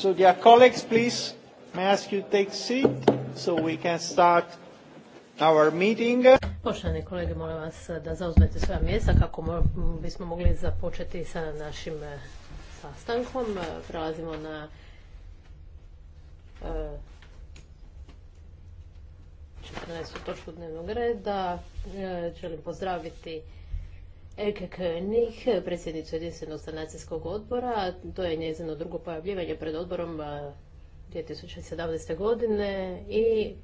So dear colleagues, please, may I ask you to take seat so we can start our meeting. Poštovani kolege, molim vas da zauzmete svoja mjesta kako bismo mogli započeti sa našim e, sastankom. E, prelazimo na e, 14. točku dnevnog reda. E, želim pozdraviti Eke König, predsjednicu jedinstvenog sanacijskog odbora. To je njezino drugo pojavljivanje pred odborom 2017. godine i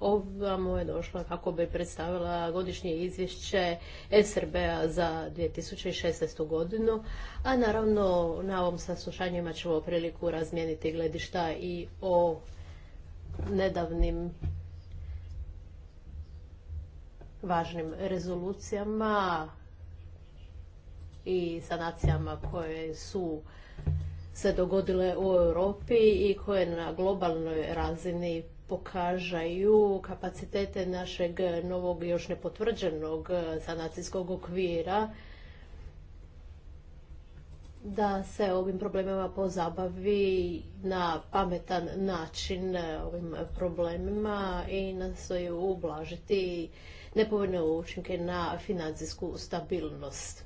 ovamo je došla kako bi predstavila godišnje izvješće SRB-a za 2016. godinu, a naravno na ovom saslušanju imat ćemo priliku razmijeniti gledišta i o nedavnim važnim rezolucijama i sanacijama koje su se dogodile u Europi i koje na globalnoj razini pokažaju kapacitete našeg novog još nepotvrđenog sanacijskog okvira da se ovim problemima pozabavi na pametan način ovim problemima i nastoji ublažiti nepovoljne učinke na financijsku stabilnost.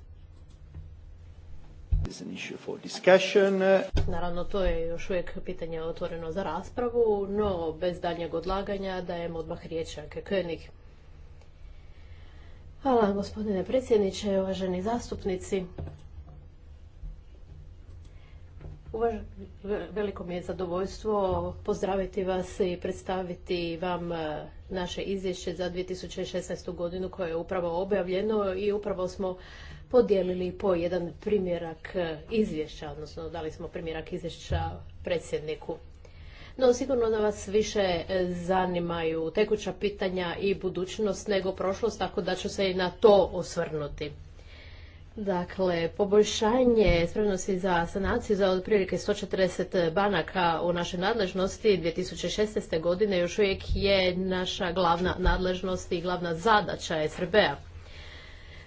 Naravno, to je još uvijek pitanje otvoreno za raspravu, no bez daljnjeg odlaganja dajem odmah riječ Anke König. Hvala gospodine predsjedniče, uvaženi zastupnici. Veliko mi je zadovoljstvo pozdraviti vas i predstaviti vam e, naše izvješće za 2016. godinu koje je upravo objavljeno i upravo smo podijelili po jedan primjerak e, izvješća, odnosno dali smo primjerak izvješća predsjedniku. No sigurno da vas više e, zanimaju tekuća pitanja i budućnost nego prošlost, tako da ću se i na to osvrnuti. Dakle, poboljšanje spremnosti za sanaciju za otprilike 140 banaka u našoj nadležnosti 2016. godine još uvijek je naša glavna nadležnost i glavna zadaća SRB-a.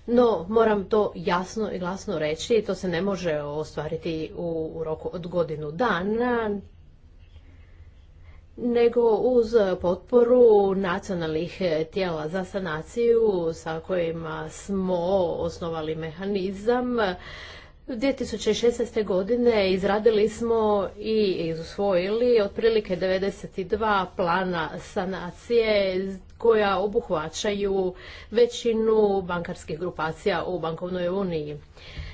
No, moram to jasno i glasno reći, to se ne može ostvariti u roku od godinu dana, nego uz potporu nacionalnih tijela za sanaciju sa kojima smo osnovali mehanizam 2016. godine izradili smo i usvojili otprilike 92 plana sanacije koja obuhvaćaju većinu bankarskih grupacija u bankovnoj uniji.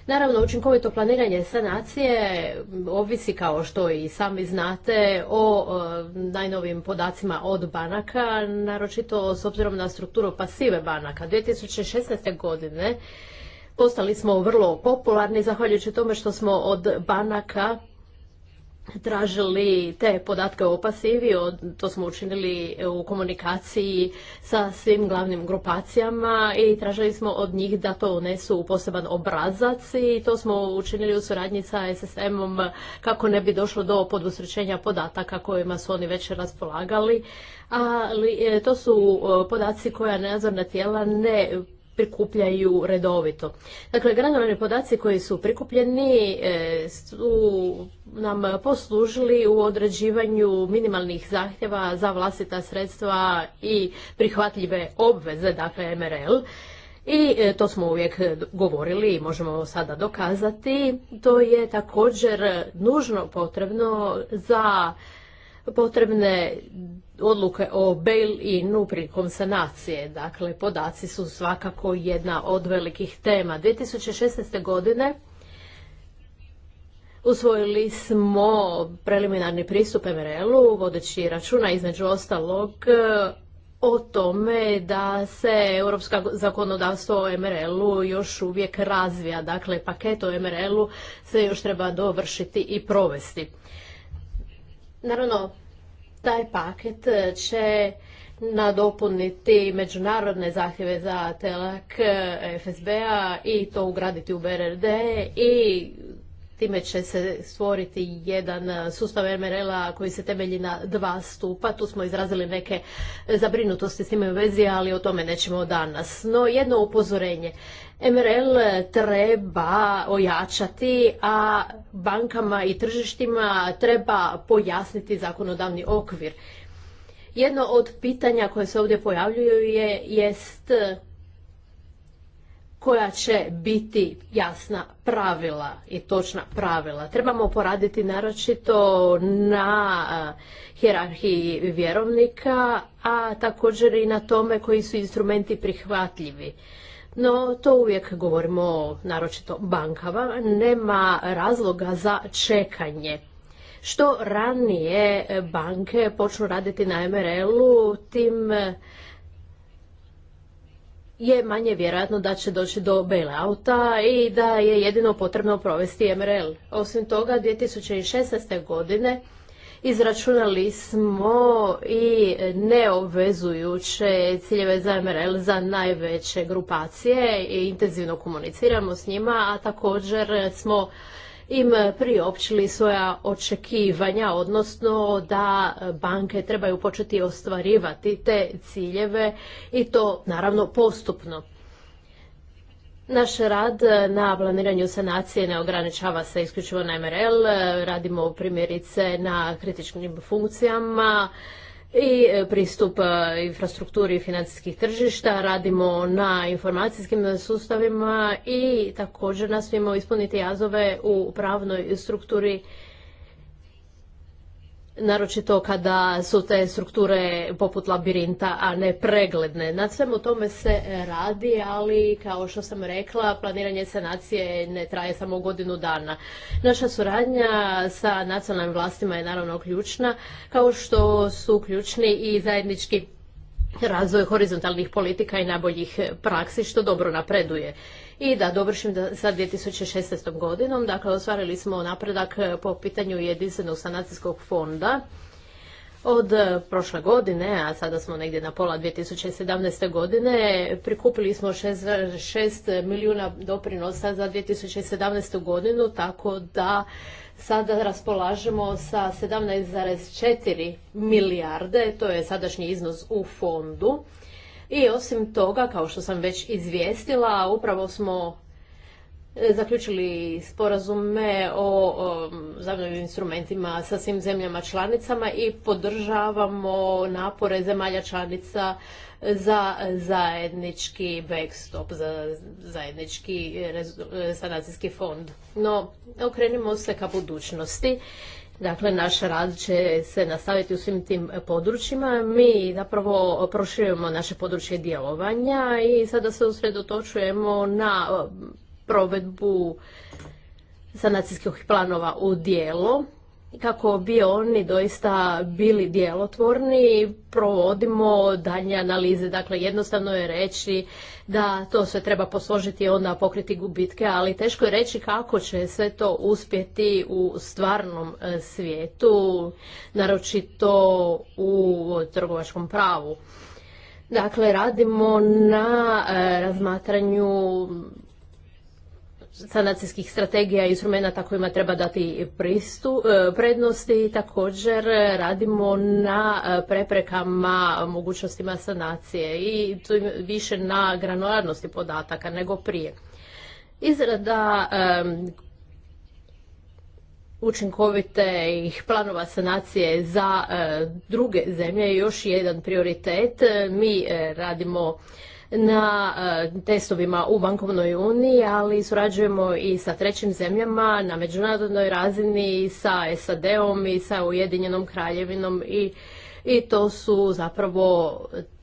Naravno, učinkovito planiranje sanacije ovisi, kao što i sami znate, o najnovim podacima od banaka, naročito s obzirom na strukturu pasive banaka. 2016. godine postali smo vrlo popularni zahvaljujući tome što smo od banaka tražili te podatke o pasivi, to smo učinili u komunikaciji sa svim glavnim grupacijama i tražili smo od njih da to unesu u poseban obrazac i to smo učinili u suradnji sa SSM-om kako ne bi došlo do podusrećenja podataka kojima su oni već raspolagali. Ali e, to su podaci koja nadzorna tijela ne prikupljaju redovito. Dakle, granularni podaci koji su prikupljeni e, su nam poslužili u određivanju minimalnih zahtjeva za vlastita sredstva i prihvatljive obveze, dakle MRL. I e, to smo uvijek govorili i možemo sada dokazati. To je također nužno potrebno za potrebne odluke o bail-inu prilikom sanacije. Dakle, podaci su svakako jedna od velikih tema. 2016. godine usvojili smo preliminarni pristup MRL-u, vodeći računa između ostalog o tome da se europsko zakonodavstvo o MRL-u još uvijek razvija. Dakle, paket o MRL-u se još treba dovršiti i provesti. Naravno, taj paket e, će nadopuniti međunarodne zahtjeve za telak e, FSB-a i to ugraditi u BRD i Time će se stvoriti jedan e, sustav MRL-a koji se temelji na dva stupa. Tu smo izrazili neke e, zabrinutosti s time u vezi, ali o tome nećemo danas. No jedno upozorenje. MRL treba ojačati, a bankama i tržištima treba pojasniti zakonodavni okvir. Jedno od pitanja koje se ovdje pojavljuju je, jest koja će biti jasna pravila i točna pravila. Trebamo poraditi naročito na hjerarhiji vjerovnika, a također i na tome koji su instrumenti prihvatljivi. No, to uvijek govorimo naročito bankama, nema razloga za čekanje. Što ranije banke počnu raditi na MRL-u, tim je manje vjerojatno da će doći do bailouta i da je jedino potrebno provesti MRL. Osim toga, 2016. godine izračunali smo i neobvezujuće ciljeve za MRL za najveće grupacije i intenzivno komuniciramo s njima, a također smo im priopćili svoja očekivanja, odnosno da banke trebaju početi ostvarivati te ciljeve i to naravno postupno. Naš rad na planiranju sanacije ne ograničava se isključivo na MRL, radimo primjerice na kritičnim funkcijama, i e, pristup e, infrastrukturi financijskih tržišta, radimo na informacijskim sustavima i također nastojimo ispuniti jazove u pravnoj strukturi naročito kada su te strukture poput labirinta, a ne pregledne. Na svemu tome se radi, ali kao što sam rekla, planiranje sanacije ne traje samo godinu dana. Naša suradnja sa nacionalnim vlastima je naravno ključna, kao što su ključni i zajednički razvoj horizontalnih politika i najboljih praksi, što dobro napreduje. I da dovršim sa 2016. godinom, dakle ostvarili smo napredak e, po pitanju jedinstvenog sanacijskog fonda od e, prošle godine, a sada smo negdje na pola 2017. godine, prikupili smo 6 milijuna doprinosa za 2017. godinu, tako da sada raspolažemo sa 17,4 milijarde, to je sadašnji iznos u fondu. I osim toga, kao što sam već izvijestila, upravo smo e, zaključili sporazume o, o instrumentima sa svim zemljama članicama i podržavamo napore zemalja članica za zajednički backstop, za zajednički e, sanacijski fond. No, okrenimo se ka budućnosti Dakle, naš rad će se nastaviti u svim tim područjima. Mi zapravo proširujemo naše područje djelovanja i sada se usredotočujemo na um, provedbu sanacijskih planova u dijelo kako bi oni doista bili djelotvorni, provodimo dalje analize. Dakle, jednostavno je reći da to sve treba posložiti i onda pokriti gubitke, ali teško je reći kako će sve to uspjeti u stvarnom e, svijetu, naročito u trgovačkom pravu. Dakle, radimo na e, razmatranju sanacijskih strategija i instrumenta kojima treba dati pristu, e, prednosti. Također radimo na e, preprekama mogućnostima sanacije i više na granularnosti podataka nego prije. Izrada e, učinkovite ih planova sanacije za druge zemlje je još jedan prioritet. Mi radimo na e, testovima u bankovnoj uniji, ali surađujemo i sa trećim zemljama na međunarodnoj razini, sa SAD-om i sa Ujedinjenom kraljevinom i i to su zapravo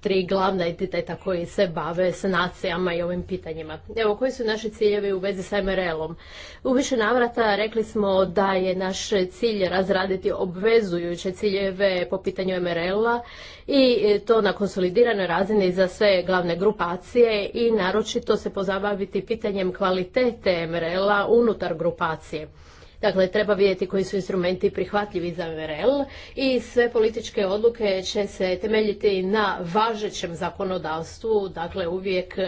tri glavna entiteta koji se bave sanacijama i ovim pitanjima. Evo, koji su naši ciljevi u vezi sa MRL-om? U više navrata rekli smo da je naš cilj razraditi obvezujuće ciljeve po pitanju MRL-a i to na konsolidiranoj razini za sve glavne grupacije i naročito se pozabaviti pitanjem kvalitete MRL-a unutar grupacije. Dakle, treba vidjeti koji su instrumenti prihvatljivi za MRL i sve političke odluke će se temeljiti na važećem zakonodavstvu, dakle uvijek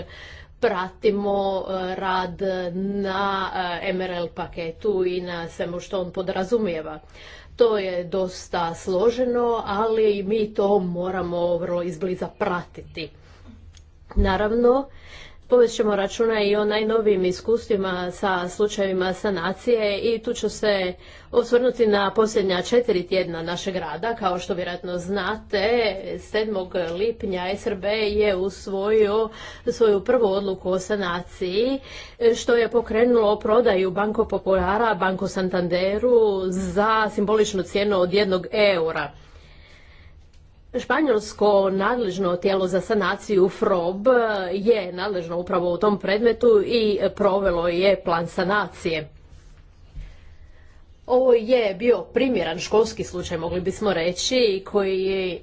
pratimo e, rad na e, MRL paketu i na svemu što on podrazumijeva. To je dosta složeno, ali mi to moramo vrlo izbliza pratiti. Naravno, Povest ćemo računa i o najnovijim iskustvima sa slučajevima sanacije i tu ću se osvrnuti na posljednja četiri tjedna našeg rada. Kao što vjerojatno znate, 7. lipnja SRB je usvojio svoju prvu odluku o sanaciji, što je pokrenulo prodaju Banko Popojara, Banko Santanderu za simboličnu cijenu od jednog eura. Španjolsko nadležno tijelo za sanaciju FROB eh, je nadležno upravo u tom predmetu i provelo je plan sanacije. Ovo je bio primjeran školski slučaj, mogli bismo reći, koji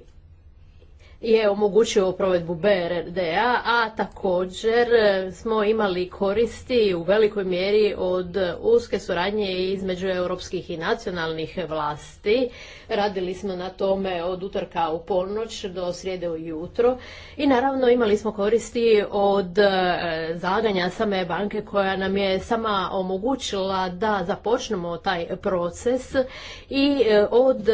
je omogućio provedbu BRD-a, a također e, smo imali koristi u velikoj mjeri od uske suradnje između europskih i nacionalnih vlasti. Radili smo na tome od utorka u ponoć do srijede ujutro i naravno imali smo koristi od e, zadanja same banke koja nam je sama omogućila da započnemo taj proces i e, od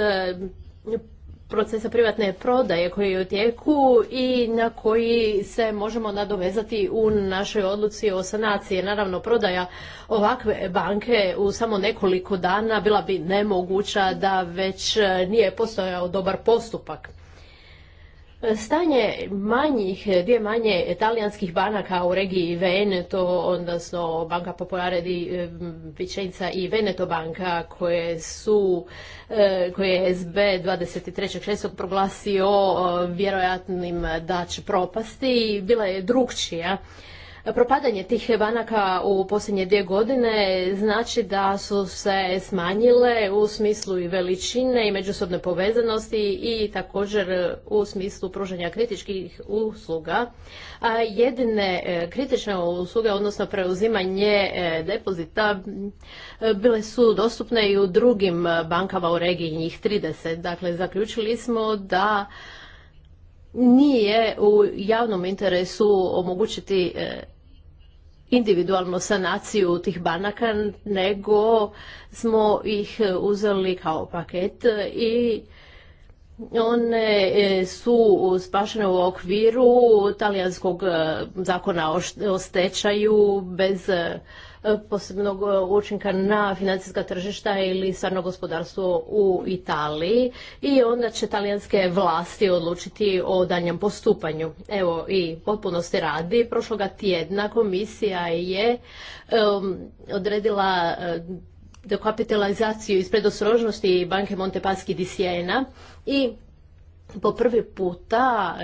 procesa privatne prodaje koji je u tijeku i na koji se možemo nadovezati u našoj odluci o sanaciji. Naravno, prodaja ovakve banke u samo nekoliko dana bila bi nemoguća da već eh, nije postojao dobar postupak. Stanje manjih, dvije manje talijanskih banaka u regiji Veneto, odnosno Banka Popolare di eh, Vicenza i Veneto banka koje su, eh, koje je SB 23.6. proglasio eh, vjerojatnim da će propasti, bila je drukčija Propadanje tih banaka u posljednje dvije godine znači da su se smanjile u smislu i veličine i međusobne povezanosti i također u smislu pružanja kritičkih usluga. jedine e, kritične usluge, odnosno preuzimanje e, depozita, bile su dostupne i u drugim bankama u regiji, njih 30. Dakle, zaključili smo da nije u javnom interesu omogućiti e, individualnu sanaciju tih banaka, nego smo ih e, uzeli kao paket i one e, su spašene u okviru talijanskog zakona o stečaju bez E, posebnog e, učinka na financijska tržišta ili stvarno gospodarstvo u Italiji i onda će talijanske vlasti odlučiti o danjem postupanju. Evo i potpunosti radi. Prošloga tjedna komisija je odredila e, dokapitalizaciju iz predostrožnosti banke Montepaschi di Siena i po prvi puta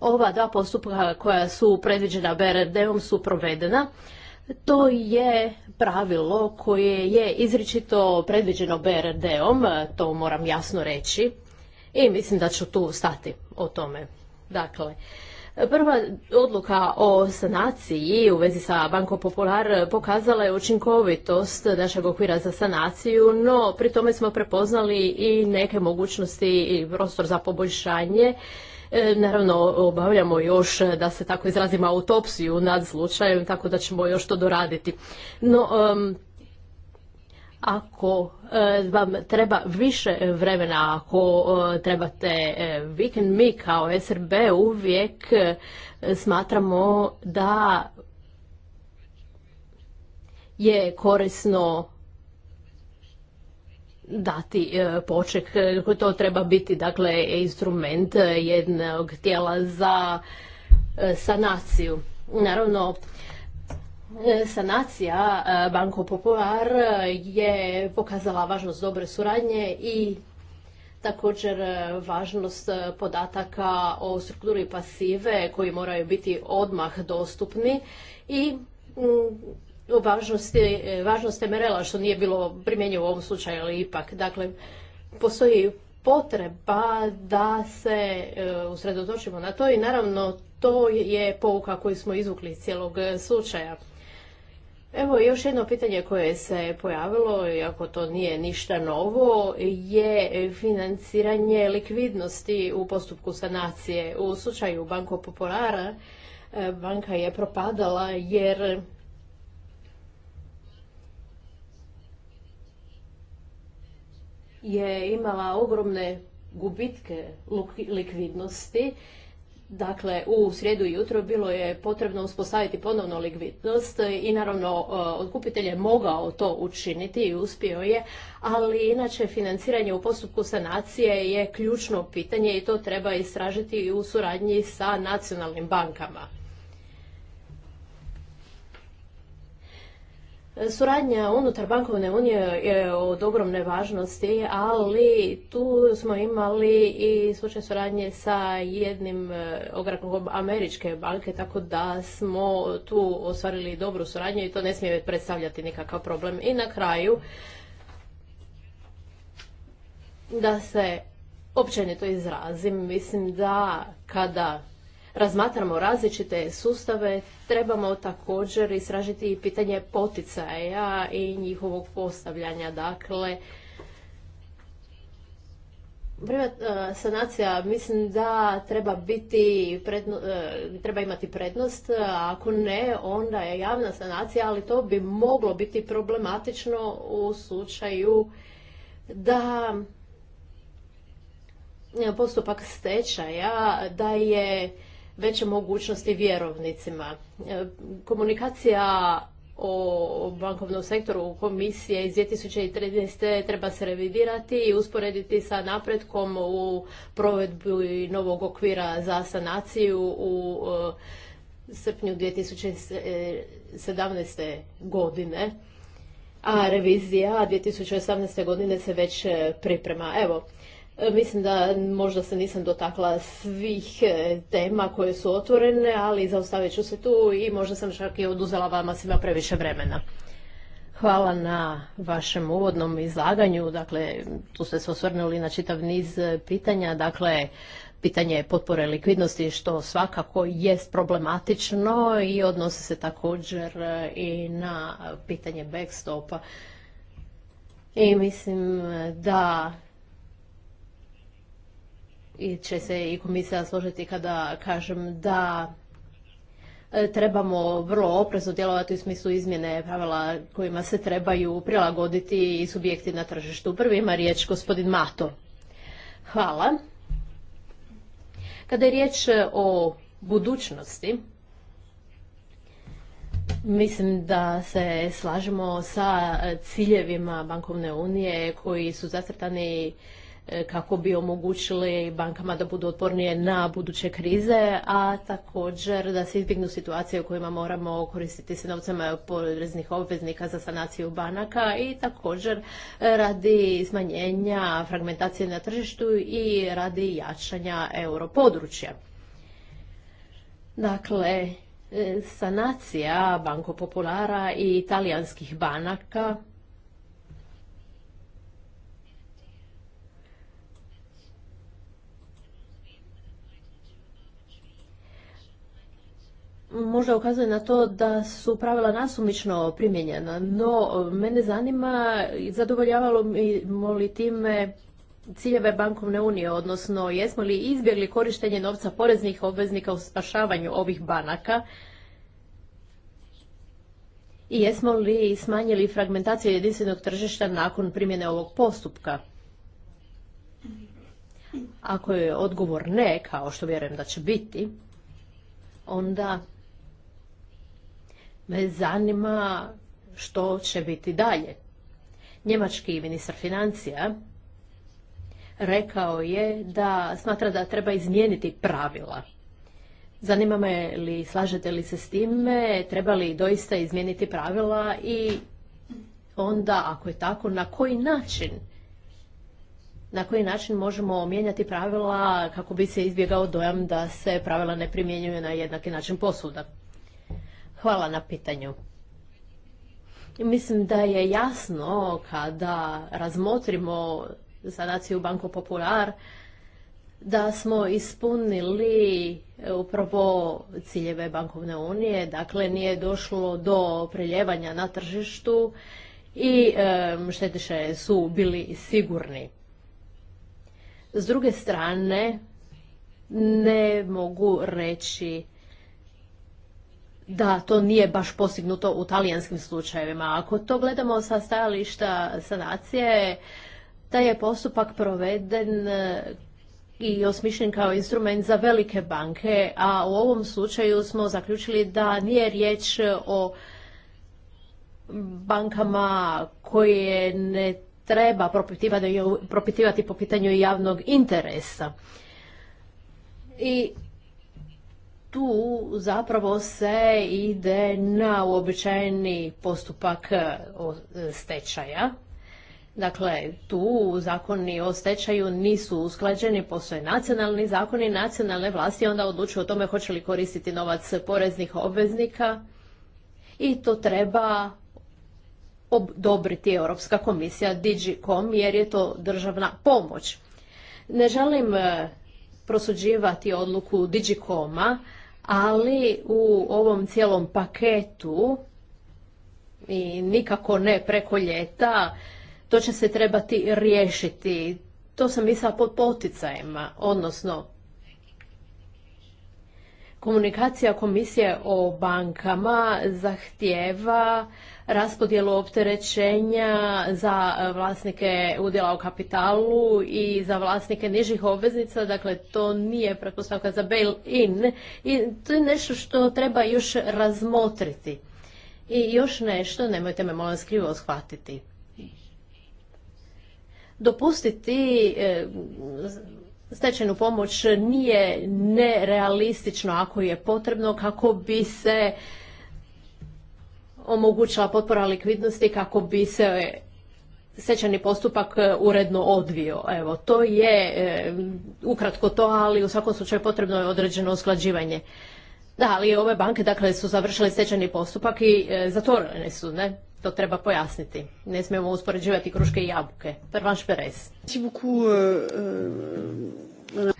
ova dva postupka koja su predviđena BRD-om su provedena to je pravilo koje je izričito predviđeno BRD-om, to moram jasno reći. I mislim da ću tu stati o tome. Dakle, Prva odluka o sanaciji u vezi sa Banko Popular pokazala je učinkovitost našeg okvira za sanaciju, no pri tome smo prepoznali i neke mogućnosti i prostor za poboljšanje E, naravno, obavljamo još, e, da se tako izrazimo, autopsiju nad slučajem, tako da ćemo još to doraditi. No, ako e, vam treba više vremena, ako trebate vikend, mi kao SRB uvijek smatramo da je korisno dati e, poček, e, to treba biti dakle instrument e, jednog tijela za sanaciju. Naravno, sanacija Banko Popular je pokazala važnost dobre suradnje i također važnost podataka o strukturi pasive koji moraju biti odmah dostupni i važnosti, važnost mrl što nije bilo primjenjivo u ovom slučaju, ali ipak. Dakle, postoji potreba da se e, usredotočimo na to i naravno to je pouka koju smo izvukli iz cijelog slučaja. Evo još jedno pitanje koje se pojavilo, iako to nije ništa novo, je financiranje likvidnosti u postupku sanacije. U slučaju Banko Populara e, banka je propadala jer je imala ogromne gubitke likvidnosti. Dakle, u srijedu jutro bilo je potrebno uspostaviti ponovno likvidnost i naravno e, otkupitelj je mogao to učiniti i uspio je, ali inače financiranje u postupku sanacije je ključno pitanje i to treba istražiti u suradnji sa nacionalnim bankama. Suradnja unutar bankovne unije je od ogromne važnosti, ali tu smo imali i slučaj suradnje sa jednim e, ogrankom američke banke, tako da smo tu ostvarili dobru suradnju i to ne smije predstavljati nikakav problem. I na kraju, da se općenito izrazim, mislim da kada razmatramo različite sustave, trebamo također istražiti i pitanje poticaja i njihovog postavljanja. Dakle, e, sanacija mislim da treba biti e, treba imati prednost, a ako ne onda je javna sanacija, ali to bi moglo biti problematično u slučaju da postupak stečaja da je veće mogućnosti vjerovnicima. E, komunikacija o bankovnom sektoru komisije iz 2013. treba se revidirati i usporediti sa napretkom u provedbi novog okvira za sanaciju u e, srpnju 2017. godine. A revizija 2018. godine se već priprema. Evo, E, mislim da možda se nisam dotakla svih e, tema koje su otvorene, ali zaustavit ću se tu i možda sam čak i oduzela vama svima previše vremena. Hvala na vašem uvodnom izlaganju. Dakle, tu ste se osvrnuli na čitav niz e, pitanja. Dakle, pitanje potpore likvidnosti što svakako jest problematično i odnosi se također i na pitanje backstopa. I mislim da i će se i komisija složiti kada kažem da e, trebamo vrlo oprezno djelovati u smislu izmjene pravila kojima se trebaju prilagoditi i subjekti na tržištu. Prvi ima riječ gospodin Mato. Hvala. Kada je riječ o budućnosti, Mislim da se slažemo sa ciljevima bankovne unije koji su zacrtani E, kako bi omogućili bankama da budu otpornije na buduće krize, a također da se izbjegnu situacije u kojima moramo koristiti se novcama poreznih obveznika za sanaciju banaka i također radi smanjenja fragmentacije na tržištu i radi jačanja europodručja. Dakle, e, sanacija Banko Populara i italijanskih banaka možda ukazuje na to da su pravila nasumično primjenjena, no mene zanima zadovoljavalo li time ciljeve bankovne unije, odnosno jesmo li izbjegli korištenje novca poreznih obveznika u spašavanju ovih banaka i jesmo li smanjili fragmentaciju jedinstvenog tržišta nakon primjene ovog postupka? Ako je odgovor ne, kao što vjerujem da će biti, onda me zanima što će biti dalje. Njemački ministar financija rekao je da smatra da treba izmijeniti pravila. Zanima me li slažete li se s time, treba li doista izmijeniti pravila i onda ako je tako na koji način na koji način možemo mijenjati pravila kako bi se izbjegao dojam da se pravila ne primjenjuju na jednaki način posuda. Hvala na pitanju. Mislim da je jasno kada razmotrimo sanaciju Banko Popular da smo ispunili upravo ciljeve bankovne unije, dakle nije došlo do priljevanja na tržištu i štetiše su bili sigurni. S druge strane, ne mogu reći da to nije baš postignuto u talijanskim slučajevima. Ako to gledamo sa stajališta sanacije, taj je postupak proveden e, i osmišljen kao instrument za velike banke, a u ovom slučaju smo zaključili da nije riječ o bankama koje ne treba propitivati, po pitanju javnog interesa. I tu zapravo se ide na uobičajeni postupak e, e, stečaja. Dakle, tu zakoni o stečaju nisu usklađeni, postoje nacionalni zakoni, nacionalne vlasti onda odlučuju o tome hoće li koristiti novac poreznih obveznika i to treba odobriti Europska komisija DigiCom jer je to državna pomoć. Ne želim e, prosuđivati odluku Digicoma, ali u ovom cijelom paketu i nikako ne preko ljeta, to će se trebati riješiti. To sam mislila pod poticajima, odnosno komunikacija komisije o bankama zahtjeva raspodjelu opterećenja za vlasnike udjela u kapitalu i za vlasnike nižih obveznica. Dakle, to nije pretpostavka za bail-in i to je nešto što treba još razmotriti. I još nešto, nemojte me molim skrivo shvatiti. Dopustiti e, stečenu pomoć nije nerealistično ako je potrebno kako bi se omogućila potpora likvidnosti kako bi se stečajni postupak e, uredno odvio. Evo, to je e, ukratko to, ali u svakom slučaju potrebno je određeno usklađivanje. Da, ali ove banke dakle su završile stečajni postupak i e, zatvorene su, ne? To treba pojasniti. Ne smijemo uspoređivati kruške i jabuke. Prvan šperes.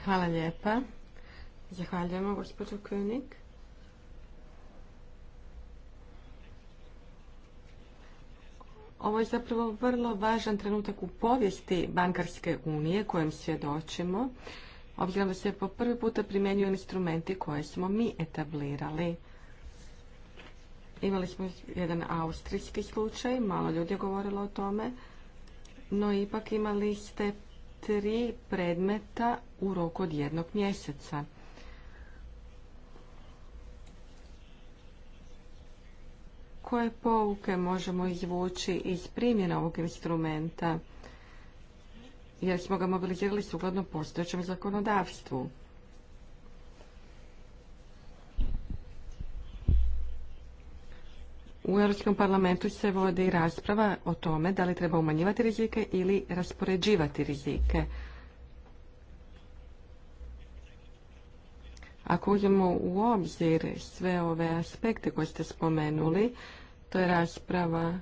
Hvala lijepa. Zahvaljujemo, gospođo Kunik. Ovo je zapravo vrlo važan trenutak u povijesti bankarske unije kojem svjedočimo, obzirom da se po prvi puta primjenjuju instrumenti koje smo mi etablirali. Imali smo jedan austrijski slučaj, malo ljudi je govorilo o tome, no ipak imali ste tri predmeta u roku od jednog mjeseca. koje pouke možemo izvući iz primjena ovog instrumenta, jer smo ga mobilizirali sukladno postojećem zakonodavstvu. U Europskom parlamentu se vodi rasprava o tome da li treba umanjivati rizike ili raspoređivati rizike. Ako uzmemo u obzir sve ove aspekte koje ste spomenuli, to je rasprava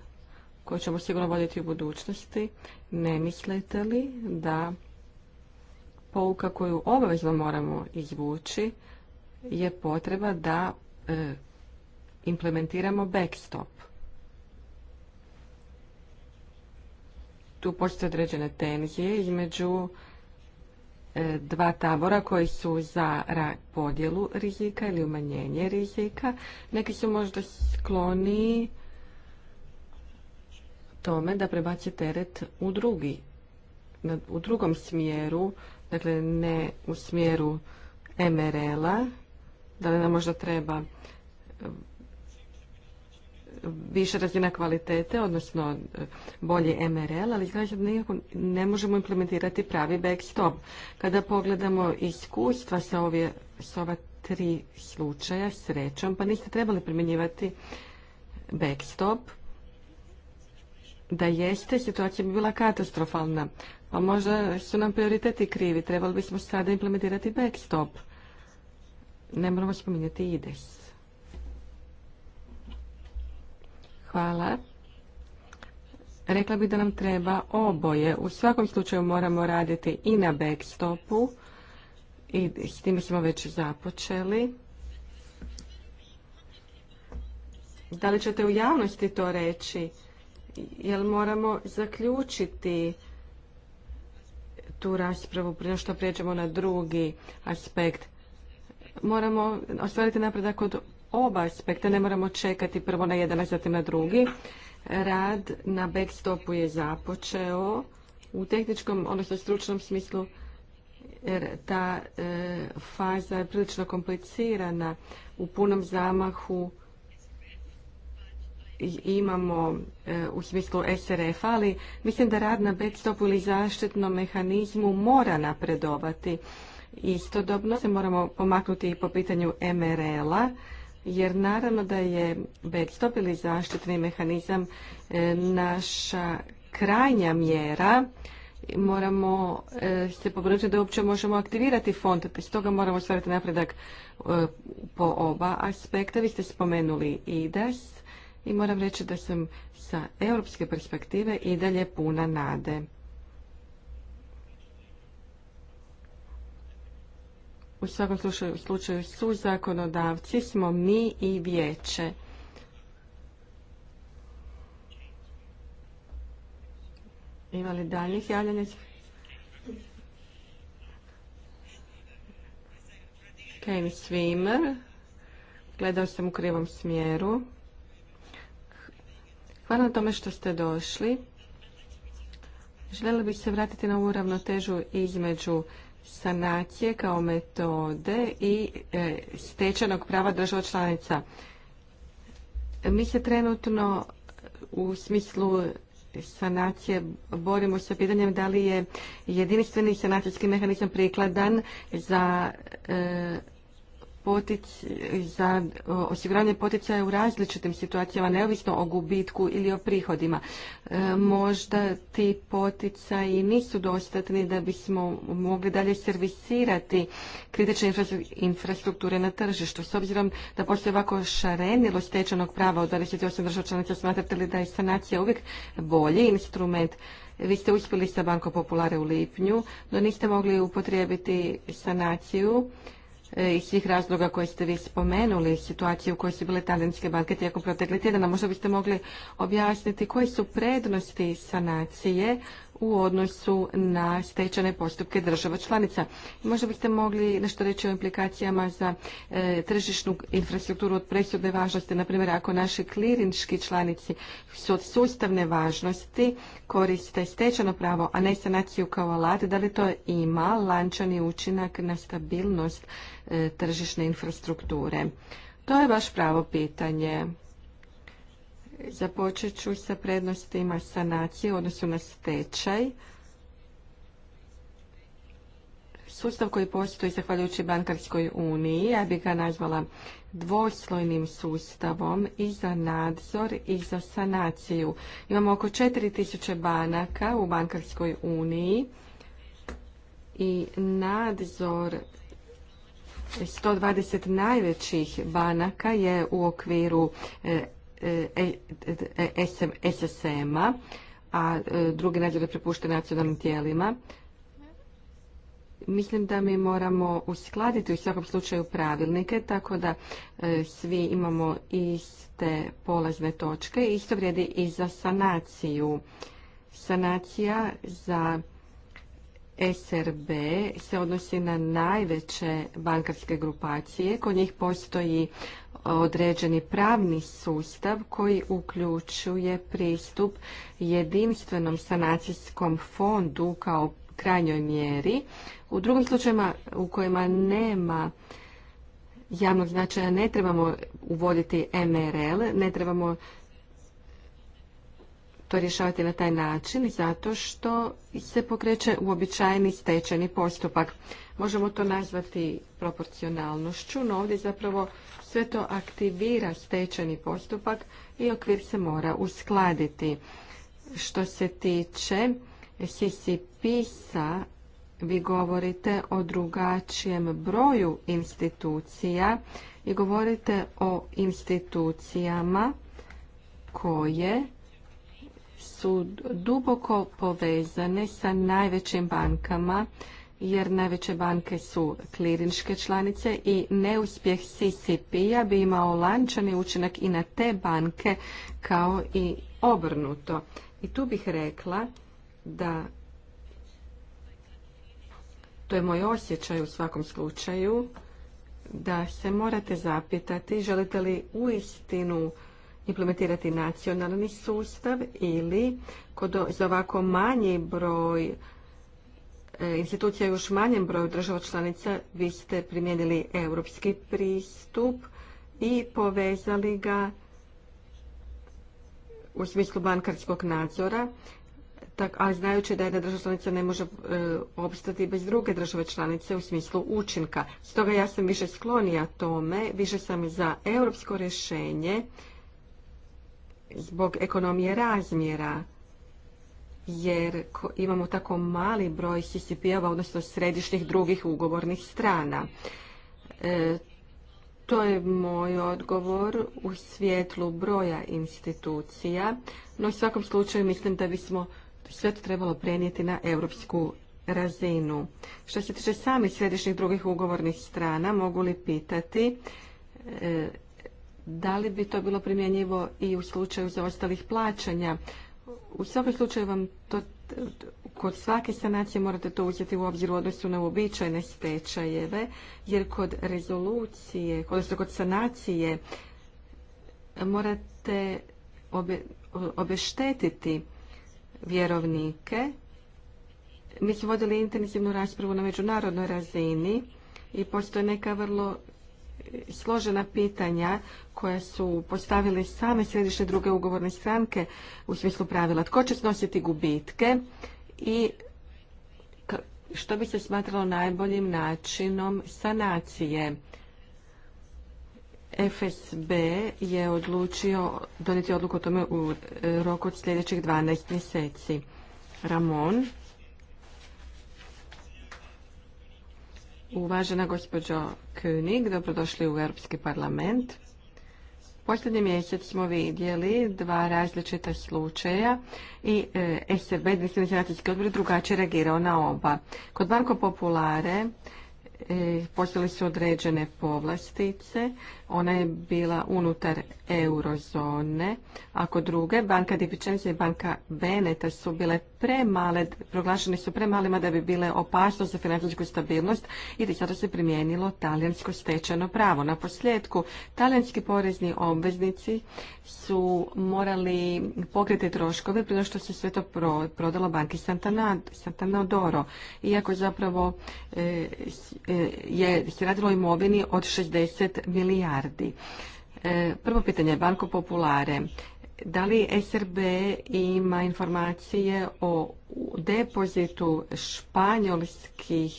koju ćemo sigurno voditi u budućnosti. Ne mislite li da pouka koju obavezno moramo izvući je potreba da e, implementiramo backstop? Tu postoje određene tenzije između dva tabora koji su za podjelu rizika ili umanjenje rizika. Neki su možda skloni tome da prebaće teret u drugi, u drugom smjeru, dakle ne u smjeru MRL-a, da li nam možda treba više razina kvalitete, odnosno e, bolji MRL, ali znači nikako ne možemo implementirati pravi backstop. Kada pogledamo iskustva sa, ova tri slučaja, srećom, pa niste trebali primjenjivati backstop, da jeste, situacija bi bila katastrofalna. Pa možda su nam prioriteti krivi, trebali bismo sada implementirati backstop. Ne moramo spominjati IDES. Hvala. Rekla bih da nam treba oboje. U svakom slučaju moramo raditi i na backstopu i s time smo već započeli. Da li ćete u javnosti to reći? Jel moramo zaključiti tu raspravu prije što prijeđemo na drugi aspekt. Moramo ostvariti napredak od oba aspekta, ne moramo čekati prvo na jedan, a zatim na drugi. Rad na backstopu je započeo u tehničkom, odnosno stručnom smislu, jer ta e, faza je prilično komplicirana. U punom zamahu imamo e, u smislu SRF, ali mislim da rad na backstopu ili zaštitnom mehanizmu mora napredovati. Istodobno se moramo pomaknuti i po pitanju MRL-a jer naravno da je backstop ili zaštitni mehanizam e, naša krajnja mjera moramo e, se pobrinuti da uopće možemo aktivirati fond, stoga moramo stvariti napredak e, po oba aspekta. Vi ste spomenuli IDAS i moram reći da sam sa europske perspektive i dalje puna nade. U svakom slučaju, su zakonodavci smo mi i vijeće. Ima li daljnjih javljanja? Kane Swimmer. Gledao sam u krivom smjeru. Hvala na tome što ste došli. Željela bih se vratiti na ovu ravnotežu između sanacije kao metode i e, stečenog prava država članica. Mi se trenutno u smislu sanacije borimo sa pitanjem da li je jedinstveni sanacijski mehanizam prikladan za e, potic, za osiguranje poticaja u različitim situacijama, neovisno o gubitku ili o prihodima. E, možda ti poticaji nisu dostatni da bismo mogli dalje servisirati kritične infrastrukture na tržištu. S obzirom da postoje ovako šarenilo stečenog prava od 28 država članica, smatrate li da je sanacija uvijek bolji instrument vi ste uspjeli sa Banko Populare u lipnju, no niste mogli upotrijebiti sanaciju E, iz svih razloga koje ste vi spomenuli, situacije u kojoj su bile talijanske banke tijekom proteklih tjedana. Možda biste mogli objasniti koje su prednosti sanacije u odnosu na stečane postupke država članica. Možda biste mogli nešto reći o implikacijama za e, tržišnu infrastrukturu od presudne važnosti. Na primjer, ako naši klirinčki članici su od sustavne važnosti, koriste stečano pravo, a ne sanaciju kao alat, da li to ima lančani učinak na stabilnost E, tržišne infrastrukture? To je baš pravo pitanje. Započet ću sa prednostima sanacije u odnosu na stečaj. Sustav koji postoji zahvaljujući bankarskoj uniji, ja bih ga nazvala dvoslojnim sustavom i za nadzor i za sanaciju. Imamo oko 4000 banaka u bankarskoj uniji i nadzor 120 najvećih banaka je u okviru e, e, e, SSM-a, a drugi nadzor je prepušten nacionalnim tijelima. Mislim da mi moramo uskladiti u svakom slučaju pravilnike, tako da svi imamo iste polazne točke. Isto vrijedi i za sanaciju. Sanacija za SRB se odnosi na najveće bankarske grupacije. Kod njih postoji određeni pravni sustav koji uključuje pristup jedinstvenom sanacijskom fondu kao krajnjoj mjeri. U drugim slučajima u kojima nema javnog značaja ne trebamo uvoditi MRL, ne trebamo to rješavati na taj način zato što se pokreće uobičajeni stečeni postupak. Možemo to nazvati proporcionalnošću, no ovdje zapravo sve to aktivira stečajni postupak i okvir se mora uskladiti. Što se tiče SISI PISA, vi govorite o drugačijem broju institucija i govorite o institucijama koje su duboko povezane sa najvećim bankama jer najveće banke su klirinške članice i neuspjeh CCP-a bi imao lančani učinak i na te banke kao i obrnuto. I tu bih rekla da to je moj osjećaj u svakom slučaju da se morate zapitati želite li u istinu implementirati nacionalni sustav ili kod za ovako manji broj e, institucija još manjem broju država članica vi ste primijenili europski pristup i povezali ga u smislu bankarskog nadzora, tak, ali znajući da jedna država članica ne može e, opstati bez druge države članice u smislu učinka. Stoga ja sam više sklonija tome, više sam za europsko rješenje zbog ekonomije razmjera, jer imamo tako mali broj CCP-ova, odnosno središnjih drugih ugovornih strana. E, to je moj odgovor u svjetlu broja institucija, no u svakom slučaju mislim da bismo sve to trebalo prenijeti na europsku razinu. Što se tiče samih središnjih drugih ugovornih strana, mogu li pitati, e, da li bi to bilo primjenjivo i u slučaju zaostalih plaćanja? U svakom slučaju vam to kod svake sanacije morate to uzeti u obzir u odnosu na uobičajene stečajeve, jer kod rezolucije, odnosno kod sanacije morate obeštetiti vjerovnike. Mi smo vodili intenzivnu raspravu na međunarodnoj razini i postoje neka vrlo složena pitanja koja su postavili same središnje druge ugovorne stranke u smislu pravila. Tko će snositi gubitke i što bi se smatralo najboljim načinom sanacije. FSB je odlučio doniti odluku o tome u e, roku od sljedećih 12 mjeseci. Ramon. Uvažena gospođo König, dobrodošli u Europski parlament. Posljednji mjesec smo vidjeli dva različita slučaja i e, SRB, Jedinstveni odbor, drugačije reagirao na oba. Kod Banko Populare E, postale su određene povlastice. Ona je bila unutar eurozone. Ako druge, banka Dipičenza i banka Veneta su bile premale, proglašene su premalima da bi bile opasnost za financijsku stabilnost i sada se primijenilo talijansko stečeno pravo. Na posljedku, talijanski porezni obveznici su morali pokriti troškove prije što se sve to prodalo banki d'Oro. Iako zapravo e, E, je se radilo o imovini od 60 milijardi. E, prvo pitanje, Banko Populare, da li SRB ima informacije o depozitu španjolskih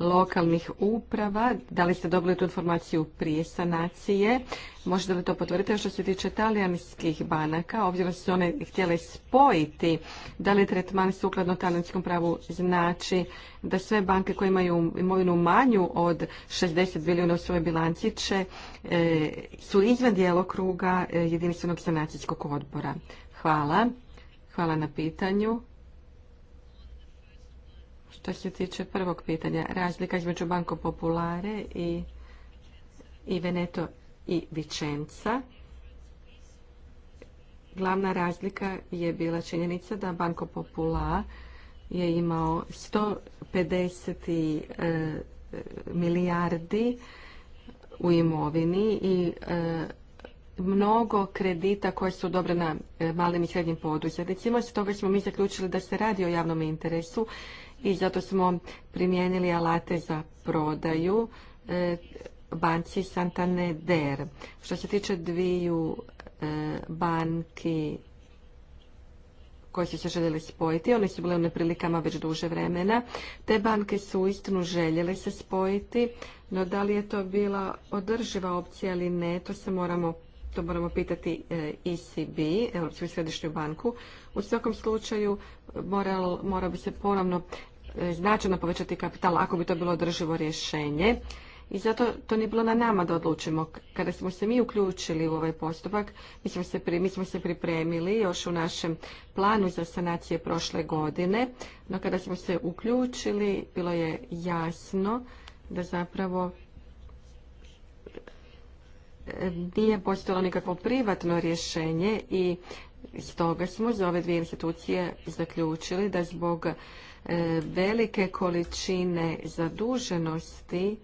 lokalnih uprava. Da li ste dobili tu informaciju prije sanacije? Možete li to potvrditi? Što se tiče talijanskih banaka, obzirom su one htjele spojiti, da li tretman sukladno talijanskom pravu znači da sve banke koje imaju imovinu manju od 60 milijuna u svojoj bilanci će, e, su izvan djelokruga e, jedinstvenog sanacijskog odbora? Hvala. Hvala na pitanju. Što se tiče prvog pitanja, razlika između Banko Populare i, i Veneto i Vičenca. Glavna razlika je bila činjenica da Banko Popular je imao 150 e, milijardi u imovini i e, mnogo kredita koje su odobrena e, malim i srednjim poduzetnicima. toga smo mi zaključili da se radi o javnom interesu i zato smo primijenili alate za prodaju e, banci Santander. Što se tiče dviju e, banki koje su se željeli spojiti, one su bile u neprilikama već duže vremena. Te banke su uistinu željele se spojiti, no da li je to bila održiva opcija ili ne, to se moramo to moramo pitati ECB, e Europsku središnju banku. U svakom slučaju moral, mora bi se ponovno E, značajno povećati kapital ako bi to bilo održivo rješenje. I zato to nije bilo na nama da odlučimo. Kada smo se mi uključili u ovaj postupak, mi smo se, smo se pripremili još u našem planu za sanacije prošle godine, no kada smo se uključili, bilo je jasno da zapravo e, nije postojalo nikakvo privatno rješenje i stoga smo za ove dvije institucije zaključili da zbog E, velike količine zaduženosti,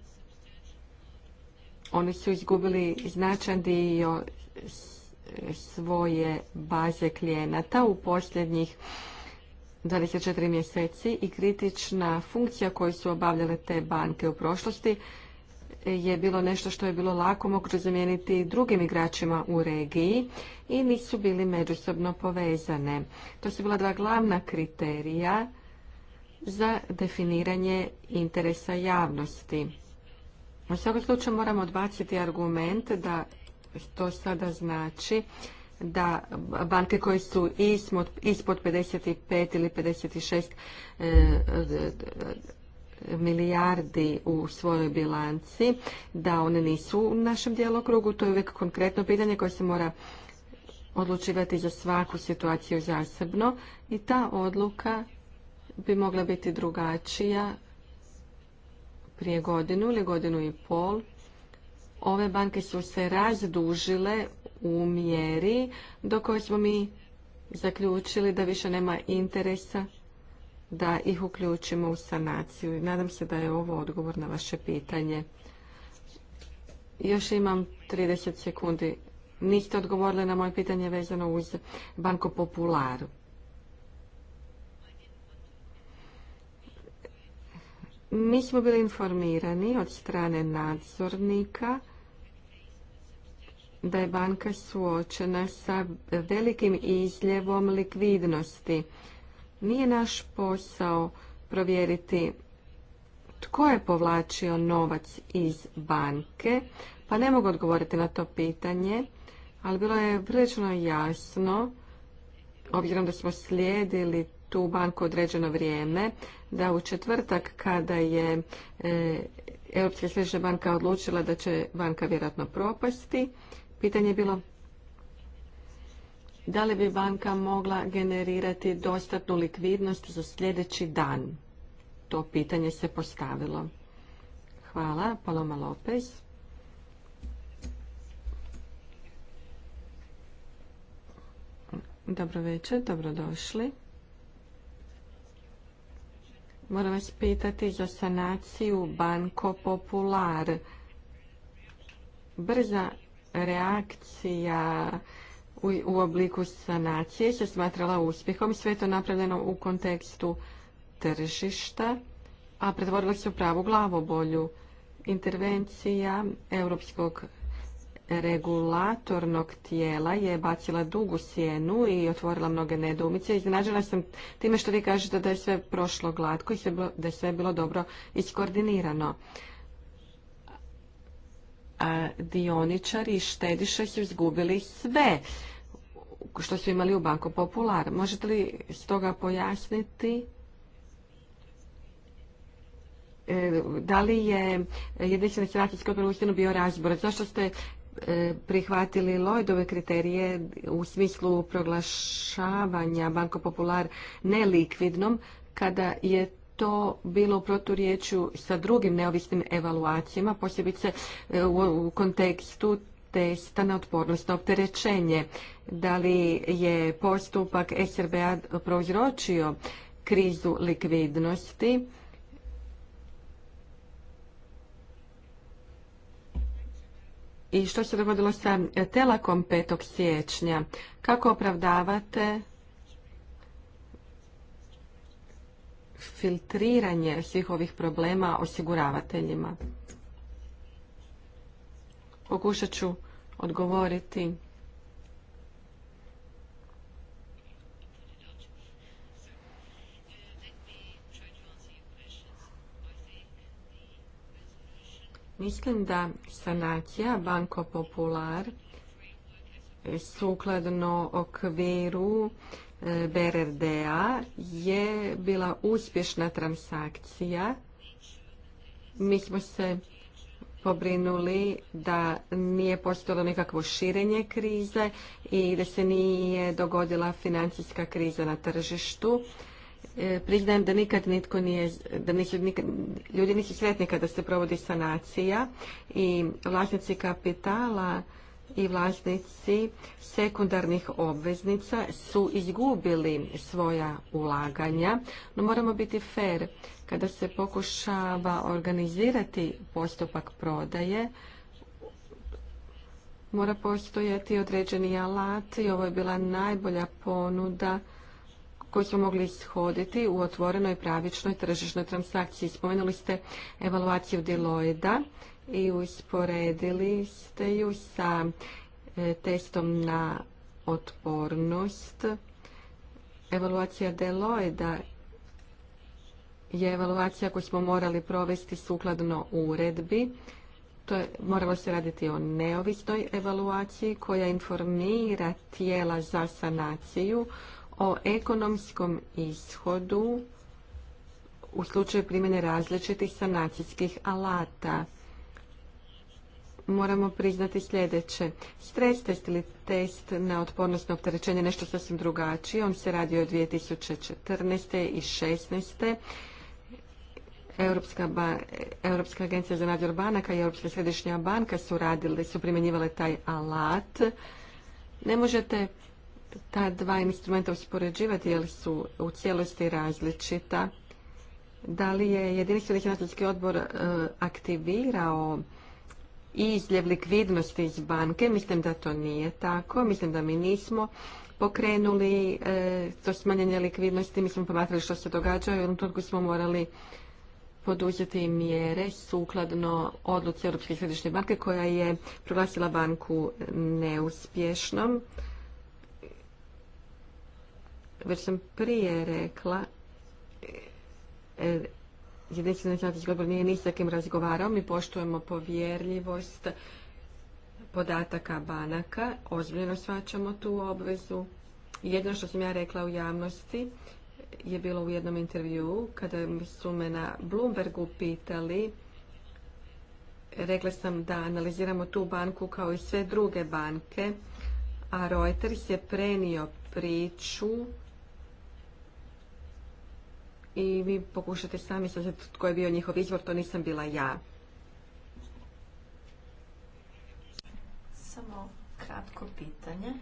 oni su izgubili značan dio svoje baze klijenata u posljednjih 24 mjeseci i kritična funkcija koju su obavljale te banke u prošlosti je bilo nešto što je bilo lako moguće zamijeniti drugim igračima u regiji i nisu bili međusobno povezane. To su bila dva glavna kriterija za definiranje interesa javnosti. U svakom slučaju moramo odbaciti argument da to sada znači da banke koje su ispod 55 ili 56 e, milijardi u svojoj bilanci, da one nisu u našem djelokrugu. To je uvijek konkretno pitanje koje se mora odlučivati za svaku situaciju zasebno i ta odluka bi mogla biti drugačija prije godinu ili godinu i pol. Ove banke su se razdužile u mjeri do koje smo mi zaključili da više nema interesa da ih uključimo u sanaciju. nadam se da je ovo odgovor na vaše pitanje. Još imam 30 sekundi. Niste odgovorili na moje pitanje vezano uz Banko Popularu. smo bili informirani od strane nadzornika da je banka suočena sa velikim izljevom likvidnosti. Nije naš posao provjeriti tko je povlačio novac iz banke, pa ne mogu odgovoriti na to pitanje, ali bilo je prilično jasno, obzirom da smo slijedili tu banku određeno vrijeme, da u četvrtak kada je e, Europska središnja banka odlučila da će banka vjerojatno propasti, pitanje je bilo da li bi banka mogla generirati dostatnu likvidnost za sljedeći dan. To pitanje se postavilo. Hvala, Paloma Lopez. Dobro večer, dobrodošli. Moram vas pitati za sanaciju Banko Popular. Brza reakcija u, obliku sanacije se smatrala uspjehom. Sve je to napravljeno u kontekstu tržišta, a pretvorilo se u pravu glavobolju. Intervencija Europskog regulatornog tijela je bacila dugu sjenu i otvorila mnoge nedoumice. Iznenađena sam time što vi kažete da je sve prošlo glatko i da je sve bilo dobro iskoordinirano. A dioničari i štediše su izgubili sve što su imali u Banko Popular. Možete li stoga pojasniti e, da li je jedinstveni sanacijski odbor bio razbor? Zašto ste E, prihvatili Lloydove kriterije u smislu proglašavanja Banko Popular nelikvidnom kada je to bilo u proturječju sa drugim neovisnim evaluacijama, posebice e, u kontekstu testa na otpornost na opterećenje. Da li je postupak SRBA prouzročio krizu likvidnosti? i što se dogodilo sa Telakom 5. siječnja? Kako opravdavate filtriranje svih ovih problema osiguravateljima? Pokušat ću odgovoriti Mislim da sanacija Banko Popular sukladno okviru e, BRD-a je bila uspješna transakcija. Mi smo se pobrinuli da nije postojalo nekakvo širenje krize i da se nije dogodila financijska kriza na tržištu. E, priznajem da nikad nitko nije, da nisu, nikad, ljudi nisu sretni kada se provodi sanacija i vlasnici kapitala i vlasnici sekundarnih obveznica su izgubili svoja ulaganja, no moramo biti fair. Kada se pokušava organizirati postupak prodaje, mora postojati određeni alat i ovo je bila najbolja ponuda koju smo mogli ishoditi u otvorenoj pravičnoj tržišnoj transakciji. Spomenuli ste evaluaciju Deloida i usporedili ste ju sa e, testom na otpornost. Evaluacija Deloida je evaluacija koju smo morali provesti sukladno uredbi. To je, moralo se raditi o neovisnoj evaluaciji koja informira tijela za sanaciju o ekonomskom ishodu u slučaju primjene različitih sanacijskih alata. Moramo priznati sljedeće. Stres test ili test na otpornost na opterećenje nešto sasvim drugačije. On se radi od 2014. i 2016. Europska, Europska agencija za nadzor banaka i Europska središnja banka su radile, su primjenjivale taj alat. Ne možete ta dva instrumenta uspoređivati jer su u cijelosti različita. Da li je jedinstveni financijski odbor e, aktivirao izljev likvidnosti iz banke? Mislim da to nije tako. Mislim da mi nismo pokrenuli e, to smanjenje likvidnosti. Mi smo promatrali što se događa i u trenutku smo morali poduzeti mjere sukladno odluci Europske središnje banke koja je proglasila banku neuspješnom već sam prije rekla, e, jedinstveni nacionalni odbor nije ni sa kim razgovarao, mi poštujemo povjerljivost podataka banaka, ozbiljno svačamo tu obvezu. Jedno što sam ja rekla u javnosti je bilo u jednom intervju kada su me na Bloombergu pitali rekla sam da analiziramo tu banku kao i sve druge banke, a Reuters je prenio priču i vi pokušate sami saznati tko je bio njihov izvor, to nisam bila ja. Samo kratko pitanje.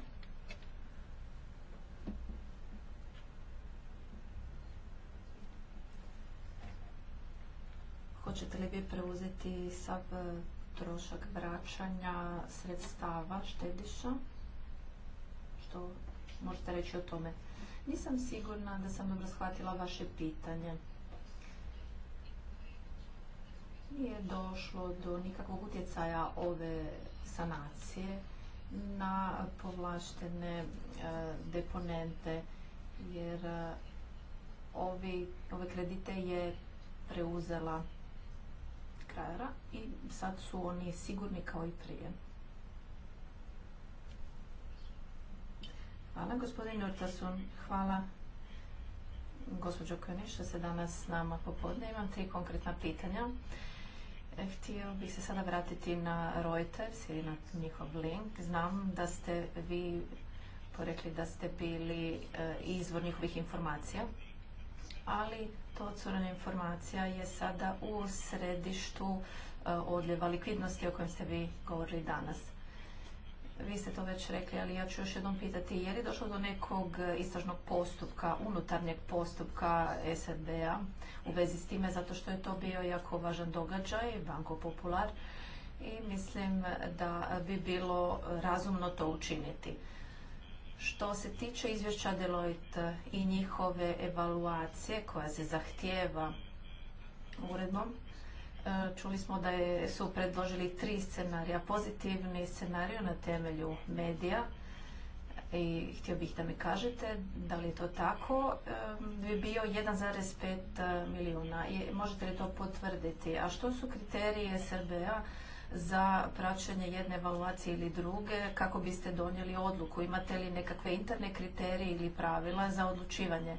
Hoćete li vi preuzeti sav e, trošak vraćanja sredstava štediša? Što možete reći o tome? Nisam sigurna da sam dobro shvatila vaše pitanje. Nije došlo do nikakvog utjecaja ove sanacije na povlaštene e, deponente, jer e, ove kredite je preuzela krajera i sad su oni sigurni kao i prije. Hvala, gospodin Jurtasun. Hvala, gospođo Könić, što se danas s nama popodne. Imam tri konkretna pitanja. E, htio bih se sada vratiti na Reuters ili na njihov link. Znam da ste vi porekli da ste bili e, izvor njihovih informacija, ali to curena informacija je sada u središtu e, odljeva likvidnosti o kojem ste vi govorili danas. Vi ste to već rekli, ali ja ću još jednom pitati, je li došlo do nekog istražnog postupka, unutarnjeg postupka SAD-a u vezi s time, zato što je to bio jako važan događaj, Banko Popular, i mislim da bi bilo razumno to učiniti. Što se tiče izvješća Deloitte i njihove evaluacije koja se zahtijeva uredbom, E, čuli smo da su predložili tri scenarija. Pozitivni scenarij na temelju medija i htio bih da mi kažete da li je to tako, e, bi bio 1,5 e, milijuna. Možete li to potvrditi? A što su kriterije SRB-a za praćenje jedne evaluacije ili druge kako biste donijeli odluku? Imate li nekakve interne kriterije ili pravila za odlučivanje?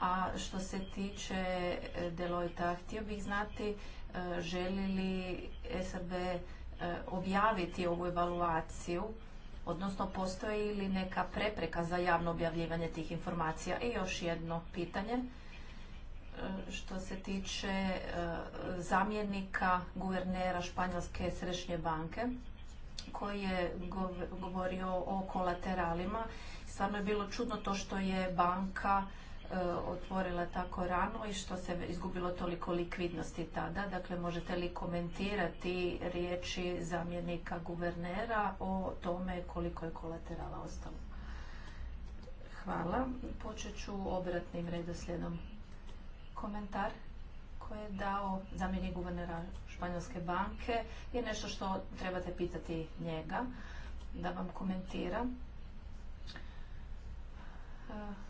A što se tiče Deloita, htio bih znati E, želi li SAB e, objaviti ovu evaluaciju, odnosno postoji li neka prepreka za javno objavljivanje tih informacija. I još jedno pitanje e, što se tiče zamjenika guvernera Španjolske središnje banke koji je govorio o kolateralima. Stvarno je bilo čudno to što je banka E, otvorila tako rano i što se izgubilo toliko likvidnosti tada. Dakle, možete li komentirati riječi zamjenika guvernera o tome koliko je kolaterala ostalo? Hvala. Počet ću obratnim redoslijedom. Komentar koji je dao zamjenik guvernera Španjolske banke je nešto što trebate pitati njega da vam komentira. E,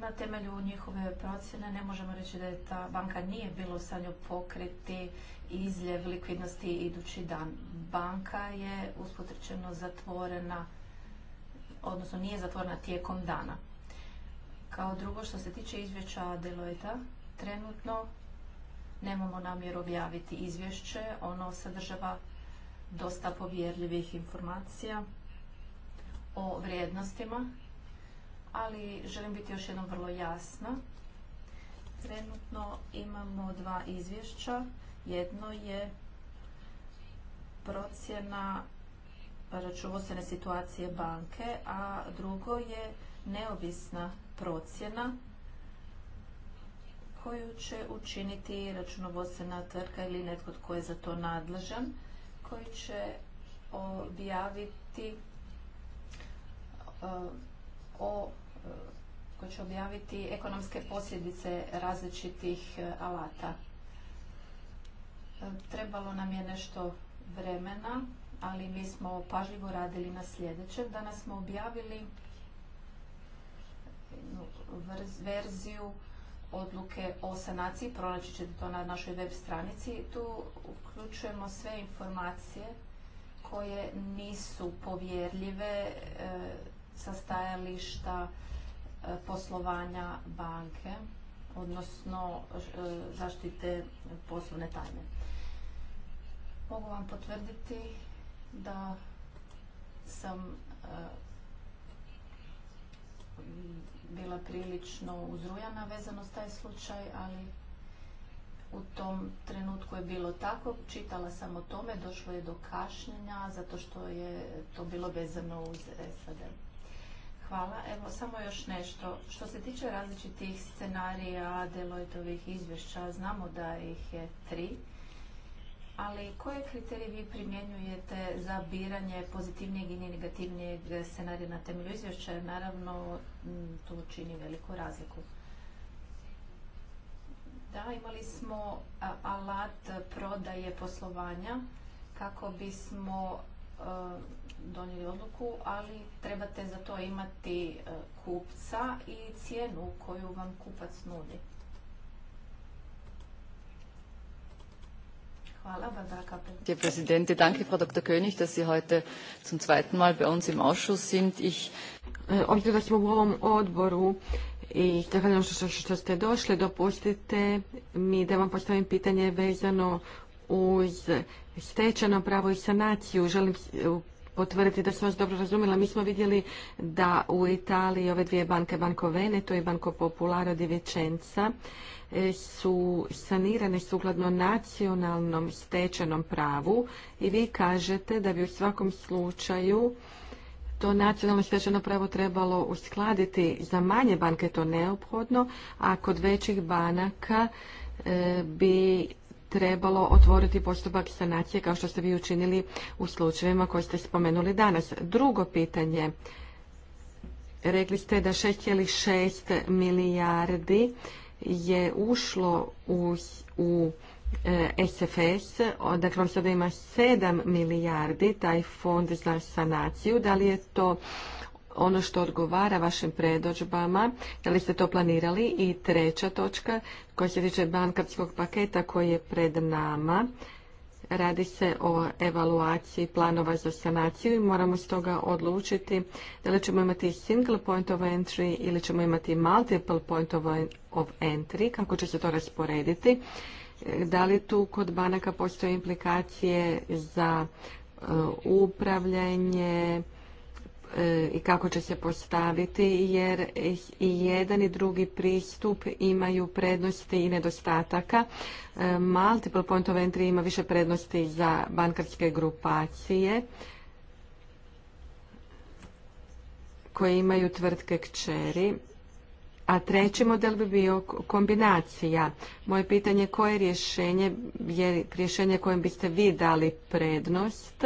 na temelju njihove procjene ne možemo reći da je ta banka nije bila u stanju pokriti izljev likvidnosti idući dan. Banka je usputrečeno zatvorena, odnosno nije zatvorena tijekom dana. Kao drugo, što se tiče izvješća Deloita, trenutno nemamo namjeru objaviti izvješće. Ono sadržava dosta povjerljivih informacija o vrijednostima ali želim biti još jednom vrlo jasna. Trenutno imamo dva izvješća. Jedno je procjena računovodstvene situacije banke, a drugo je neovisna procjena koju će učiniti računovodstvena tvrtka ili netko tko je za to nadležan, koji će objaviti e, o Eh, koji će objaviti ekonomske posljedice različitih eh, alata. Eh, trebalo nam je nešto vremena, ali mi smo pažljivo radili na sljedećem. Danas smo objavili verziju odluke o sanaciji, pronaći ćete to na našoj web stranici. Tu uključujemo sve informacije koje nisu povjerljive, sa stajališta e, poslovanja banke, odnosno e, zaštite poslovne tajne. Mogu vam potvrditi da sam e, bila prilično uzrujana vezano s taj slučaj, ali u tom trenutku je bilo tako. Čitala sam o tome, došlo je do kašnjenja zato što je to bilo vezano uz SAD. Hvala. Evo, samo još nešto. Što se tiče različitih scenarija Deloitovih izvješća, znamo da ih je tri, ali koje kriterije vi primjenjujete za biranje pozitivnijeg i negativnijeg scenarija na temelju izvješća? Naravno, mm, to čini veliku razliku. Da, imali smo alat prodaje poslovanja kako bismo e, donijeli odluku, ali trebate za to imati e, kupca i cijenu koju vam kupac nudi. Hvala, vam, Herr Präsident, danke Frau Dr. König, dass Sie heute zum zweiten Mal bei uns im Ausschuss sind. Ich Obzirom da smo u ovom odboru i zahvaljujem što, što ste došli, dopustite mi da vam postavim pitanje vezano uz stečeno pravo i sanaciju. Želim potvrditi da sam vas dobro razumjela. Mi smo vidjeli da u Italiji ove dvije banke, Banco Veneto i Banco Popularo di Vicenza, e, su sanirane sukladno nacionalnom stečenom pravu i vi kažete da bi u svakom slučaju to nacionalno stečeno pravo trebalo uskladiti za manje banke to neophodno, a kod većih banaka e, bi trebalo otvoriti postupak sanacije kao što ste vi učinili u slučajevima koje ste spomenuli danas. Drugo pitanje, rekli ste da 6,6 milijardi je ušlo u, SFS, e, dakle on sada ima 7 milijardi, taj fond za sanaciju, da li je to ono što odgovara vašim predođbama, da li ste to planirali? I treća točka koja se tiče bankarskog paketa koji je pred nama. Radi se o evaluaciji planova za sanaciju i moramo s toga odlučiti da li ćemo imati single point of entry ili ćemo imati multiple point of entry, kako će se to rasporediti. Da li tu kod banaka postoje implikacije za e, upravljanje, E, i kako će se postaviti jer i jedan i drugi pristup imaju prednosti i nedostataka. E, multiple point of entry ima više prednosti za bankarske grupacije koje imaju tvrtke kćeri. A treći model bi bio kombinacija. Moje pitanje koje rješenje je rješenje kojem biste vi dali prednost,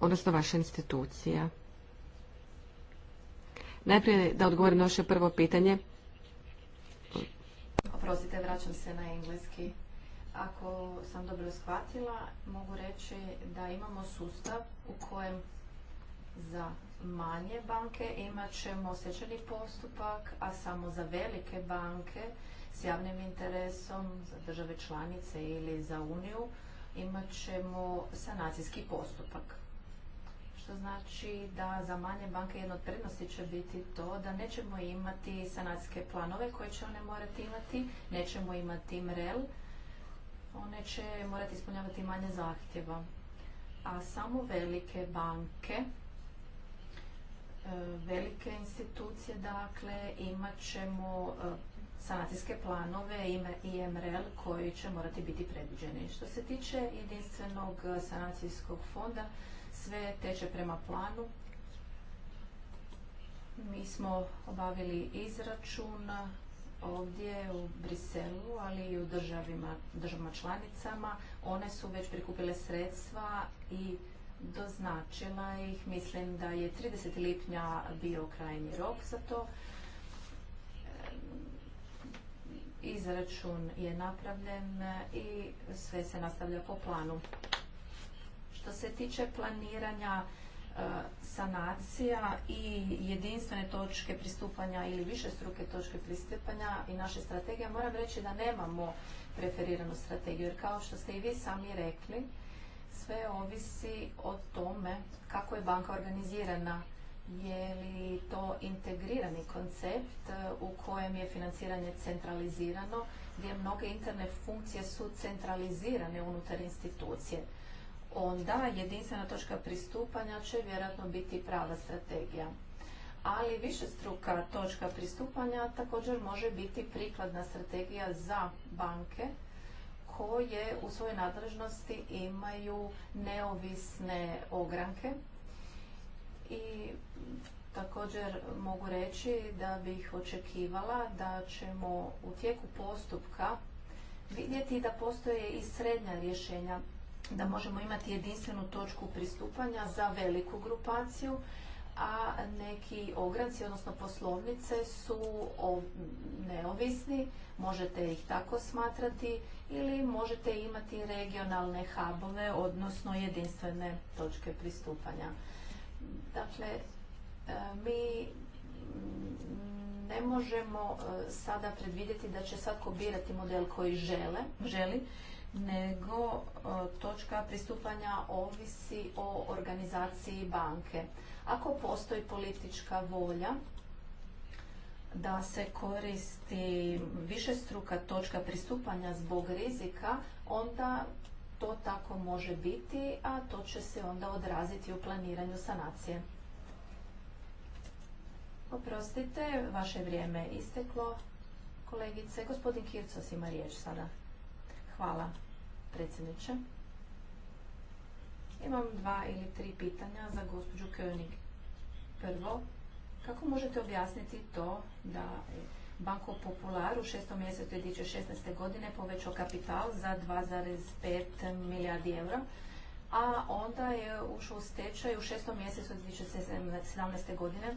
odnosno vaša institucija. Najprije da odgovorim na vaše prvo pitanje. Oprostite, vraćam se na engleski. Ako sam dobro shvatila, mogu reći da imamo sustav u kojem za manje banke imat ćemo sečeni postupak, a samo za velike banke s javnim interesom za države članice ili za Uniju imat ćemo sanacijski postupak što znači da za manje banke jedno od prednosti će biti to da nećemo imati sanacijske planove koje će one morati imati, nećemo imati MREL, one će morati ispunjavati manje zahtjeva. A samo velike banke, e, velike institucije, dakle, imat ćemo e, sanacijske planove i MREL koji će morati biti predviđeni. Što se tiče jedinstvenog sanacijskog fonda, sve teče prema planu. Mi smo obavili izračun ovdje u Briselu, ali i u državima, državama članicama. One su već prikupile sredstva i doznačila ih. Mislim da je 30. lipnja bio krajnji rok za to. Izračun je napravljen i sve se nastavlja po planu. Što se tiče planiranja e, sanacija i jedinstvene točke pristupanja ili više struke točke pristupanja i naše strategije, moram reći da nemamo preferiranu strategiju, jer kao što ste i vi sami rekli, sve ovisi o tome kako je banka organizirana, je li to integrirani koncept e, u kojem je financiranje centralizirano, gdje mnoge interne funkcije su centralizirane unutar institucije onda jedinstvena točka pristupanja će vjerojatno biti prava strategija. Ali više struka točka pristupanja također može biti prikladna strategija za banke koje u svojoj nadležnosti imaju neovisne ogranke i također mogu reći da bih očekivala da ćemo u tijeku postupka vidjeti da postoje i srednja rješenja da možemo imati jedinstvenu točku pristupanja za veliku grupaciju, a neki ogranci, odnosno poslovnice su neovisni, možete ih tako smatrati ili možete imati regionalne hubove, odnosno jedinstvene točke pristupanja. Dakle, e, mi ne možemo e, sada predvidjeti da će svatko birati model koji žele, želi, nego e, točka pristupanja ovisi o organizaciji banke. Ako postoji politička volja da se koristi više struka točka pristupanja zbog rizika, onda to tako može biti, a to će se onda odraziti u planiranju sanacije. Oprostite, vaše vrijeme je isteklo, kolegice. Gospodin Kircos ima riječ sada. Hvala predsjedniče. Imam dva ili tri pitanja za gospođu König. Prvo, kako možete objasniti to da Banko Popular u šestom mjesecu 2016. godine povećao kapital za 2,5 milijardi eura, a onda je ušao u stečaj u šestom mjesecu 2017. godine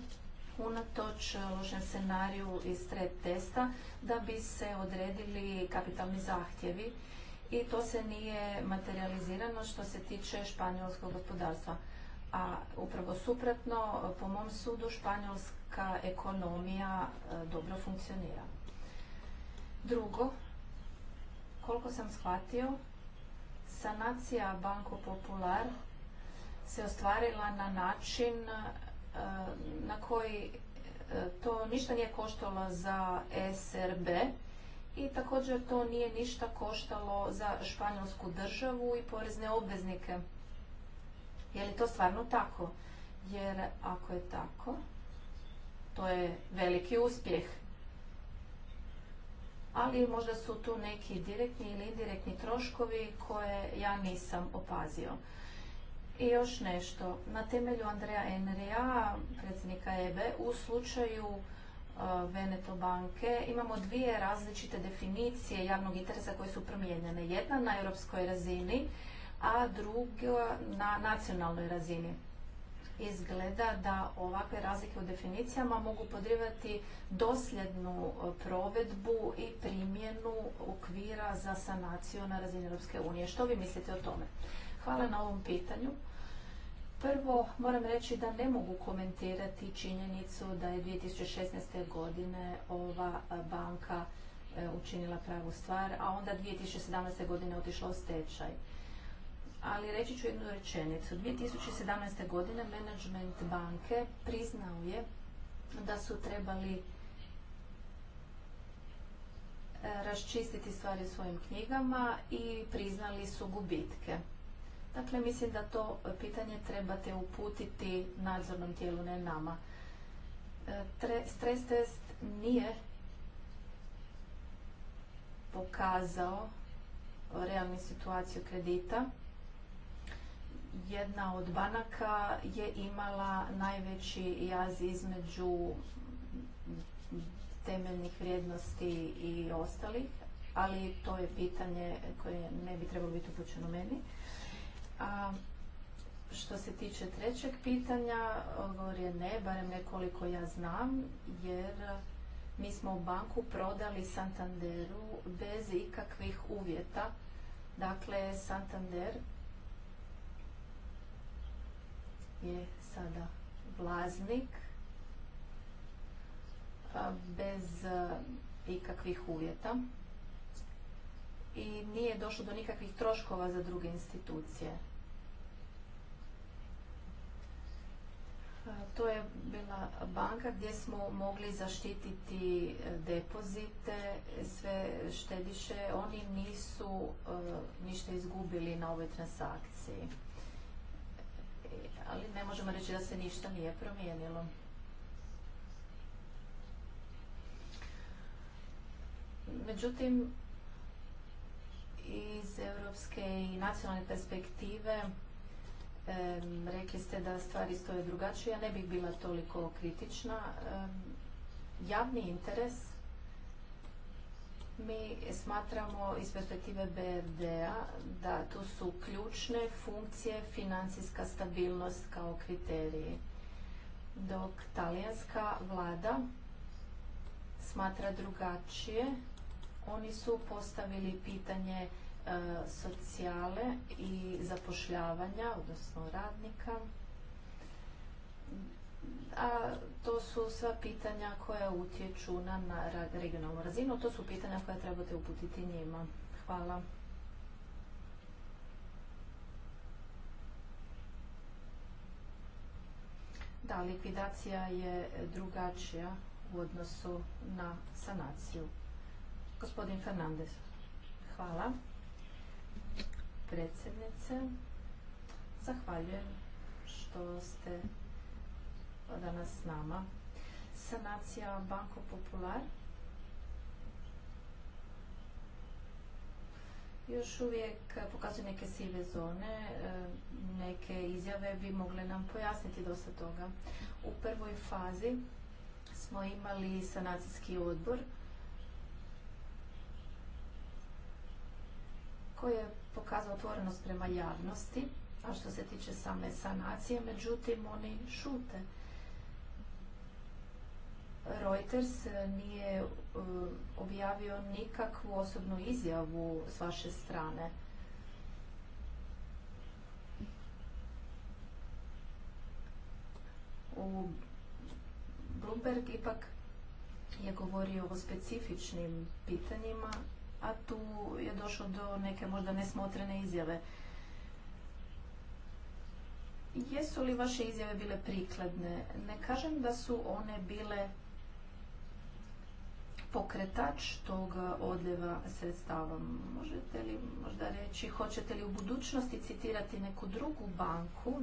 unatoč lošem scenariju iz stres testa da bi se odredili kapitalni zahtjevi i to se nije materializirano što se tiče španjolskog gospodarstva. A upravo suprotno, po mom sudu, španjolska ekonomija e, dobro funkcionira. Drugo, koliko sam shvatio, sanacija Banko Popular se ostvarila na način e, na koji e, to ništa nije koštalo za SRB, i također to nije ništa koštalo za španjolsku državu i porezne obveznike. Je li to stvarno tako? Jer ako je tako, to je veliki uspjeh. Ali možda su tu neki direktni ili indirektni troškovi koje ja nisam opazio. I još nešto. Na temelju Andreja Enrija, predsjednika EBE, u slučaju E, Veneto banke imamo dvije različite definicije javnog interesa koje su promijenjene. Jedna na europskoj razini, a druga na nacionalnoj razini. Izgleda da ovakve razlike u definicijama mogu podrivati dosljednu e, provedbu i primjenu okvira za sanaciju na razini Europske unije. Što vi mislite o tome? Hvala na ovom pitanju. Prvo moram reći da ne mogu komentirati činjenicu da je 2016. godine ova e, banka e, učinila pravu stvar, a onda 2017. godine otišla u stečaj. Ali reći ću jednu rečenicu. 2017. godine menadžment banke priznao je da su trebali e, raščistiti stvari u svojim knjigama i priznali su gubitke. Dakle, mislim da to e, pitanje trebate uputiti nadzornom tijelu, ne nama. E, stres test nije pokazao realnu situaciju kredita. Jedna od banaka je imala najveći jaz između temeljnih vrijednosti i ostalih, ali to je pitanje koje ne bi trebalo biti upućeno meni. A što se tiče trećeg pitanja, odgovor je ne, barem nekoliko ja znam, jer mi smo u banku prodali Santanderu bez ikakvih uvjeta. Dakle, Santander je sada vlasnik bez ikakvih uvjeta i nije došlo do nikakvih troškova za druge institucije. To je bila banka gdje smo mogli zaštititi e, depozite, sve štediše. Oni nisu e, ništa izgubili na ovoj transakciji. E, ali ne možemo reći da se ništa nije promijenilo. Međutim, iz europske i nacionalne perspektive rekli ste da stvari stoje drugačije, ja ne bih bila toliko kritična. javni interes mi smatramo iz perspektive BRD-a da tu su ključne funkcije financijska stabilnost kao kriteriji. Dok talijanska vlada smatra drugačije, oni su postavili pitanje E, socijale i zapošljavanja, odnosno radnika. A to su sva pitanja koja utječu na regionalnu razinu. To su pitanja koja trebate uputiti njima. Hvala. Da, likvidacija je drugačija u odnosu na sanaciju. Gospodin Fernandez. Hvala predsjednice. Zahvaljujem što ste danas s nama. Sanacija Banko Popular. Još uvijek pokazuje neke sive zone, e, neke izjave bi mogle nam pojasniti dosta toga. U prvoj fazi smo imali sanacijski odbor koji je pokazao otvorenost prema javnosti, a što se tiče same sanacije, međutim oni šute. Reuters nije eh, objavio nikakvu osobnu izjavu s vaše strane. Bloomberg ipak je govorio o specifičnim pitanjima a tu je došlo do neke možda nesmotrene izjave. Jesu li vaše izjave bile prikladne? Ne kažem da su one bile pokretač tog odljeva sredstava. Možete li možda reći, hoćete li u budućnosti citirati neku drugu banku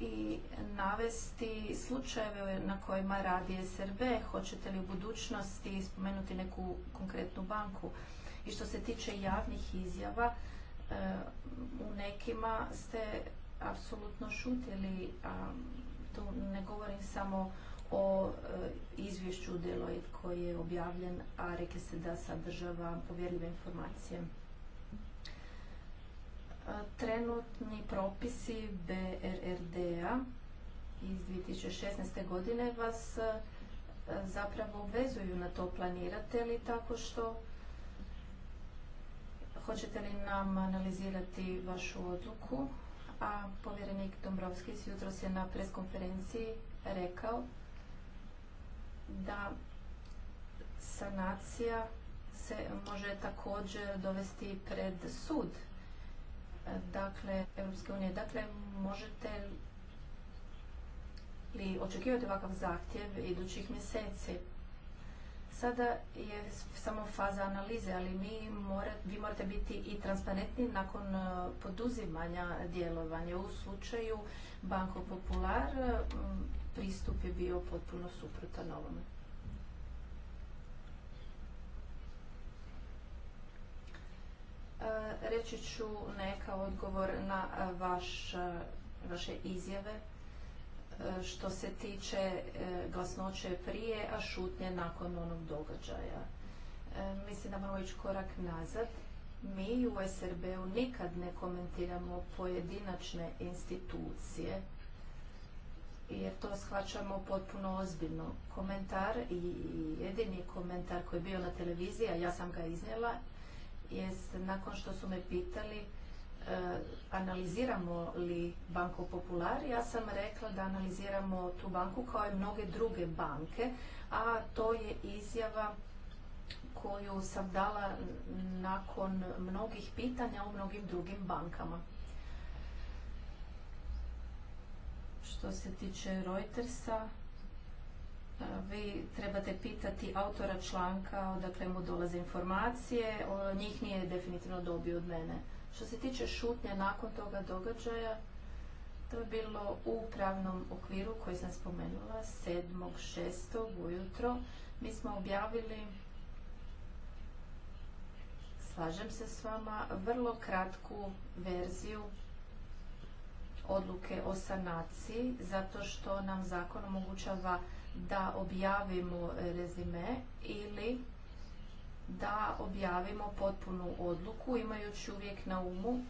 i navesti slučajeve na kojima radi SRB? Hoćete li u budućnosti spomenuti neku konkretnu banku? I što se tiče javnih izjava, e, u nekima ste apsolutno šutjeli, a tu ne govorim samo o e, izvješću Deloitte koji je objavljen, a rekli ste da sadržava povjerljive informacije. Trenutni propisi BRRD-a iz 2016. godine vas e, zapravo obvezuju na to planirate li tako što hoćete li nam analizirati vašu odluku a povjerenik Dombrovski jutros je na preskonferenciji rekao da sanacija se može također dovesti pred sud dakle, Europske Dakle, možete li očekivati ovakav zahtjev idućih mjeseci? Sada je samo faza analize, ali mi vi morate biti i transparentni nakon e, poduzimanja djelovanja. U slučaju Banko Popular pristup je bio potpuno suprotan ovome. E, reći ću neka odgovor na e, vaš, e, vaše izjave što se tiče glasnoće prije, a šutnje nakon onog događaja. Mislim da moramo ići korak nazad. Mi u SRB-u nikad ne komentiramo pojedinačne institucije, jer to shvaćamo potpuno ozbiljno. Komentar i jedini komentar koji je bio na televiziji, a ja sam ga iznijela, jest nakon što su me pitali e, analiziramo li Banko Popular, ja sam rekla da analiziramo tu banku kao i mnoge druge banke, a to je izjava koju sam dala nakon mnogih pitanja o mnogim drugim bankama. Što se tiče Reutersa, vi trebate pitati autora članka odakle mu dolaze informacije, njih nije definitivno dobio od mene. Što se tiče šutnje nakon toga događaja, to je bilo u pravnom okviru koji sam spomenula 7.6. ujutro. Mi smo objavili, slažem se s vama, vrlo kratku verziju odluke o sanaciji, zato što nam zakon omogućava da objavimo rezime ili da objavimo potpunu odluku imajući uvijek na umu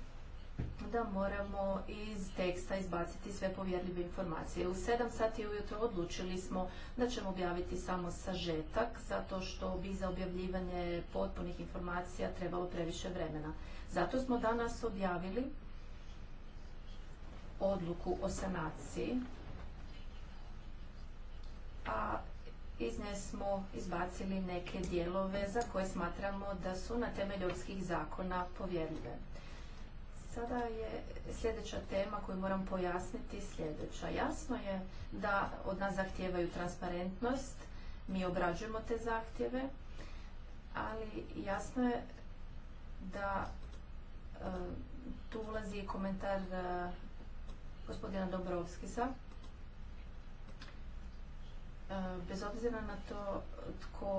da moramo iz teksta izbaciti sve povjerljive informacije. U 7 sati ujutro odlučili smo da ćemo objaviti samo sažetak, zato što bi za objavljivanje potpunih informacija trebalo previše vremena. Zato smo danas objavili odluku o sanaciji a pa iz nje smo izbacili neke dijelove za koje smatramo da su na temelju europskih zakona povjerljive. Sada je sljedeća tema koju moram pojasniti sljedeća. Jasno je da od nas zahtijevaju transparentnost, mi obrađujemo te zahtjeve, ali jasno je da e, tu ulazi komentar e, gospodina Dobrovskisa E, bez obzira na to e, tko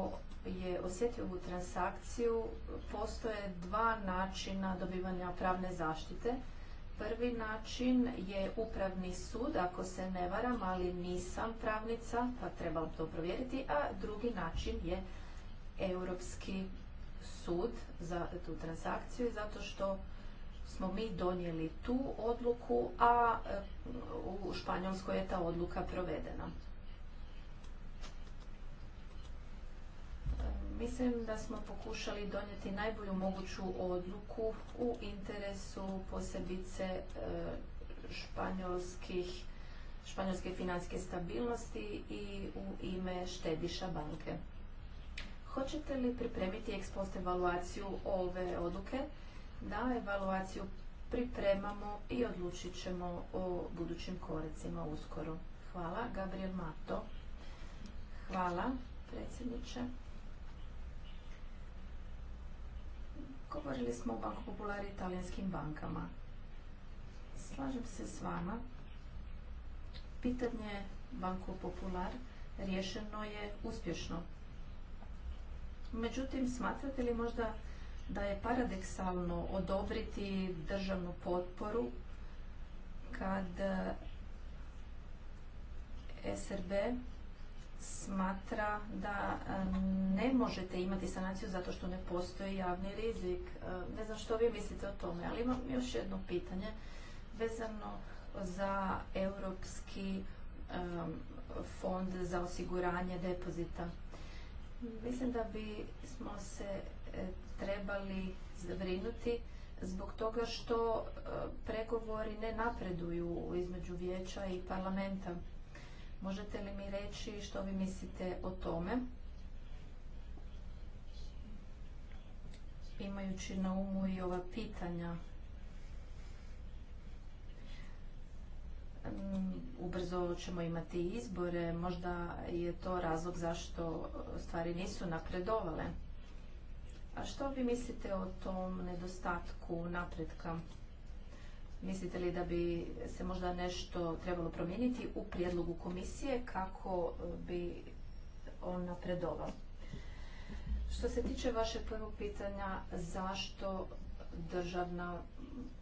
je osjetio ovu transakciju, postoje dva načina dobivanja pravne zaštite. Prvi način je upravni sud, ako se ne varam, ali nisam pravnica, pa trebam to provjeriti, a drugi način je Europski sud za tu transakciju, zato što smo mi donijeli tu odluku, a e, u Španjolskoj je ta odluka provedena. Mislim da smo pokušali donijeti najbolju moguću odluku u interesu posebice e, španjolske financijske stabilnosti i u ime štediša banke. Hoćete li pripremiti ekspost evaluaciju ove odluke? Da, evaluaciju pripremamo i odlučit ćemo o budućim koracima uskoro. Hvala, Gabriel Mato. Hvala, predsjedniče. Govorili smo o Banku Populari i italijanskim bankama. Slažem se s vama. Pitanje Banku Popular rješeno je uspješno. Međutim, smatrate li možda da je paradeksalno odobriti državnu potporu kad eh, SRB smatra da e, ne možete imati sanaciju zato što ne postoji javni rizik. E, ne znam što vi mislite o tome, ali imam još jedno pitanje vezano za Europski e, fond za osiguranje depozita. Mislim da bi smo se trebali zabrinuti zbog toga što pregovori ne napreduju između vijeća i parlamenta. Možete li mi reći što vi mislite o tome? Imajući na umu i ova pitanja mm, ubrzo ćemo imati izbore, možda je to razlog zašto stvari nisu napredovale. A što vi mislite o tom nedostatku napretka? Mislite li da bi se možda nešto trebalo promijeniti u prijedlogu komisije kako e, bi on napredovao? Što se tiče vašeg prvog pitanja, zašto državna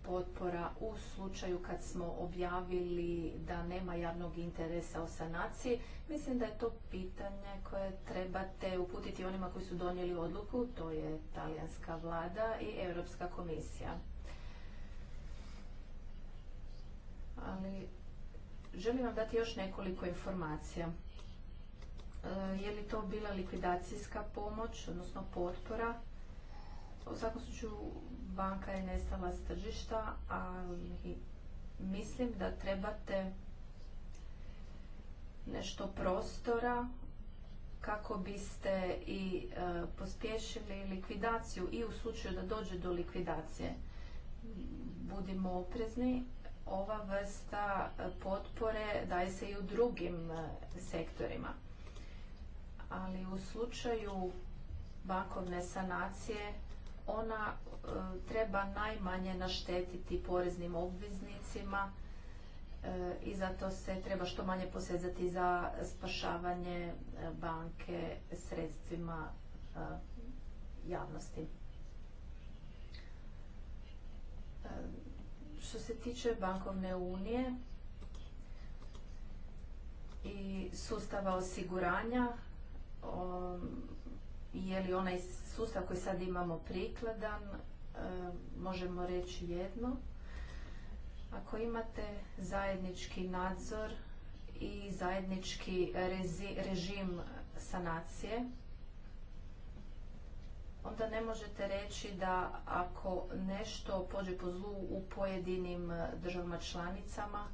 potpora u slučaju kad smo objavili da nema javnog interesa o sanaciji. Mislim da je to pitanje koje trebate uputiti onima koji su donijeli odluku, to je talijanska vlada i Europska komisija. ali želim vam dati još nekoliko informacija. E, je li to bila likvidacijska pomoć, odnosno potpora? U svakom slučaju banka je nestala s tržišta, ali mislim da trebate nešto prostora kako biste i e, pospješili likvidaciju i u slučaju da dođe do likvidacije. Budimo oprezni ova vrsta e, potpore daje se i u drugim e, sektorima. Ali u slučaju bankovne sanacije ona e, treba najmanje naštetiti poreznim obveznicima i zato se treba što manje posezati za spašavanje banke sredstvima javnosti što se tiče bankovne unije i sustava osiguranja, um, je li onaj sustav koji sad imamo prikladan, um, možemo reći jedno. Ako imate zajednički nadzor i zajednički režim sanacije, onda ne možete reći da ako nešto pođe po zlu u pojedinim e, državama članicama,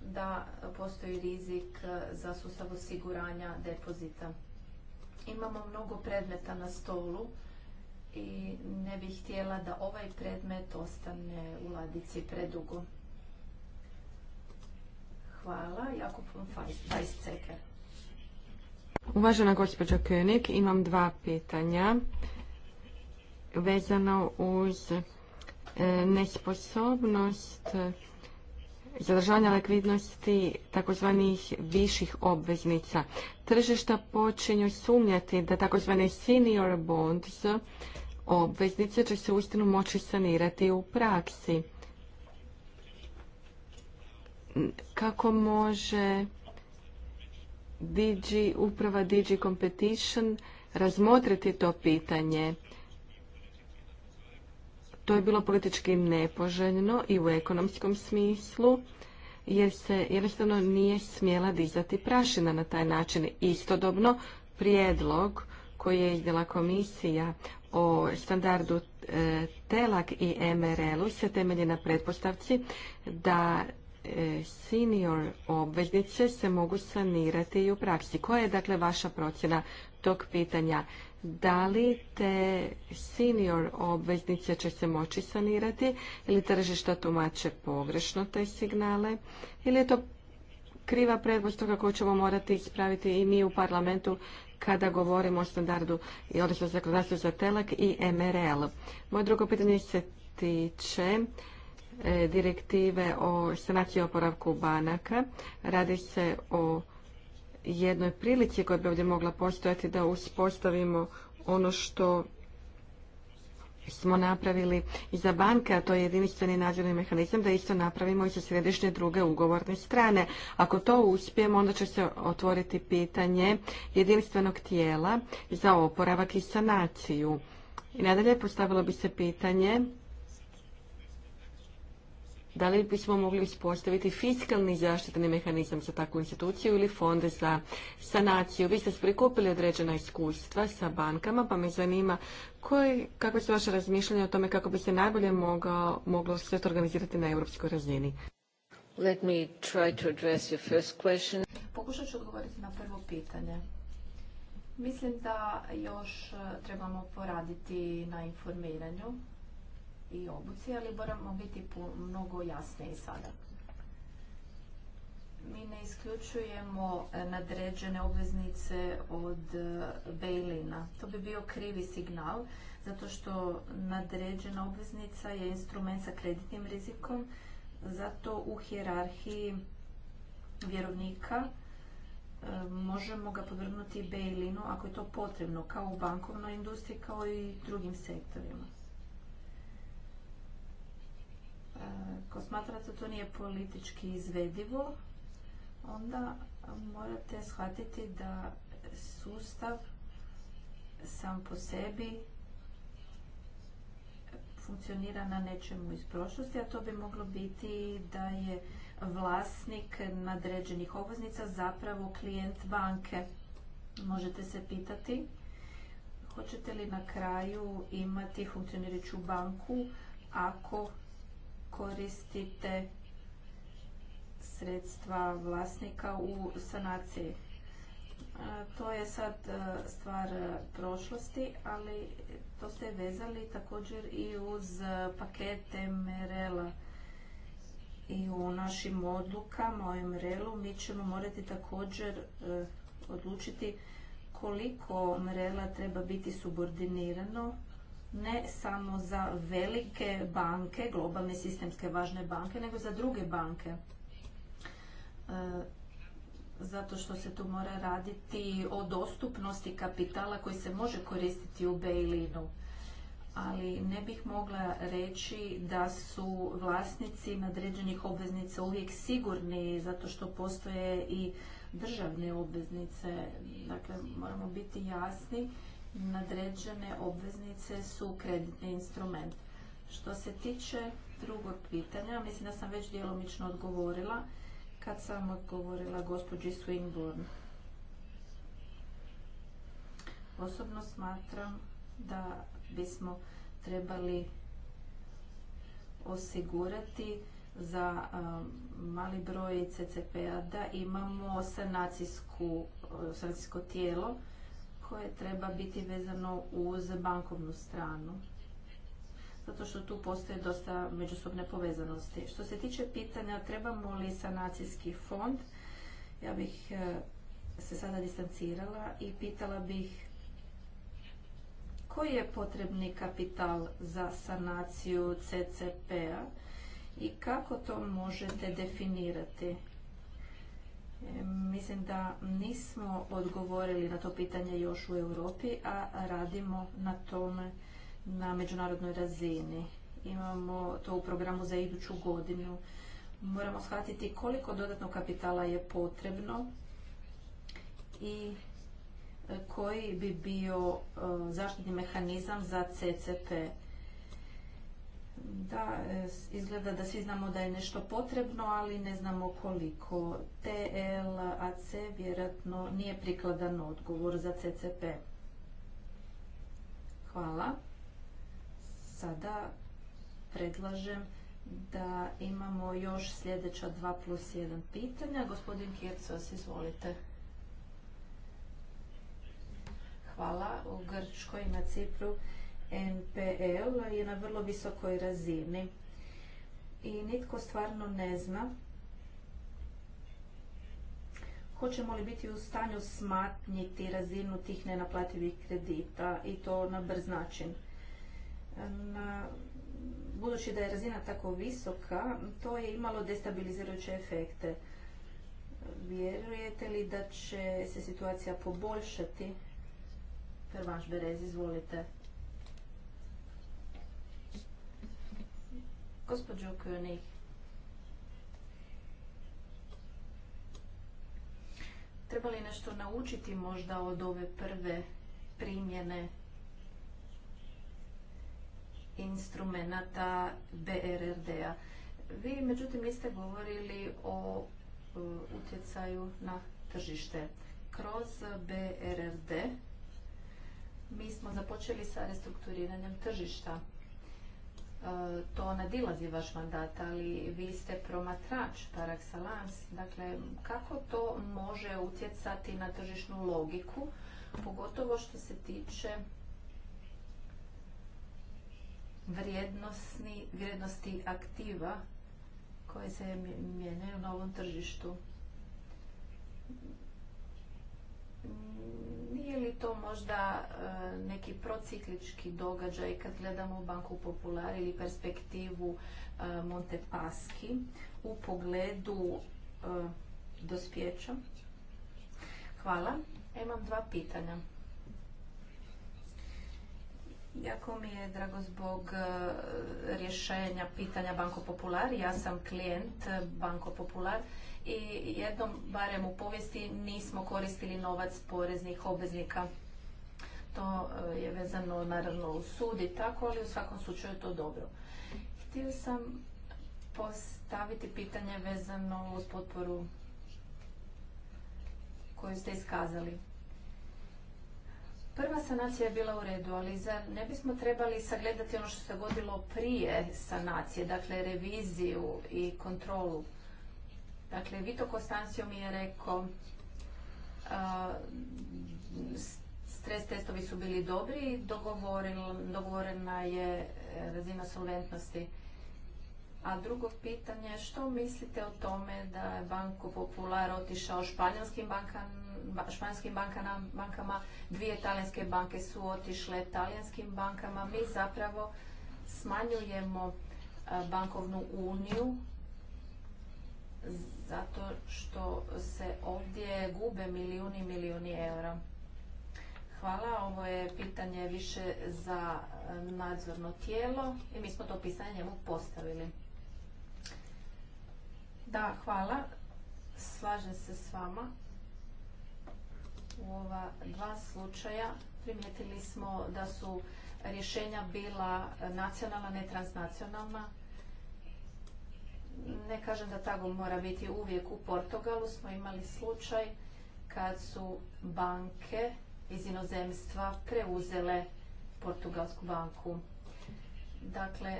da postoji rizik e, za sustav osiguranja depozita. Imamo mnogo predmeta na stolu i ne bih htjela da ovaj predmet ostane u ladici predugo. Hvala, Jakub Uvažena gospođa König, imam dva pitanja vezano uz e, nesposobnost zadržavanja likvidnosti takozvanih viših obveznica. Tržišta počinju sumnjati da takozvani senior bonds obveznice će se uistinu moći sanirati u praksi. Kako može uprava Digi Competition razmotriti to pitanje? To je bilo politički nepoželjno i u ekonomskom smislu, jer se jednostavno nije smjela dizati prašina na taj način. Istodobno, prijedlog koji je izdjela komisija o standardu e, TELAK i MRL-u se temelji na pretpostavci da E, senior obveznice se mogu sanirati i u praksi. Koja je dakle vaša procjena tog pitanja? Da li te senior obveznice će se moći sanirati ili tržišta tumače pogrešno te signale ili je to kriva toga koju ćemo morati ispraviti i mi u parlamentu kada govorimo o standardu i odnosno zakonodavstvu za telak i MRL. Moje drugo pitanje se tiče E, direktive o sanaciji oporavku banaka. Radi se o jednoj prilici koja bi ovdje mogla postojati da uspostavimo ono što smo napravili i za banke, a to je jedinstveni nadzorni mehanizam, da isto napravimo i sa središnje druge ugovorne strane. Ako to uspijemo, onda će se otvoriti pitanje jedinstvenog tijela za oporavak i sanaciju. I nadalje postavilo bi se pitanje da li bismo mogli uspostaviti fiskalni zaštitni mehanizam za takvu instituciju ili fonde za sanaciju? Vi ste prikupili određena iskustva sa bankama, pa me zanima koji, kako su vaše razmišljanje o tome kako bi se najbolje moglo sve to organizirati na europskoj razini? Let me try to address your first question. Pokušat ću odgovoriti na prvo pitanje. Mislim da još eh, trebamo poraditi na informiranju i obuci, ali moramo biti mnogo jasniji sada. Mi ne isključujemo e, nadređene obveznice od e, bailina. To bi bio krivi signal, zato što nadređena obveznica je instrument sa kreditnim rizikom, zato u hjerarhiji vjerovnika e, možemo ga podvrgnuti bailinu ako je to potrebno, kao u bankovnoj industriji, kao i drugim sektorima. Ako smatrate to nije politički izvedivo, onda morate shvatiti da sustav sam po sebi funkcionira na nečemu iz prošlosti, a to bi moglo biti da je vlasnik nadređenih obveznica zapravo klijent banke. Možete se pitati hoćete li na kraju imati funkcionirajuću banku ako koristite sredstva vlasnika u sanaciji. To je sad e, stvar e, prošlosti, ali to ste vezali također i uz e, pakete MRL-a. I u našim odlukama o MRL-u mi ćemo morati također odlučiti koliko mrl treba biti subordinirano ne samo za velike banke, globalne sistemske važne banke, nego za druge banke. E, zato što se tu mora raditi o dostupnosti kapitala koji se može koristiti u Bejlinu. Ali ne bih mogla reći da su vlasnici nadređenih obveznica uvijek sigurni, zato što postoje i državne obveznice. Dakle, moramo biti jasni nadređene obveznice su kreditni instrument. Što se tiče drugog pitanja, mislim da sam već djelomično odgovorila kad sam odgovorila gospođi Swinburne. Osobno smatram da bismo trebali osigurati za um, mali broj ccp p-a da imamo uh, sanacijsko tijelo koje treba biti vezano uz bankovnu stranu. Zato što tu postoje dosta međusobne povezanosti. Što se tiče pitanja trebamo li sanacijski fond, ja bih e, se sada distancirala i pitala bih koji je potrebni kapital za sanaciju CCP-a i kako to možete definirati? Mislim da nismo odgovorili na to pitanje još u Europi, a radimo na tome na međunarodnoj razini. Imamo to u programu za iduću godinu. Moramo shvatiti koliko dodatnog kapitala je potrebno i e, koji bi bio e, zaštitni mehanizam za CCP da e, izgleda da svi znamo da je nešto potrebno, ali ne znamo koliko. TLAC vjerojatno nije prikladan odgovor za CCP. Hvala. Sada predlažem da imamo još sljedeća 2 plus 1 pitanja. Gospodin Kircos, izvolite. Hvala. U Grčkoj na Cipru NPL je na vrlo visokoj razini i nitko stvarno ne zna hoćemo li biti u stanju smanjiti razinu tih nenaplativih kredita i to na brz način. budući da je razina tako visoka, to je imalo destabilizirajuće efekte. Vjerujete li da će se situacija poboljšati? Prvaš Berez, izvolite. Gospodžo König, treba li nešto naučiti možda od ove prve primjene instrumenta BRRD-a? Vi, međutim, niste govorili o e, utjecaju na tržište. Kroz BRRD mi smo započeli sa restrukturiranjem tržišta E, to nadilazi vaš mandat, ali vi ste promatrač par excellence. Dakle, kako to može utjecati na tržišnu logiku, pogotovo što se tiče vrijednosti, vrijednosti aktiva koje se mijenjaju na ovom tržištu. Nije li to možda e, neki prociklički događaj kad gledamo Banku Popular ili perspektivu e, Paski u pogledu e, dospjeća? Hvala. Imam dva pitanja. Jako mi je drago zbog rješenja pitanja Banko Popular. Ja sam klijent Banko Popular i jednom, barem u povijesti, nismo koristili novac poreznih obveznika. To e, je vezano naravno u sud i tako, ali u svakom slučaju je to dobro. Htio sam postaviti pitanje vezano uz potporu koju ste iskazali. Prva sanacija je bila u redu, ali za, ne bismo trebali sagledati ono što se godilo prije sanacije, dakle reviziju i kontrolu. Dakle, Vito Kostancio mi je rekao stres testovi su bili dobri, dogovorena je e, razina solventnosti. A drugo pitanje, što mislite o tome da je Banko Popular otišao bankama, španjskim bankama, dvije talijanske banke su otišle talijanskim bankama. Mi zapravo smanjujemo e, bankovnu uniju zato što se ovdje gube milijuni i milijuni eura. Hvala, ovo je pitanje više za e, nadzorno tijelo i mi smo to pitanje njemu postavili. Da, hvala, slažem se s vama. U ova dva slučaja primijetili smo da su rješenja bila nacionalna, ne transnacionalna ne kažem da tako mora biti uvijek u Portugalu, smo imali slučaj kad su banke iz inozemstva preuzele Portugalsku banku. Dakle,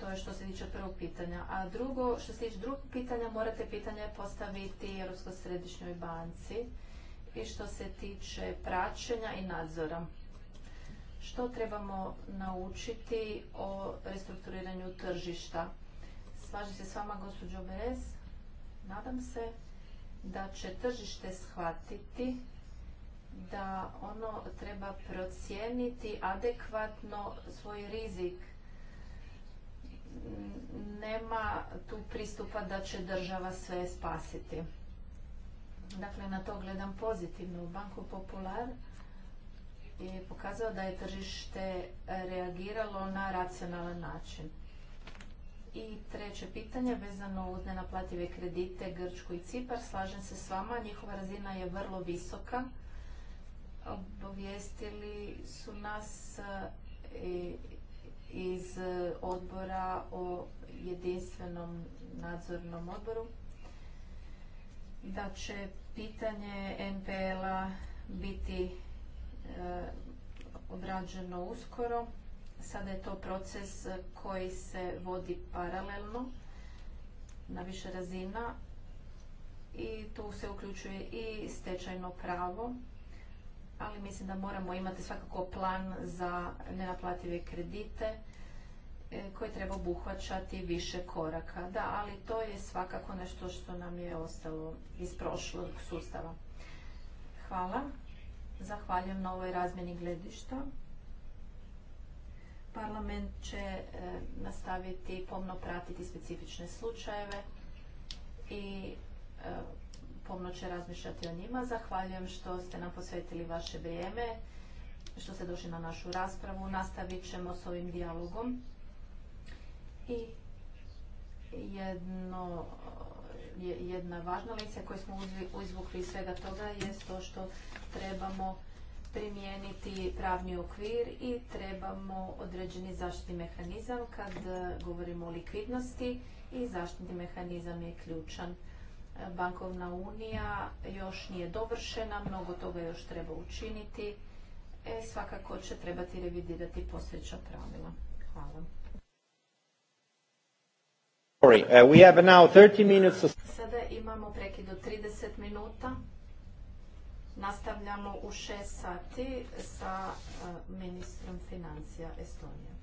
to je što se tiče prvog pitanja. A drugo, što se tiče drugog pitanja, morate pitanje postaviti Europskoj središnjoj banci i što se tiče praćenja i nadzora. Što trebamo naučiti o restrukturiranju tržišta? Slažem se s vama, gospođo Berez. Nadam se da će tržište shvatiti da ono treba procijeniti adekvatno svoj rizik. Nema tu pristupa da će država sve spasiti. Dakle, na to gledam pozitivno. U Banku Popular je pokazao da je tržište e, reagiralo na racionalan način. I treće pitanje vezano uz nenaplative kredite Grčku i Cipar. Slažem se s vama, njihova razina je vrlo visoka. Obavijestili su nas e, iz odbora o jedinstvenom nadzornom odboru da će pitanje NPL-a biti Eh, odrađeno uskoro. Sada je to proces koji se vodi paralelno na više razina i tu se uključuje i stečajno pravo, ali mislim da moramo imati svakako plan za nenaplative kredite eh, koji treba obuhvaćati više koraka. Da, ali to je svakako nešto što nam je ostalo iz prošlog sustava. Hvala. Zahvaljujem na ovoj razmjeni gledišta. Parlament će e, nastaviti pomno pratiti specifične slučajeve i e, pomno će razmišljati o njima. Zahvaljujem što ste nam posvetili vaše vrijeme, što ste došli na našu raspravu. Nastavit ćemo s ovim dijalogom. I jedno jedna važna lekcija koju smo izvukli iz svega toga je to što trebamo primijeniti pravni okvir i trebamo određeni zaštitni mehanizam kad e, govorimo o likvidnosti i zaštitni mehanizam je ključan. E, bankovna unija još nije dovršena, mnogo toga još treba učiniti. E, svakako će trebati revidirati postojeća pravila. Hvala. Uh, we have now 30 minutes. Sada imamo prekid od 30 minuta. Nastavljamo u 6 sati sa uh, ministrom financija Estonije.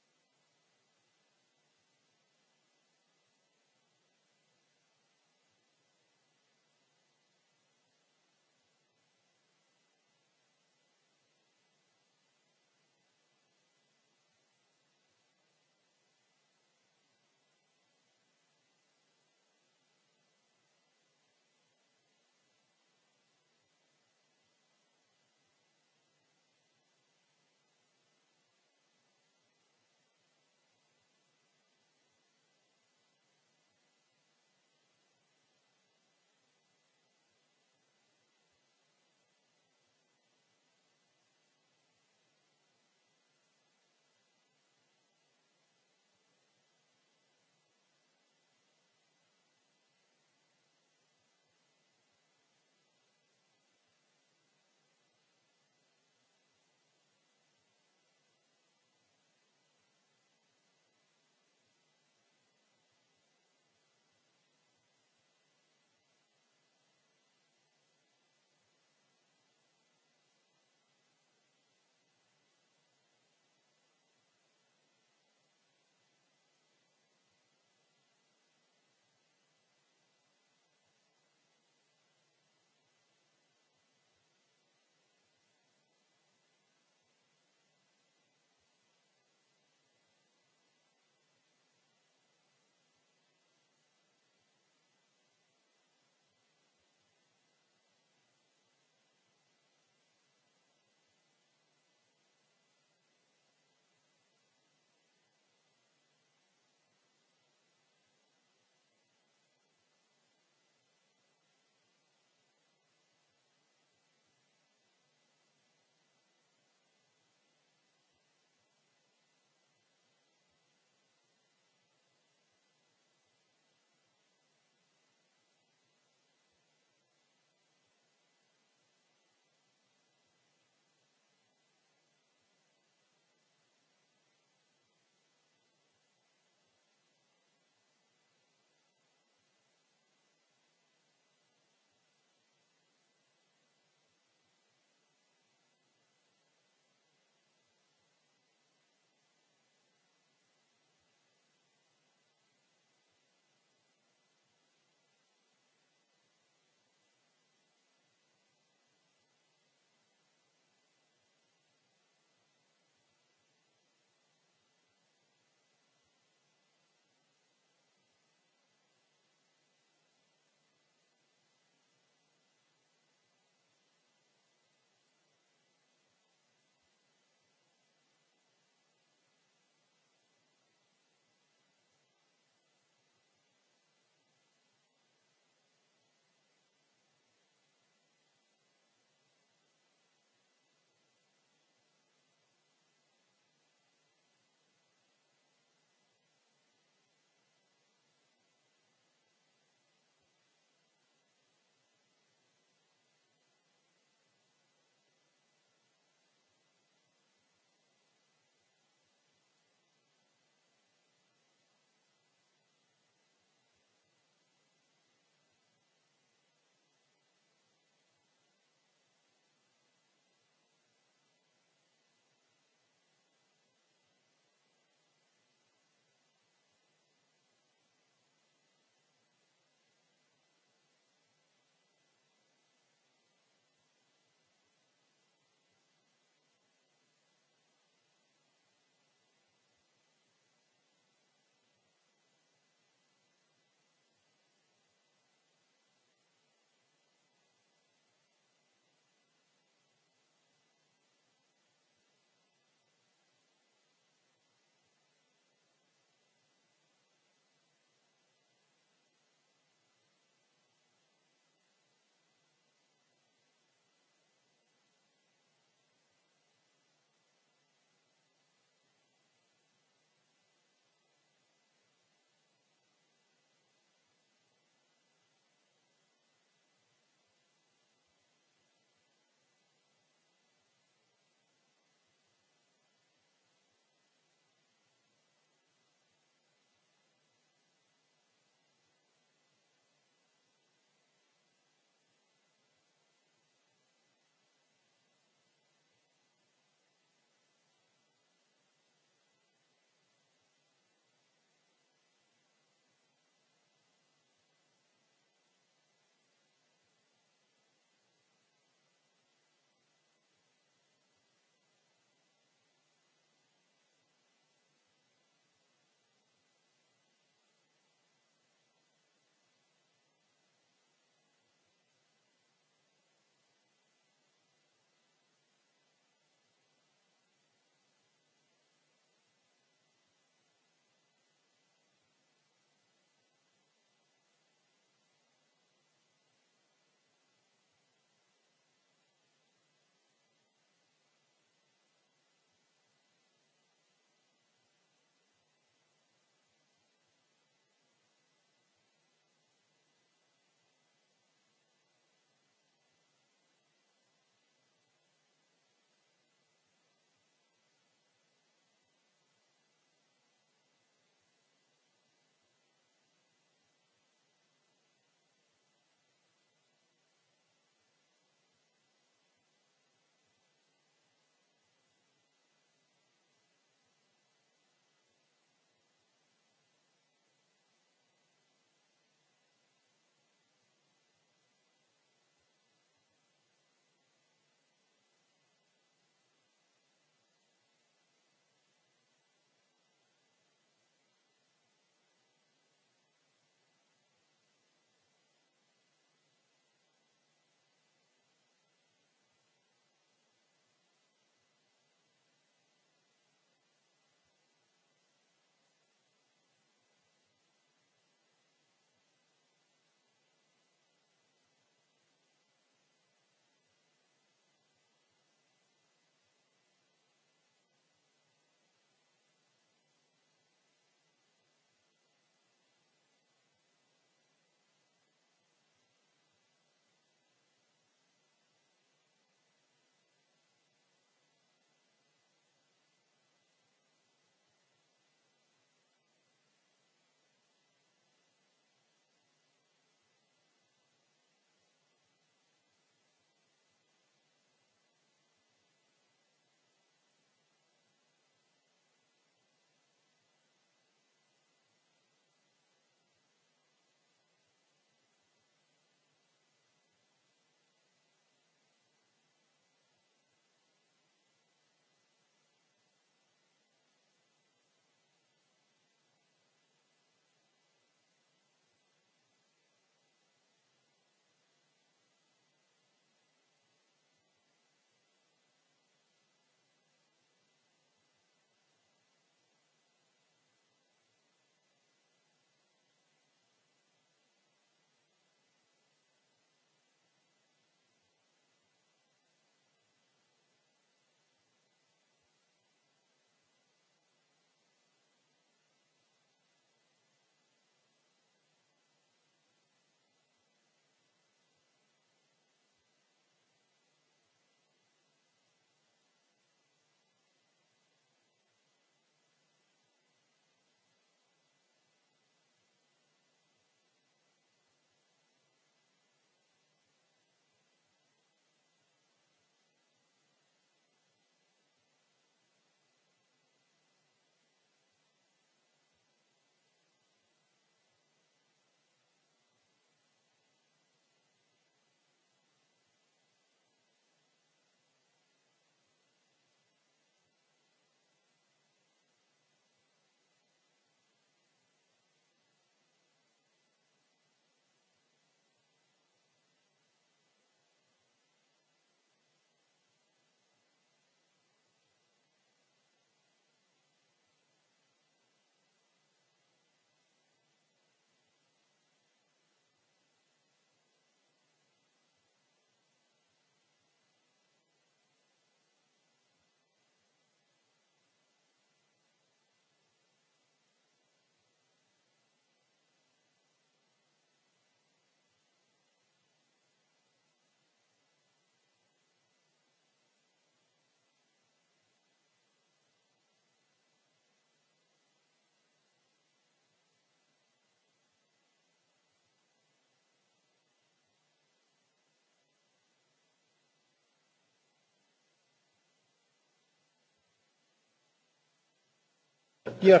Dear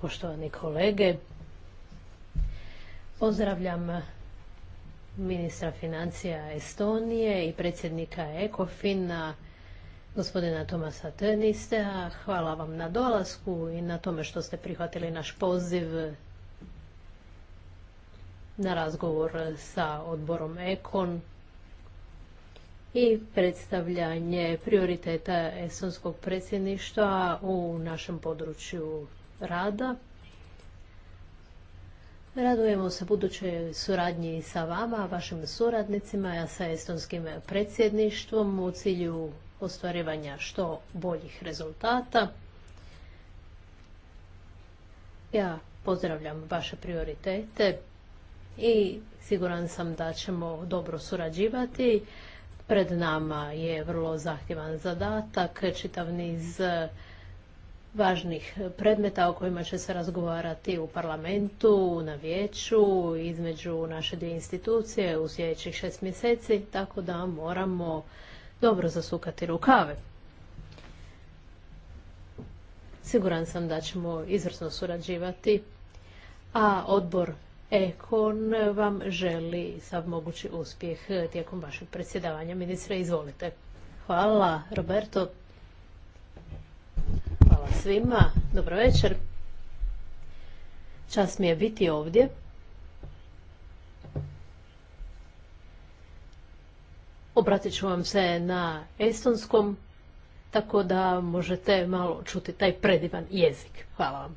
Poštovani kolege, pozdravljam ministra financija Estonije i predsjednika Ekofina, gospodina Tomasa Tönistea. Hvala vam na dolasku i na tome što ste prihvatili naš poziv na razgovor sa odborom Ekon i predstavljanje prioriteta Estonskog predsjedništva u našem području rada. Radujemo se budućoj suradnji sa vama, vašim suradnicima, a sa Estonskim predsjedništvom u cilju ostvarivanja što boljih rezultata. Ja pozdravljam vaše prioritete i siguran sam da ćemo dobro surađivati. Pred nama je vrlo zahtjevan zadatak, čitav niz važnih predmeta o kojima će se razgovarati u parlamentu, na vijeću, između naše dvije institucije u sljedećih šest mjeseci, tako da moramo dobro zasukati rukave. Siguran sam da ćemo izvrsno surađivati, a odbor Ekon vam želi sav mogući uspjeh tijekom vašeg predsjedavanja. Ministre, izvolite. Hvala, Roberto. Hvala svima. Dobro večer. Čast mi je biti ovdje. Obratit ću vam se na estonskom, tako da možete malo čuti taj predivan jezik. Hvala vam.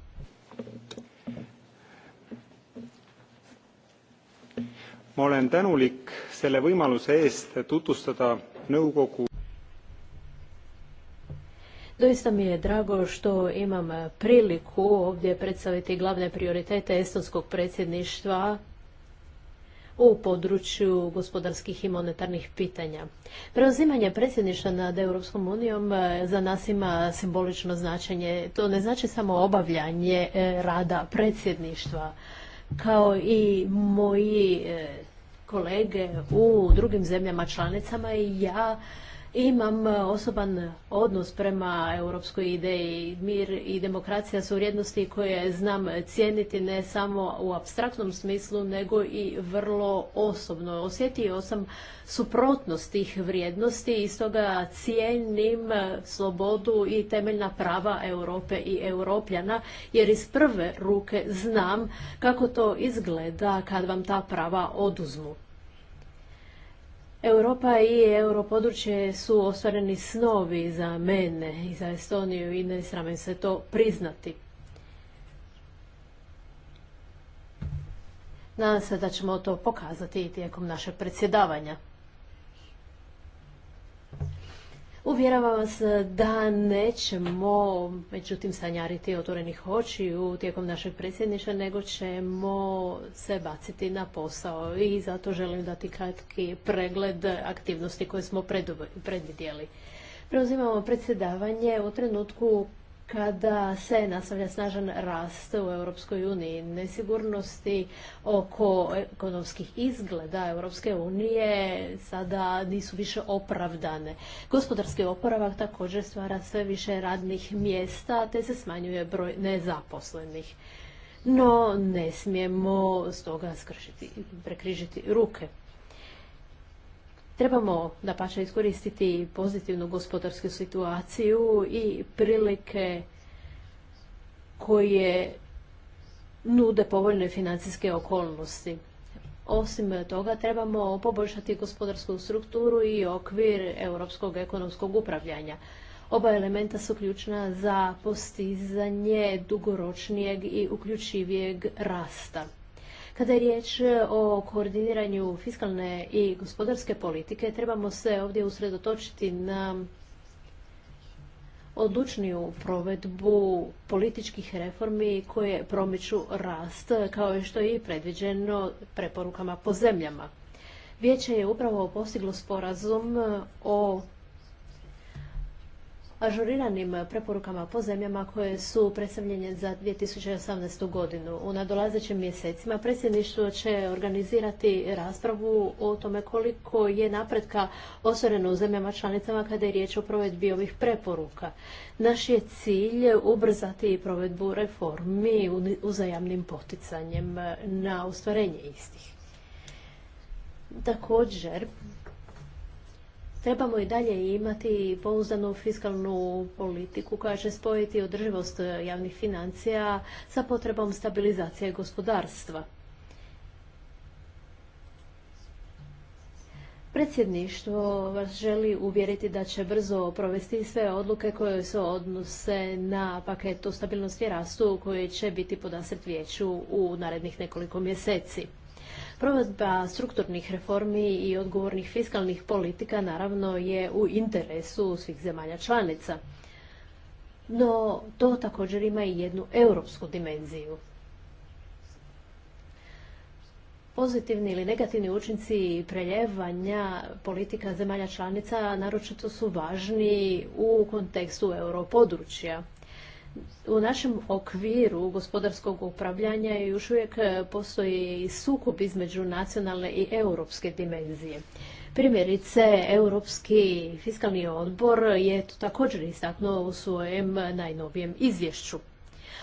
ma olen tänulik selle võimaluse eest tutvustada nõukogu Doista mi je drago što imam priliku ovdje predstaviti glavne prioritete estonskog predsjedništva u području gospodarskih i monetarnih pitanja. Preuzimanje predsjedništva nad Europskom unijom e, za nas ima simbolično značenje. To ne znači samo obavljanje e, rada predsjedništva, kao i moji e, kolege u drugim zemljama članicama i ja imam e, osoban odnos prema europskoj ideji. Mir i demokracija su vrijednosti koje znam cijeniti ne samo u abstraktnom smislu, nego i vrlo osobno. Osjetio sam suprotnost tih vrijednosti i stoga cijenim slobodu i temeljna prava Europe i europljana, jer iz prve ruke znam kako to izgleda kad vam ta prava oduzmu. Europa i europodručje su ostvareni snovi za mene i za Estoniju i ne sramim se to priznati. Nadam se da ćemo to pokazati i tijekom našeg predsjedavanja. Uvjeravam vas da nećemo, međutim, sanjariti otvorenih očiju tijekom našeg predsjedništva, nego ćemo se baciti na posao i zato želim dati kratki pregled aktivnosti koje smo predvidjeli. Preuzimamo predsjedavanje u trenutku kada se nastavlja snažan rast u Europskoj uniji. Nesigurnosti oko ekonomskih izgleda Europske unije sada nisu više opravdane. Gospodarski oporavak također stvara sve više radnih mjesta te se smanjuje broj nezaposlenih. No ne smijemo stoga skršiti, prekrižiti ruke. Trebamo da pače iskoristiti pozitivnu gospodarsku situaciju i prilike koje nude povoljne financijske okolnosti. Osim toga, trebamo poboljšati gospodarsku strukturu i okvir europskog ekonomskog upravljanja. Oba elementa su ključna za postizanje dugoročnijeg i uključivijeg rasta. Kada je riječ e, o koordiniranju fiskalne i gospodarske politike, trebamo se ovdje usredotočiti na odlučniju provedbu političkih reformi koje promiču rast, kao što je i predviđeno preporukama po zemljama. Vijeće je upravo postiglo sporazum o ažuriranim preporukama po zemljama koje su predstavljene za 2018. godinu. U nadolazećim mjesecima predsjedništvo će organizirati raspravu o tome koliko je napretka osvoreno u zemljama članicama kada je riječ o provedbi ovih preporuka. Naš je cilj ubrzati provedbu reformi uzajamnim poticanjem na ostvarenje istih. Također, Trebamo i dalje imati pouzdanu fiskalnu politiku koja će spojiti održivost javnih financija sa potrebom stabilizacije gospodarstva. Predsjedništvo vas želi uvjeriti da će brzo provesti sve odluke koje se odnose na paketu stabilnosti i rastu koji će biti podasret vijeću u narednih nekoliko mjeseci. Provedba strukturnih reformi i odgovornih fiskalnih politika naravno je u interesu svih zemalja članica. No to također ima i jednu europsku dimenziju. Pozitivni ili negativni učinci preljevanja politika zemalja članica naročito su važni u kontekstu europodručja u našem okviru gospodarskog upravljanja još uvijek e, postoji sukup sukob između nacionalne i europske dimenzije. Primjerice, Europski fiskalni odbor je također istaknuo u svojem najnovijem izvješću.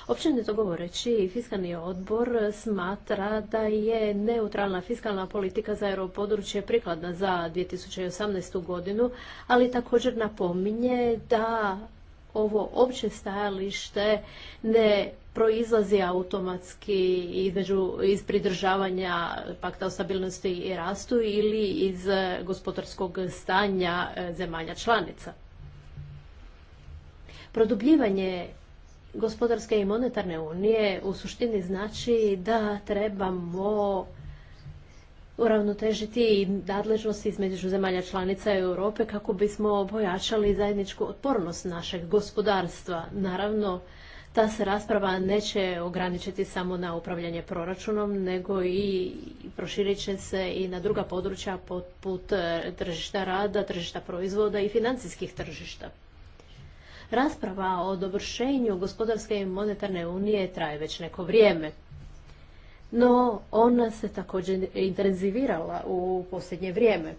Općenito govoreći, Fiskalni odbor smatra da je neutralna fiskalna politika za europodručje prikladna za 2018. godinu, ali također napominje da ovo opće stajalište ne proizlazi automatski između, iz pridržavanja pakta o stabilnosti i rastu ili iz gospodarskog stanja e, zemalja članica. Produbljivanje gospodarske i monetarne unije u suštini znači da trebamo uravnotežiti i nadležnosti između zemalja članica Europe kako bismo pojačali zajedničku otpornost našeg gospodarstva. Naravno, ta se rasprava neće ograničiti samo na upravljanje proračunom, nego i proširit će se i na druga područja poput tržišta rada, tržišta proizvoda i financijskih tržišta. Rasprava o dovršenju gospodarske i monetarne unije traje već neko vrijeme no ona se također intenzivirala u posljednje vrijeme.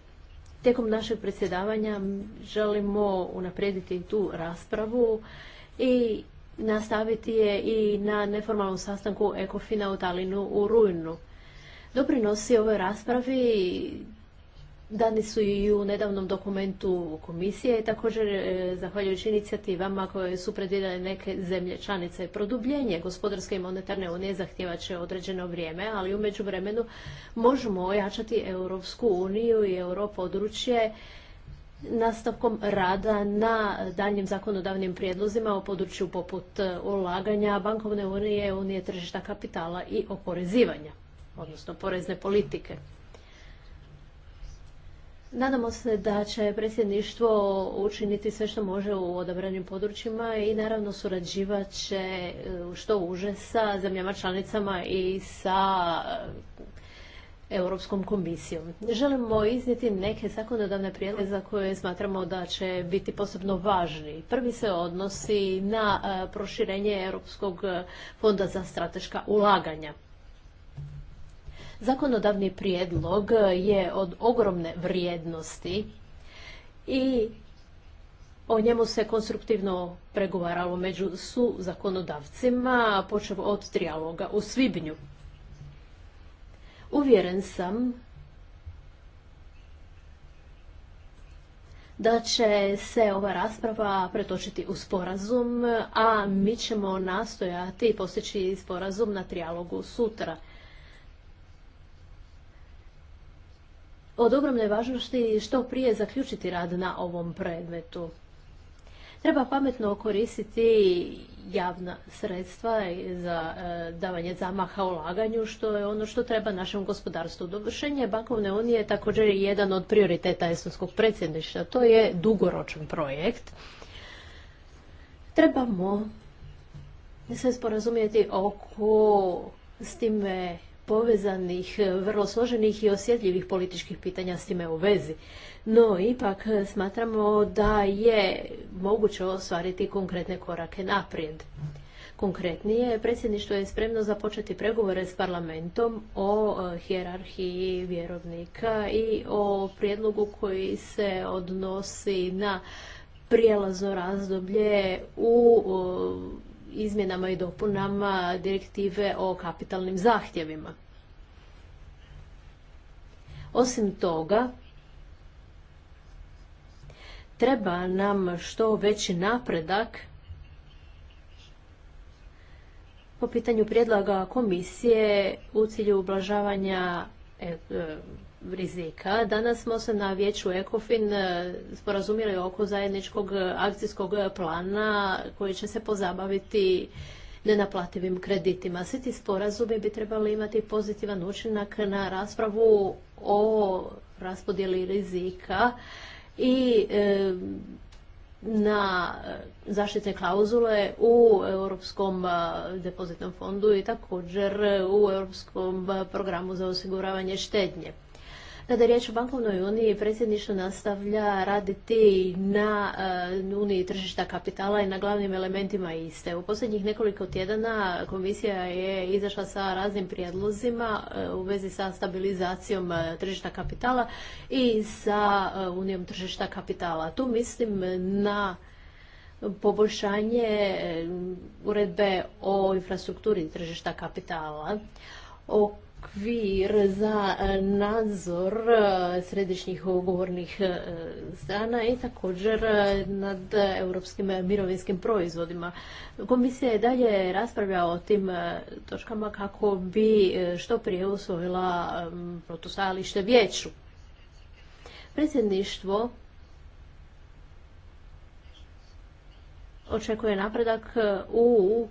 Tijekom našeg predsjedavanja želimo unaprijediti tu raspravu i nastaviti je i na neformalnom sastanku Ekofina u Talinu u rujnu. Doprinosi ovoj raspravi Dani su i u nedavnom dokumentu komisije, također e, zahvaljujući inicijativama koje su predvidjele neke zemlje članice. Produbljenje gospodarske i monetarne unije zahtjevaće određeno vrijeme, ali u međuvremenu možemo ojačati Europsku uniju i europodručje nastavkom rada na daljnjim zakonodavnim prijedlozima o području poput e, ulaganja, bankovne unije, unije tržišta kapitala i oporezivanja, odnosno porezne politike. Nadamo se da će predsjedništvo učiniti sve što može u odabranim područjima i naravno surađivat će e, što uže sa zemljama članicama i sa e, Europskom komisijom. Želimo iznijeti neke zakonodavne prijedloge za koje smatramo da će biti posebno važni. Prvi se odnosi na e, proširenje Europskog fonda za strateška ulaganja. Zakonodavni prijedlog je od ogromne vrijednosti i o njemu se konstruktivno pregovaralo među su zakonodavcima, počev od trijaloga u Svibnju. Uvjeren sam da će se ova rasprava pretočiti u sporazum, a mi ćemo nastojati postići sporazum na trijalogu sutra. od ogromne važnosti što prije zaključiti rad na ovom predmetu. Treba pametno koristiti javna sredstva za e, davanje zamaha ulaganju, što je ono što treba našem gospodarstvu. Dovršenje bankovne unije je također jedan od prioriteta estonskog predsjedništva. To je dugoročan projekt. Trebamo se sporazumjeti oko s time povezanih, e, vrlo složenih i osjetljivih političkih pitanja s time u vezi. No, ipak e, smatramo da je moguće ostvariti konkretne korake naprijed. Konkretnije, predsjedništvo je spremno započeti pregovore s parlamentom o e, hjerarhiji vjerovnika i o prijedlogu koji se odnosi na prijelazno razdoblje u izmjenama i dopunama direktive o kapitalnim zahtjevima. Osim toga, treba nam što veći napredak po pitanju prijedloga komisije u cilju ublažavanja e, rizika. Danas smo se na vijeću ECOFIN e, sporazumjeli oko zajedničkog e, akcijskog e, plana koji će se pozabaviti nenaplativim kreditima. Svi ti sporazumi bi trebali imati pozitivan učinak na raspravu o raspodjeli rizika i na zaštitne klauzule u Europskom depozitnom fondu i također u Europskom programu za osiguravanje štednje. Kada je riječ o bankovnoj uniji, predsjedništvo nastavlja raditi na eh, uniji tržišta kapitala i na glavnim elementima iste. U posljednjih nekoliko tjedana komisija je izašla sa raznim prijedlozima eh, u vezi sa stabilizacijom eh, tržišta kapitala i sa unijom tržišta kapitala. Tu mislim na poboljšanje uredbe o infrastrukturi tržišta kapitala, o okvir za e, nadzor e, središnjih ugovornih e, strana i također nad europskim mirovinskim proizvodima. Komisija je dalje raspravlja o tim točkama kako bi što prije usvojila protustajalište vijeću. Predsjedništvo očekuje napredak u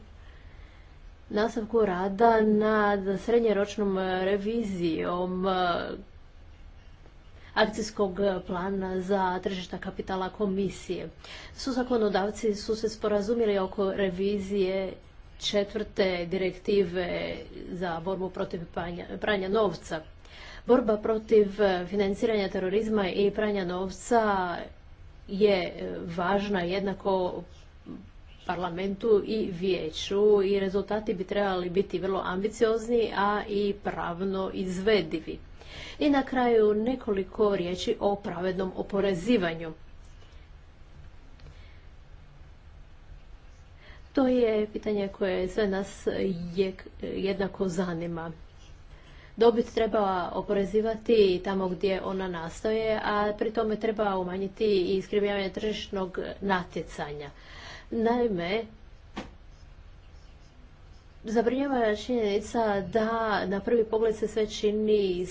nastavku rada nad srednjeročnom e, revizijom e, akcijskog e, plana za tržišta kapitala komisije. Su zakonodavci su se sporazumili oko revizije četvrte direktive za borbu protiv pranja novca. Borba protiv financiranja terorizma i pranja novca je važna jednako parlamentu i vijeću i rezultati bi trebali biti vrlo ambiciozni, a i pravno izvedivi. I na kraju nekoliko riječi o pravednom oporezivanju. To je pitanje koje sve nas jednako zanima. Dobit treba oporezivati tamo gdje ona nastoje, a pri tome treba umanjiti i iskrivljavanje tržišnog natjecanja. Naime, zabrinjava činjenica da na prvi pogled se sve čini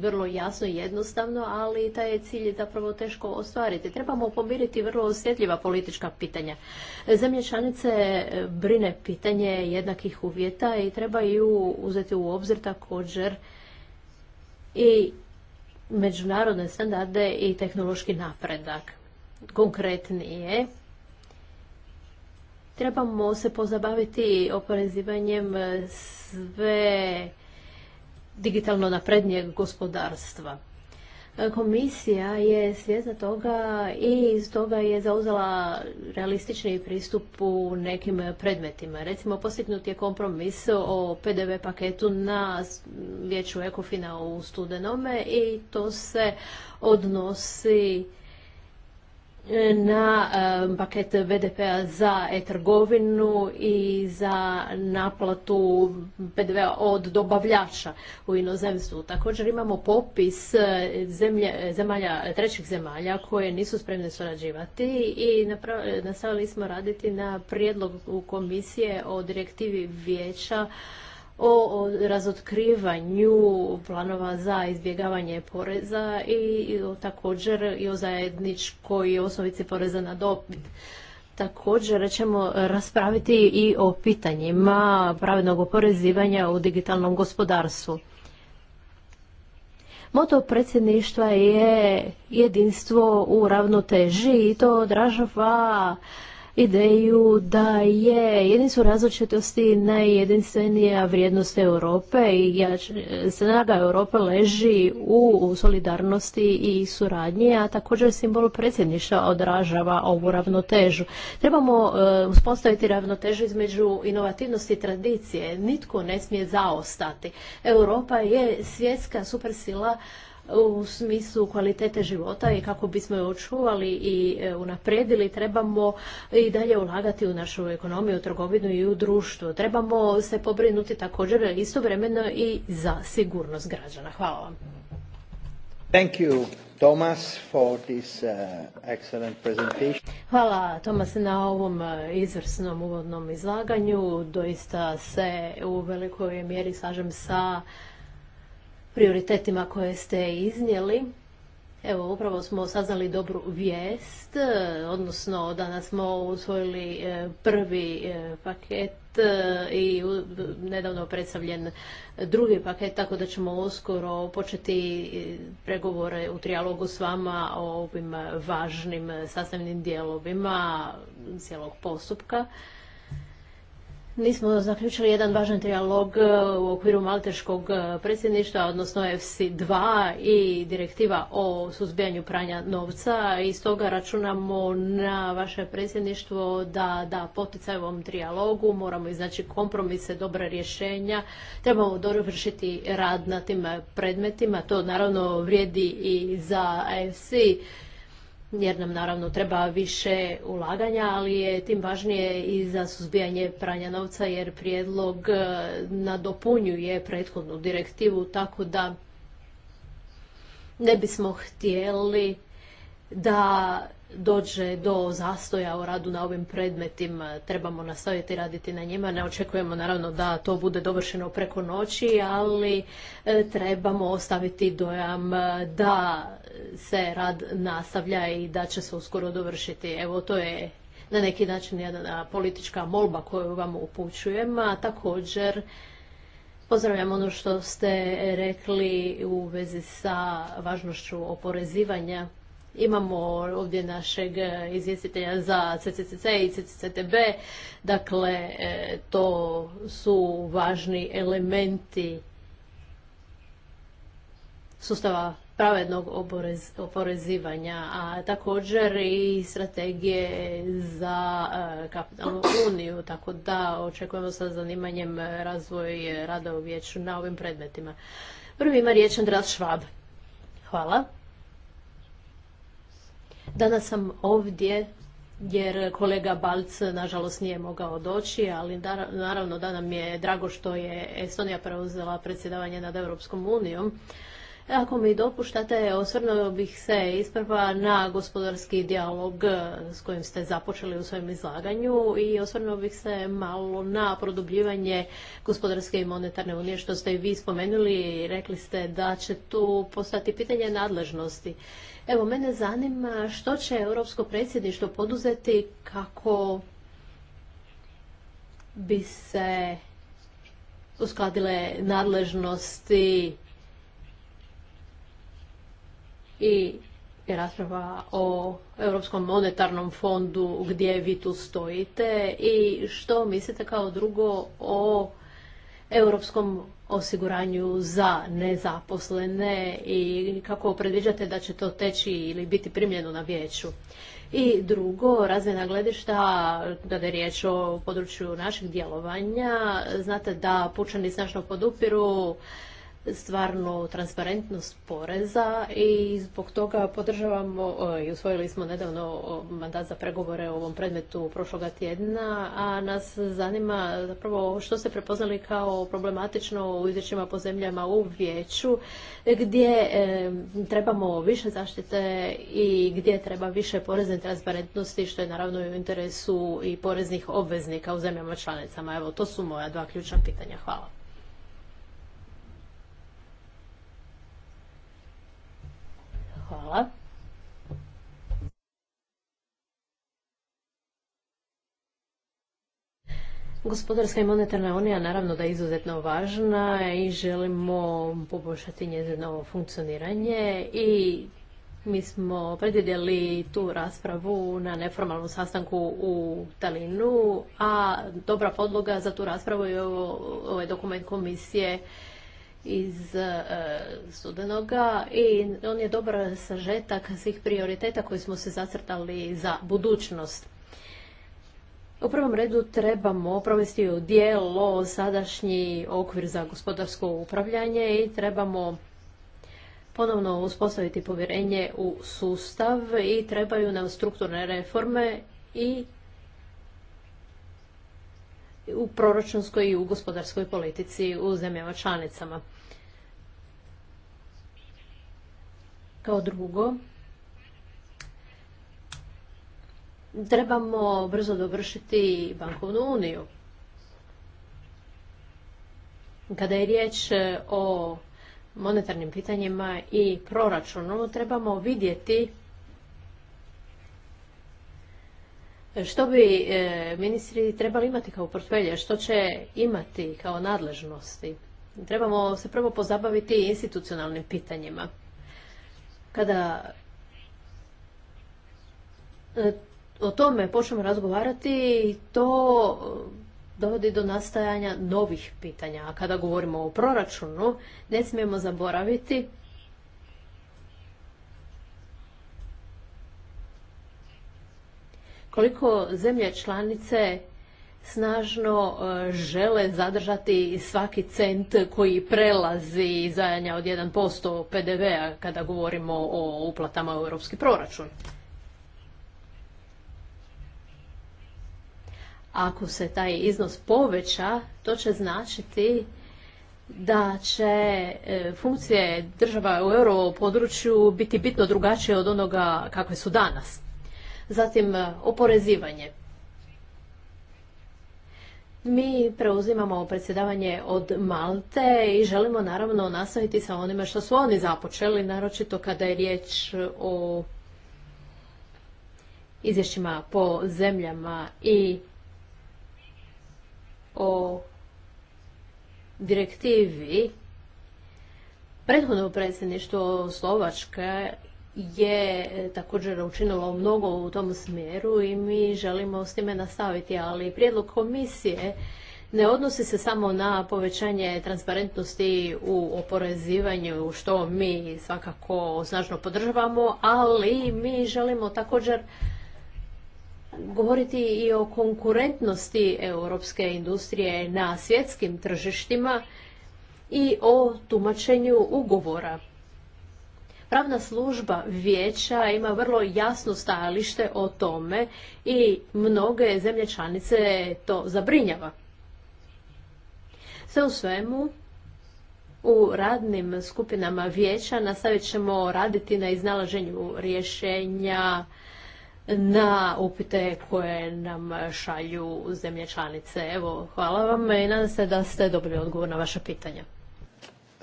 vrlo jasno i jednostavno, ali taj je cilj zapravo teško ostvariti. Trebamo pomiriti vrlo osjetljiva politička pitanja. Zemlje članice brine pitanje jednakih uvjeta i trebaju uzeti u obzir također i međunarodne standarde i tehnološki napredak. Konkretnije, trebamo se pozabaviti oporezivanjem e, sve digitalno naprednijeg gospodarstva. E, komisija je svjesna toga i iz toga je zauzela realistični pristup u nekim predmetima. Recimo, postignut je kompromis o PDV paketu na vječu Ekofina u studenome i to se odnosi na paket vdp p-a za e-trgovinu i za naplatu pdv od dobavljača u inozemstvu. Također imamo popis e, e, zemalja, trećih zemalja koje nisu spremne surađivati i e, nastavili smo raditi na u komisije o direktivi vijeća o razotkrivanju planova za izbjegavanje poreza i također i o zajedničkoj osnovici poreza na dobit. Također ćemo raspraviti i o pitanjima pravednog oporezivanja u digitalnom gospodarstvu. Moto predsjedništva je jedinstvo u ravnoteži i to odražava ideju da je jedinstvo različitosti najjedinstvenija vrijednost Europe i snaga Europe leži u solidarnosti i suradnji, a također simbol predsjedništva odražava ovu ravnotežu. Trebamo e, uspostaviti ravnotežu između inovativnosti i tradicije. Nitko ne smije zaostati. Europa je svjetska supersila u smislu kvalitete života i kako bismo je očuvali i e, unapredili, trebamo i dalje ulagati u našu ekonomiju, trgovinu i u društvo. Trebamo se pobrinuti također istovremeno i za sigurnost građana. Hvala vam. Thank you. Thomas for this uh, Hvala Tomas na ovom e, izvrsnom uvodnom izlaganju. Doista se u velikoj mjeri slažem sa prioritetima koje ste iznijeli. Evo, upravo smo saznali dobru vijest, e, odnosno danas smo usvojili e, prvi e, paket i nedavno predstavljen drugi paket, tako da ćemo uskoro početi pregovore u trijalogu s vama o ovim važnim sastavnim dijelovima cijelog postupka. Mi smo zaključili jedan važan trijalog e, u okviru malteškog e, predsjedništva, odnosno FC2 i direktiva o suzbijanju pranja novca i stoga računamo na vaše predsjedništvo da da poticaj ovom trijalogu, moramo iznaći kompromise, dobra rješenja, trebamo dovršiti rad na tim predmetima, to naravno vrijedi i za FC jer nam naravno treba više ulaganja, ali je tim važnije i za suzbijanje pranja novca jer prijedlog e, nadopunjuje prethodnu direktivu tako da ne bismo htjeli da dođe do zastoja u radu na ovim predmetima, trebamo nastaviti raditi na njima. Ne očekujemo naravno da to bude dovršeno preko noći, ali e, trebamo ostaviti dojam e, da se rad nastavlja i da će se uskoro dovršiti. Evo to je na neki način jedna politička molba koju vam upućujem, a također Pozdravljam ono što ste rekli u vezi sa važnošću oporezivanja Imamo ovdje našeg e, izvjestitelja za CCCC i CCCTB, dakle e, to su važni elementi sustava pravednog oporezivanja, a također i strategije za e, kapitalnu uniju, tako da očekujemo sa zanimanjem razvoj rada u vijeću na ovim predmetima. Prvi ima riječ Andras Švab. Hvala. Danas sam ovdje jer kolega Balc nažalost nije mogao doći, ali naravno da nam je drago što je Estonija preuzela predsjedavanje nad Europskom unijom. E, ako mi dopuštate, osvrnuo bih se isprva na gospodarski dijalog e, s kojim ste započeli u svojem izlaganju i osvrnuo bih se malo na produbljivanje gospodarske i monetarne unije što ste i vi spomenuli i rekli ste da će tu postati pitanje nadležnosti. Evo, mene zanima što će Europsko predsjedništvo poduzeti kako bi se uskladile nadležnosti i rasprava o Europskom monetarnom fondu gdje vi tu stojite i što mislite kao drugo o Europskom osiguranju za nezaposlene i kako predviđate da će to teći ili biti primljeno na vijeću. I drugo, razmjena gledišta, kada je riječ o području našeg djelovanja, znate da pučani snažno podupiru stvarno transparentnost poreza i zbog toga podržavamo e, i usvojili smo nedavno mandat za pregovore o ovom predmetu prošloga tjedna, a nas zanima zapravo što ste prepoznali kao problematično u izvješćima po zemljama u vijeću gdje e, trebamo više zaštite i gdje treba više porezne transparentnosti što je naravno u interesu i poreznih obveznika u zemljama članicama. Evo, to su moja dva ključna pitanja. Hvala. Hvala. Gospodarska i monetarna unija naravno da je izuzetno važna i želimo poboljšati njezino funkcioniranje i mi smo predvidjeli tu raspravu na neformalnom sastanku u Talinu, a dobra podloga za tu raspravu je ovaj dokument komisije iz e, studenoga i on je dobar sažetak svih prioriteta koji smo se zacrtali za budućnost. U prvom redu trebamo provesti u dijelo sadašnji okvir za gospodarsko upravljanje i trebamo ponovno uspostaviti povjerenje u sustav i trebaju nam strukturne reforme i u proračunskoj i u gospodarskoj politici u zemljama članicama. Kao drugo, trebamo brzo dovršiti bankovnu uniju. Kada je riječ o monetarnim pitanjima i proračunu, trebamo vidjeti Što bi e, ministri trebali imati kao portfelje? Što će imati kao nadležnosti? Trebamo se prvo pozabaviti institucionalnim pitanjima. Kada e, o tome počnemo razgovarati, to dovodi do nastajanja novih pitanja. A kada govorimo o proračunu, ne smijemo zaboraviti koliko zemlje članice snažno e, žele zadržati svaki cent koji prelazi zajanja od 1% PDV-a kada govorimo o uplatama u europski proračun. Ako se taj iznos poveća, to će značiti da će e, funkcije država u europodručju biti bitno drugačije od onoga kakve su danas. Zatim e, oporezivanje. Mi preuzimamo predsjedavanje od Malte i želimo naravno nastaviti sa onime što su oni započeli, naročito kada je riječ o izvješćima po zemljama i o direktivi Prethodno predsjedništvo Slovačke je e, također učinilo mnogo u tom smjeru i mi želimo s time nastaviti, ali prijedlog komisije ne odnosi se samo na povećanje transparentnosti u oporezivanju, što mi svakako snažno podržavamo, ali mi želimo također govoriti i o konkurentnosti europske industrije na svjetskim tržištima i o tumačenju ugovora. Pravna služba vijeća ima vrlo jasno stajalište o tome i mnoge zemlje članice to zabrinjava. Sve u svemu, u radnim skupinama vijeća nastavit ćemo raditi na iznalaženju rješenja na upite koje nam šalju zemlje članice. Evo, hvala vam i nadam se da ste dobili odgovor na vaše pitanja.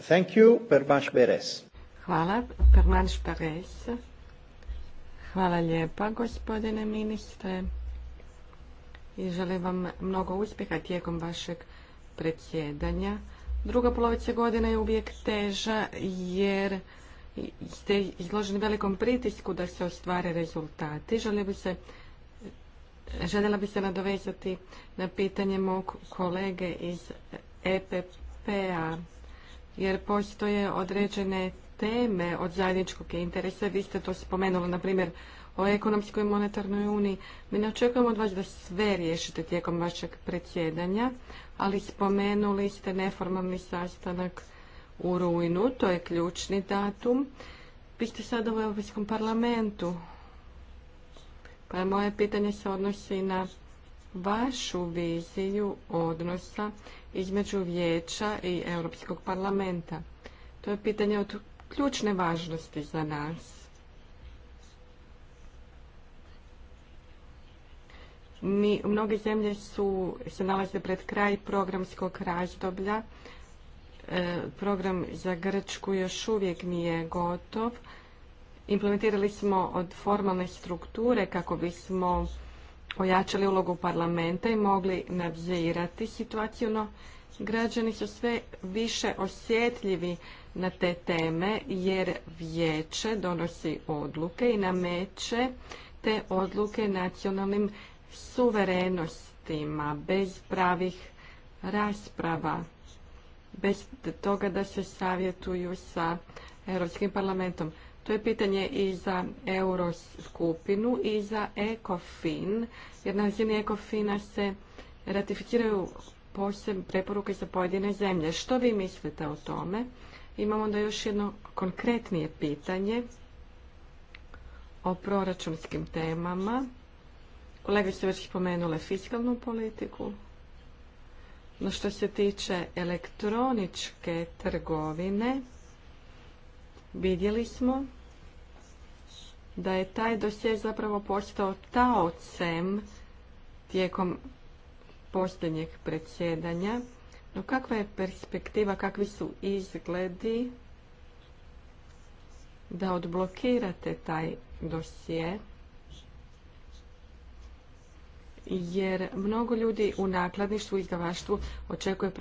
Thank you, Beres. Hvala. Hvala lijepa, gospodine ministre. I želim vam mnogo uspjeha tijekom vašeg predsjedanja. Druga polovica godina je uvijek teža jer ste izloženi velikom pritisku da se ostvare rezultati. želim bi se Željela bi se nadovezati na pitanje mog kolege iz EPP-a, jer postoje određene teme od zajedničkog interesa. Vi ste to spomenuli, na primjer, o ekonomskoj i monetarnoj uniji. Mi ne očekujemo od vas da sve riješite tijekom vašeg predsjedanja, ali spomenuli ste neformalni sastanak u rujnu, to je ključni datum. Vi ste sada u Europskom parlamentu, pa moje pitanje se odnosi na vašu viziju odnosa između vijeća i Europskog parlamenta. To je pitanje od ključne važnosti za nas. Mi, mnoge zemlje su, se nalaze pred kraj programskog razdoblja. E, program za Grčku još uvijek nije gotov. Implementirali smo od formalne strukture kako bismo ojačali ulogu parlamenta i mogli nadzirati situaciju, no građani su sve više osjetljivi na te teme jer vijeće donosi odluke i nameće te odluke nacionalnim suverenostima bez pravih rasprava, bez toga da se savjetuju sa Europskim parlamentom. To je pitanje i za Euroskupinu i za ECOFIN, jer na razini ECOFINA se ratificiraju posebne preporuke za pojedine zemlje. Što vi mislite o tome? Imamo onda još jedno konkretnije pitanje o proračunskim temama. Kolege su već spomenule fiskalnu politiku. No što se tiče elektroničke trgovine, vidjeli smo da je taj dosje zapravo postao taocem tijekom posljednjeg predsjedanja no kakva je perspektiva, kakvi su izgledi da odblokirate taj dosje? Jer mnogo ljudi u nakladništvu i izdavaštvu očekuje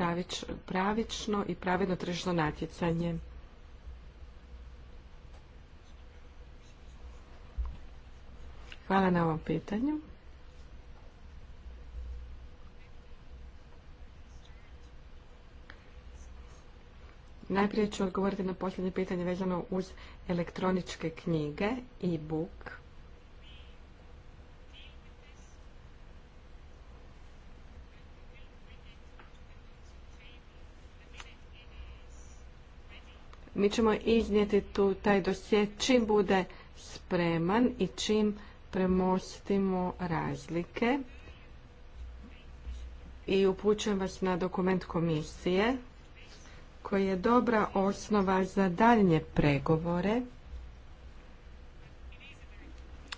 pravično i pravedno tržno natjecanje. Hvala na ovom pitanju. Najprije ću odgovoriti na posljednje pitanje vezano uz elektroničke knjige, e-book. Mi ćemo iznijeti tu taj dosje čim bude spreman i čim premostimo razlike. I upućujem vas na dokument komisije koji je dobra osnova za daljnje pregovore.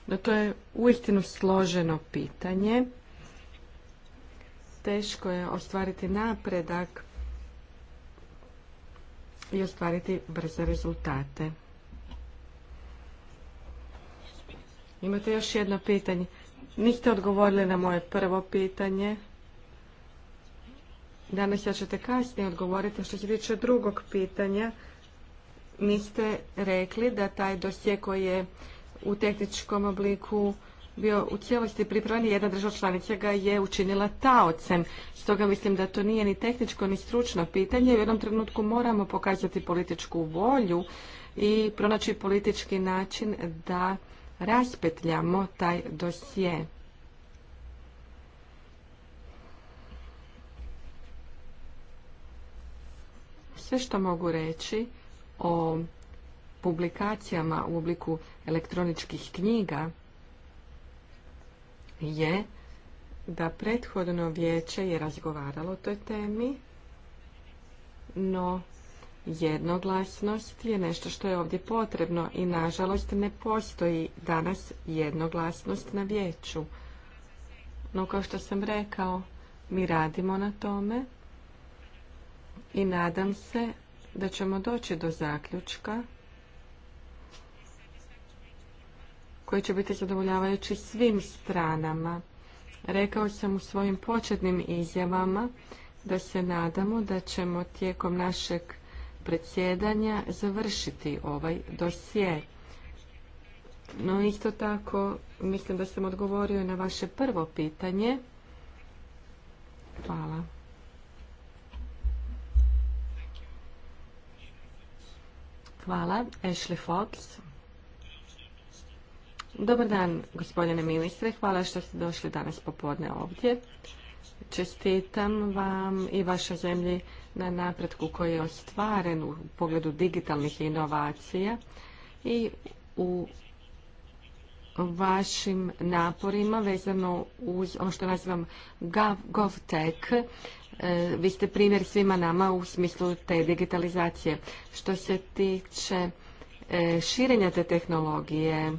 No to je uistinu složeno pitanje. Teško je ostvariti napredak i ostvariti brze rezultate. Imate još jedno pitanje. Niste odgovorili na moje prvo pitanje. Danas ja ćete kasnije odgovoriti. Što se tiče drugog pitanja, niste rekli da taj dosje koji je u tehničkom obliku bio u cijelosti pripravljen, jedna država članica ga je učinila taocem. Stoga mislim da to nije ni tehničko ni stručno pitanje. U jednom trenutku moramo pokazati političku volju i pronaći politički način da raspetljamo taj dosje. Sve što mogu reći o publikacijama u obliku elektroničkih knjiga je da prethodno vijeće je razgovaralo o toj temi, no jednoglasnost je nešto što je ovdje potrebno i nažalost ne postoji danas jednoglasnost na vijeću. No kao što sam rekao, mi radimo na tome i nadam se da ćemo doći do zaključka koji će biti zadovoljavajući svim stranama. Rekao sam u svojim početnim izjavama da se nadamo da ćemo tijekom našeg predsjedanja završiti ovaj dosje. No isto tako mislim da sam odgovorio na vaše prvo pitanje. Hvala. Hvala. Ashley Fox. Dobar dan, gospodine ministre. Hvala što ste došli danas popodne ovdje. Čestitam vam i vašoj zemlji na napretku koji je ostvaren u pogledu digitalnih inovacija i u vašim naporima vezano uz ono što nazivam GovTech, E, vi ste primjer svima nama u smislu te digitalizacije. Što se tiče e, širenja te tehnologije,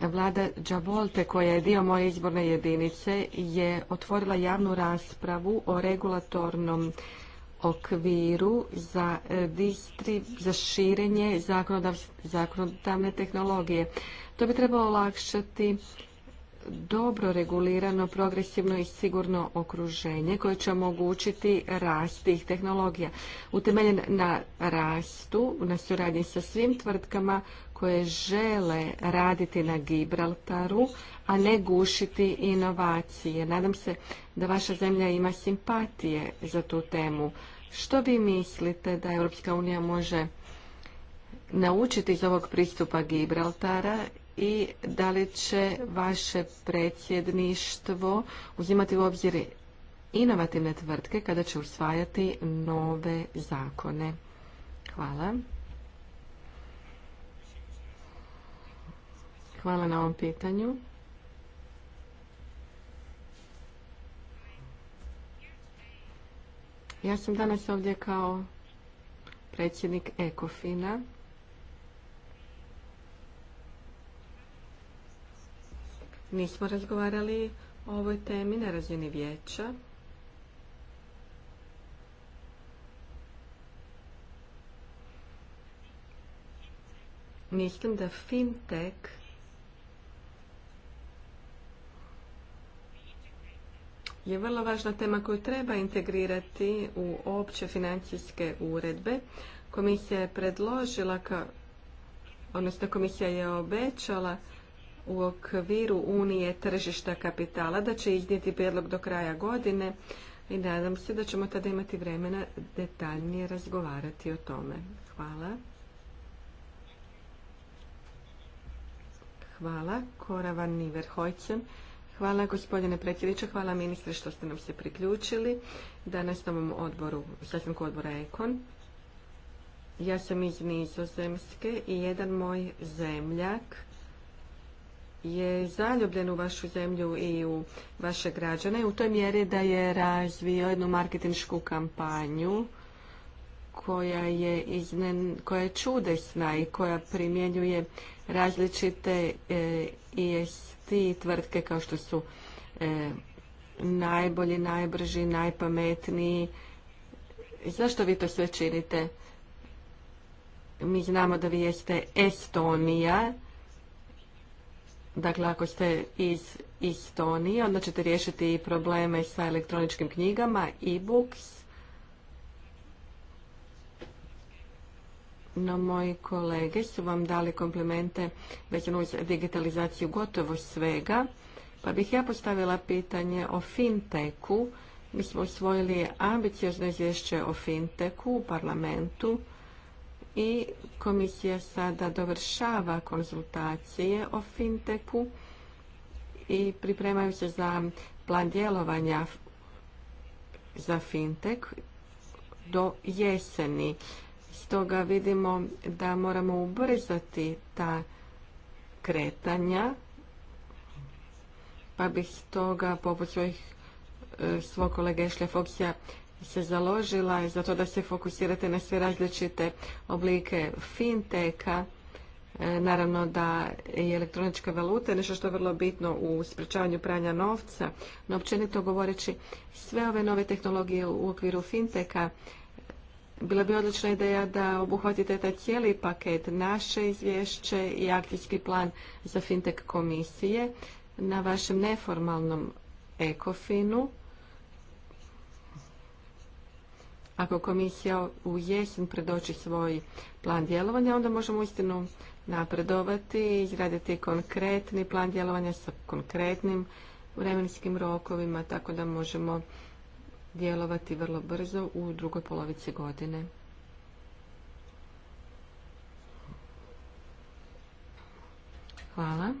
vlada Džavolte, koja je dio moje izborne jedinice, je otvorila javnu raspravu o regulatornom okviru za, e, distri, za širenje zakonodavne tehnologije. To bi trebalo olakšati dobro regulirano, progresivno i sigurno okruženje koje će omogućiti rast tih tehnologija. Utemeljen na rastu, na suradnji sa svim tvrtkama koje žele raditi na Gibraltaru, a ne gušiti inovacije. Nadam se da vaša zemlja ima simpatije za tu temu. Što vi mislite da EU unija može naučiti iz ovog pristupa Gibraltara i da li će vaše predsjedništvo uzimati u obzir inovativne tvrtke kada će usvajati nove zakone. Hvala. Hvala na ovom pitanju. Ja sam danas ovdje kao predsjednik Ekofina. Nismo razgovarali o ovoj temi na razini vijeća. Mislim da fintech je vrlo važna tema koju treba integrirati u opće financijske uredbe. Komisija je predložila, odnosno komisija je obećala u okviru Unije tržišta kapitala da će iznijeti prijedlog do kraja godine i nadam se da ćemo tada imati vremena detaljnije razgovarati o tome. Hvala. Hvala. Kora Niverhojcen. Hvala gospodine predsjedniče, hvala ministre što ste nam se priključili danas na ovom odboru, sastanku odbora Ekon. Ja sam iz Nizozemske i jedan moj zemljak je zaljubljen u vašu zemlju i u vaše građane u toj mjeri da je razvio jednu marketinšku kampanju koja je, iznen, koja je čudesna i koja primjenjuje različite e, IST e tvrtke kao što su e, najbolji, najbrži, najpametniji. Zašto vi to sve činite? Mi znamo da vi jeste Estonija Dakle, ako ste iz Estonije, onda ćete riješiti i probleme sa elektroničkim knjigama, e-books. No, moji kolege su vam dali komplimente vezano uz digitalizaciju gotovo svega. Pa bih ja postavila pitanje o finteku. Mi smo usvojili ambiciozno izvješće o finteku u parlamentu i komisija sada dovršava konzultacije o Fintechu i pripremaju se za plan djelovanja za fintech do jeseni. Stoga vidimo da moramo ubrzati ta kretanja, pa bih stoga poput svojih e, svog kolege Ešlja se založila i za to da se fokusirate na sve različite oblike finteka. E, naravno da je elektronička valuta nešto što je vrlo bitno u sprečavanju pranja novca, no općenito govoreći sve ove nove tehnologije u okviru finteka bila bi odlična ideja da obuhvatite taj cijeli paket naše izvješće i akcijski plan za fintech komisije na vašem neformalnom ekofinu Ako komisija u jesen predoči svoj plan djelovanja, onda možemo istinu napredovati, izraditi konkretni plan djelovanja sa konkretnim vremenskim rokovima, tako da možemo djelovati vrlo brzo u drugoj polovici godine. Hvala.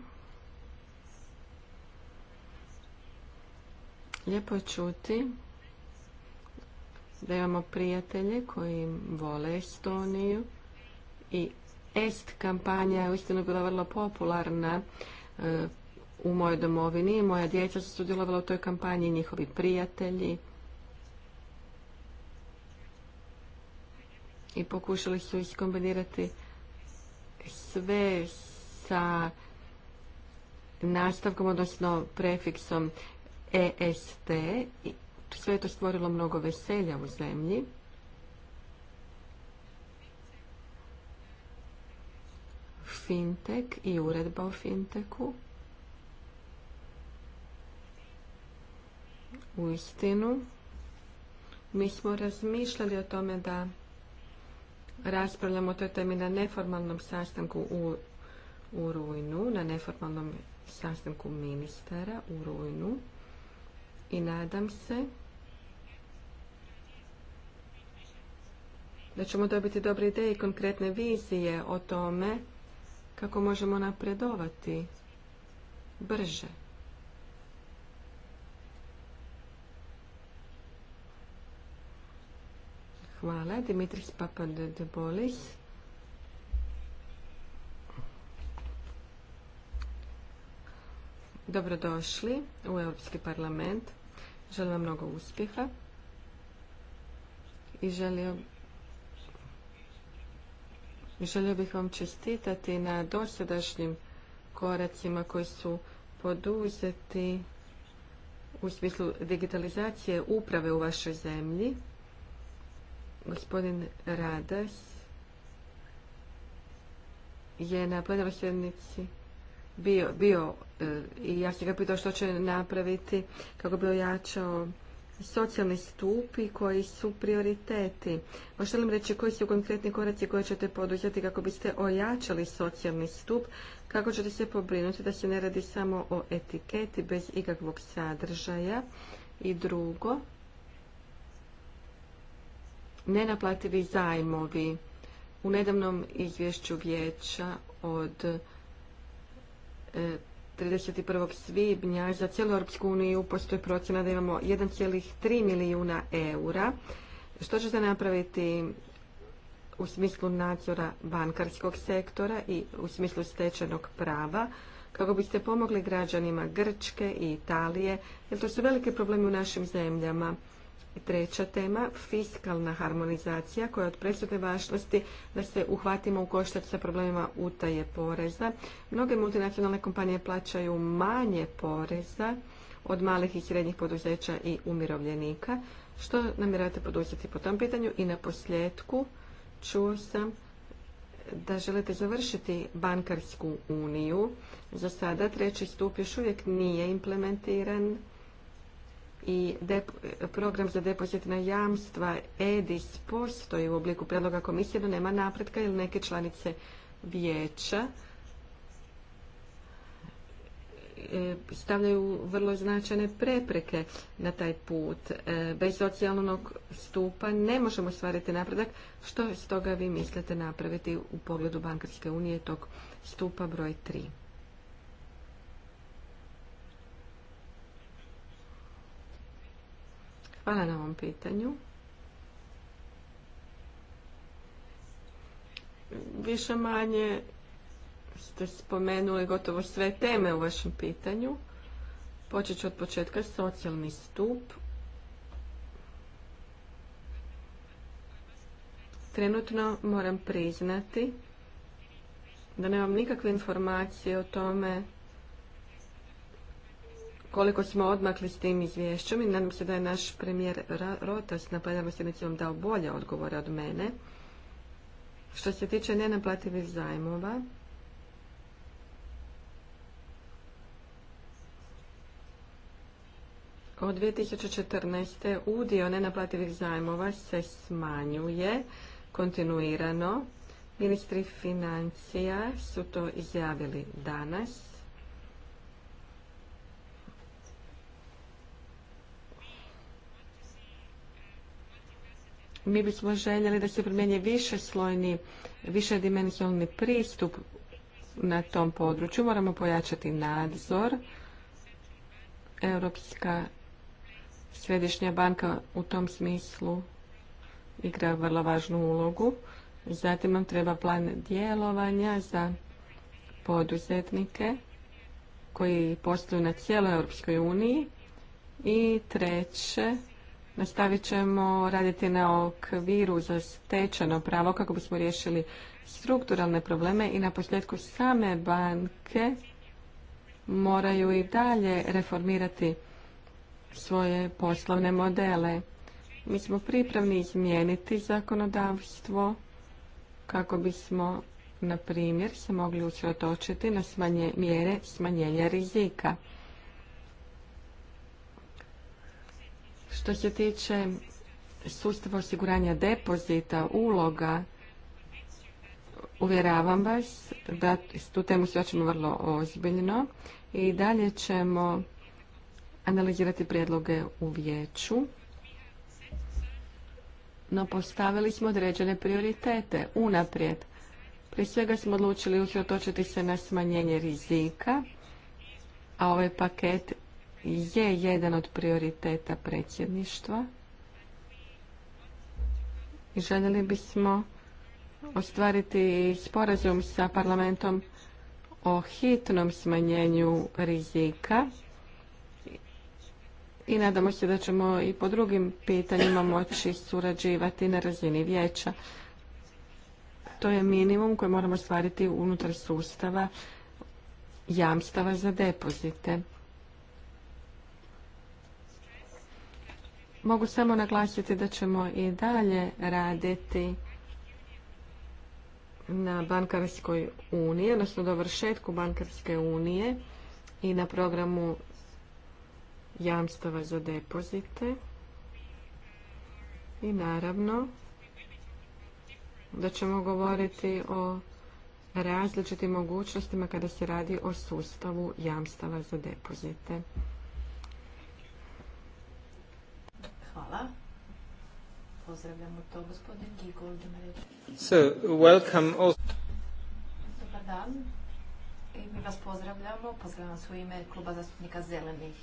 Lijepo je čuti da imamo prijatelje koji vole Estoniju i Est kampanja je uistinu bila vrlo popularna e, u mojoj domovini i moja djeca su sudjelovala u toj kampanji, njihovi prijatelji. I pokušali su iskombinirati sve sa nastavkom, odnosno prefiksom EST sve je to stvorilo mnogo veselja u zemlji. Fintech i uredba o finteku. U istinu, mi smo razmišljali o tome da raspravljamo o toj temi na neformalnom sastanku u, u rujnu, na neformalnom sastanku ministara u rujnu i nadam se da ćemo dobiti dobre ideje i konkretne vizije o tome kako možemo napredovati brže. Hvala, Dimitris Papadebolis. Dobrodošli u Europski parlament. Želim vam mnogo uspjeha i želio, želio bih vam čestitati na dosadašnjim koracima koji su poduzeti u smislu digitalizacije uprave u vašoj zemlji. Gospodin Radas je na plenarnoj bio, bio e, i ja sam ga pitao što će napraviti kako bi ojačao socijalni stup koji su prioriteti. Možete li reći koji su konkretni koraci koje ćete poduzeti kako biste ojačali socijalni stup, kako ćete se pobrinuti da se ne radi samo o etiketi bez ikakvog sadržaja i drugo, nenaplativi zajmovi. U nedavnom izvješću vijeća od 31. E, svibnja za cijelu Europsku uniju postoji procjena da imamo 1,3 milijuna eura. Što će se napraviti u smislu nadzora bankarskog sektora i u smislu stečenog prava? kako biste pomogli građanima Grčke i Italije, jer to su velike problemi u našim zemljama. Treća tema, fiskalna harmonizacija koja je od presudne važnosti da se uhvatimo u koštac sa problemima utaje poreza. Mnoge multinacionalne kompanije plaćaju manje poreza od malih i srednjih poduzeća i umirovljenika. Što namjerate poduzeti po tom pitanju? I na posljedku čuo sam da želite završiti bankarsku uniju. Za sada treći stup još uvijek nije implementiran i program za depozitna jamstva EDIS postoji u obliku predloga komisije, da nema napretka ili neke članice vijeća e, stavljaju vrlo značajne prepreke na taj put. E, bez socijalnog stupa ne možemo stvariti napredak. Što toga vi mislite napraviti u pogledu Bankarske unije tog stupa broj 3? Hvala na ovom pitanju. Više manje ste spomenuli gotovo sve teme u vašem pitanju. Počet ću od početka socijalni stup. Trenutno moram priznati da nemam nikakve informacije o tome koliko smo odmakli s tim izvješćom i nadam se da je naš premijer Rotas na plenarnoj sjednici vam dao bolje odgovore od mene. Što se tiče nenaplativih zajmova, od 2014. udio nenaplativih zajmova se smanjuje kontinuirano. Ministri financija su to izjavili danas. mi bismo željeli da se primjenje više slojni, više pristup na tom području. Moramo pojačati nadzor. Europska središnja banka u tom smislu igra vrlo važnu ulogu. Zatim nam treba plan djelovanja za poduzetnike koji posluju na cijeloj Europskoj uniji. I treće, Nastavit ćemo raditi na okviru za stečeno pravo kako bismo riješili strukturalne probleme i na posljedku same banke moraju i dalje reformirati svoje poslovne modele. Mi smo pripravni izmijeniti zakonodavstvo kako bismo, na primjer, se mogli usredotočiti na smanje, mjere smanjenja rizika. Što se tiče sustava osiguranja depozita, uloga, uvjeravam vas da tu temu svačamo vrlo ozbiljno i dalje ćemo analizirati prijedloge u vijeću. No postavili smo određene prioritete unaprijed. Prije svega smo odlučili usredotočiti se na smanjenje rizika, a ovaj paket je jedan od prioriteta predsjedništva i željeli bismo ostvariti sporazum sa parlamentom o hitnom smanjenju rizika i nadamo se da ćemo i po drugim pitanjima moći surađivati na razini vijeća. To je minimum koji moramo stvariti unutar sustava jamstava za depozite. mogu samo naglasiti da ćemo i dalje raditi na bankarskoj uniji, odnosno dovršetku bankarske unije i na programu jamstava za depozite. I naravno da ćemo govoriti o različitim mogućnostima kada se radi o sustavu jamstava za depozite. Hvala. Pozdravljamo to, gospodin welcome all... Dobar dan. I mi vas pozdravljamo. Pozdravljam vas u ime kluba zastupnika Zelenih.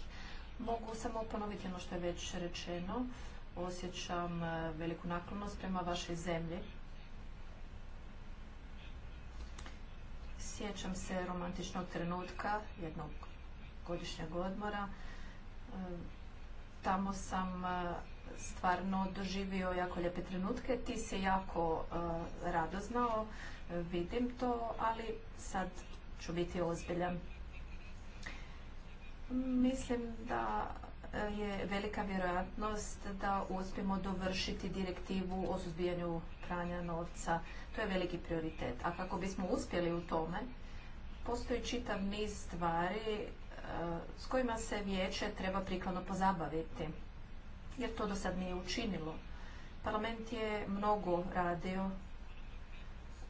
Mogu samo ponoviti ono što je već rečeno. Osjećam e, veliku naklonost prema vašoj zemlji. Sjećam se romantičnog trenutka, jednog godišnjeg odmora e, Tamo sam e, stvarno doživio jako lijepe trenutke. Ti se jako e, rado znao, vidim to, ali sad ću biti ozbiljan. Mislim da e, je velika vjerojatnost da uspijemo dovršiti direktivu o suzbijanju pranja novca. To je veliki prioritet. A kako bismo uspjeli u tome, postoji čitav niz stvari s kojima se vijeće treba prikladno pozabaviti, jer to do sad nije učinilo. Parlament je mnogo radio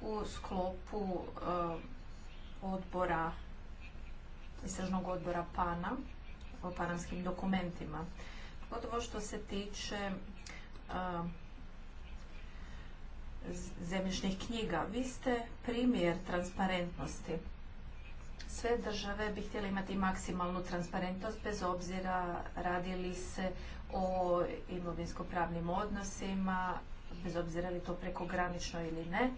u sklopu eh, odbora, istražnog odbora PANA, o panamskim dokumentima. Pogotovo što se tiče eh, zemljišnih knjiga. Vi ste primjer transparentnosti sve države bi htjele imati maksimalnu transparentnost bez obzira radi li se o imovinsko-pravnim odnosima, bez obzira li to prekogranično ili ne.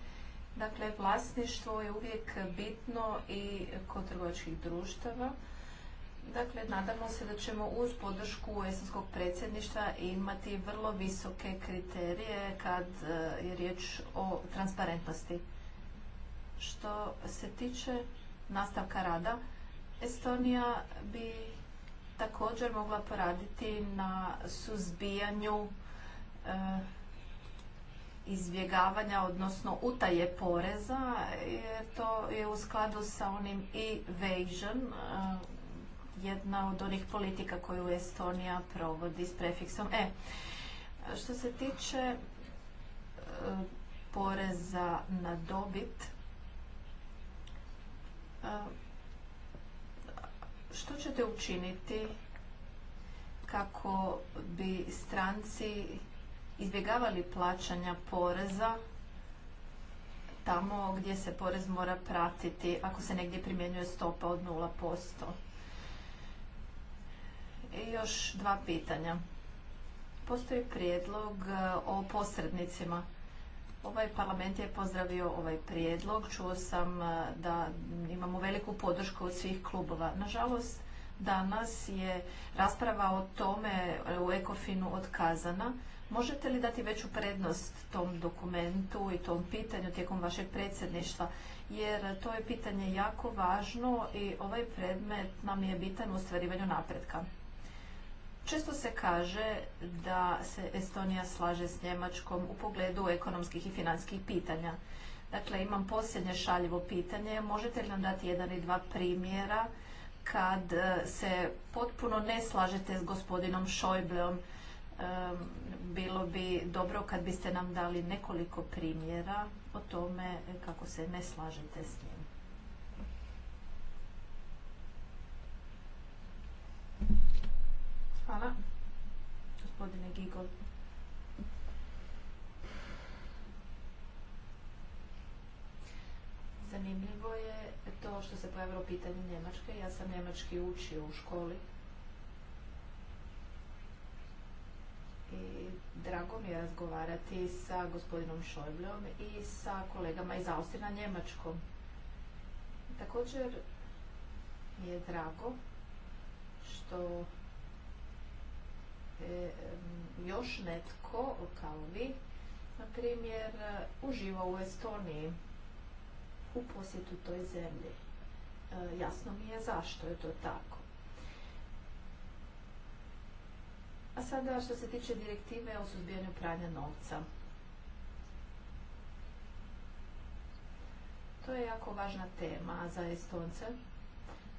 Dakle, vlasništvo je uvijek bitno i kod trgovačkih društava. Dakle, nadamo se da ćemo uz podršku esenskog predsjedništva imati vrlo visoke kriterije kad e, je riječ o transparentnosti. Što se tiče nastavka rada, Estonija bi također mogla poraditi na suzbijanju e, izbjegavanja, odnosno utaje poreza, jer to je u skladu sa onim evasion, e, jedna od onih politika koju Estonija provodi s prefiksom E. Što se tiče e, poreza na dobit, Ehm, što ćete učiniti kako bi stranci izbjegavali plaćanja poreza tamo gdje se porez mora pratiti ako se negdje primjenjuje stopa od 0%? I još dva pitanja. Postoji prijedlog eh, o posrednicima Ovaj parlament je pozdravio ovaj prijedlog. Čuo sam eh, da imamo veliku podršku od svih klubova. Nažalost, danas je rasprava o tome u Ekofinu otkazana. Možete li dati veću prednost tom dokumentu i tom pitanju tijekom vašeg predsjedništva? Jer to je pitanje jako važno i ovaj predmet nam je bitan u ostvarivanju napretka. Često se kaže da se Estonija slaže s Njemačkom u pogledu ekonomskih i financijskih pitanja. Dakle, imam posljednje šaljivo pitanje. Možete li nam dati jedan i dva primjera kad e, se potpuno ne slažete s gospodinom Šojbleom? Bilo bi dobro kad biste nam dali nekoliko primjera o tome kako se ne slažete s njim. Hvala. Gospodine Gigol. Zanimljivo je to što se pojavilo pitanje Njemačke. Ja sam Njemački učio u školi. I drago mi je razgovarati sa gospodinom Šojbljom i sa kolegama iz Austrije na Njemačkom. Također mi je drago što E, još netko kao vi, na primjer, e, uživa u Estoniji u posjetu toj zemlji. E, jasno mi je zašto je to tako. A sada što se tiče direktive o suzbijanju pranja novca. To je jako važna tema za Estonce.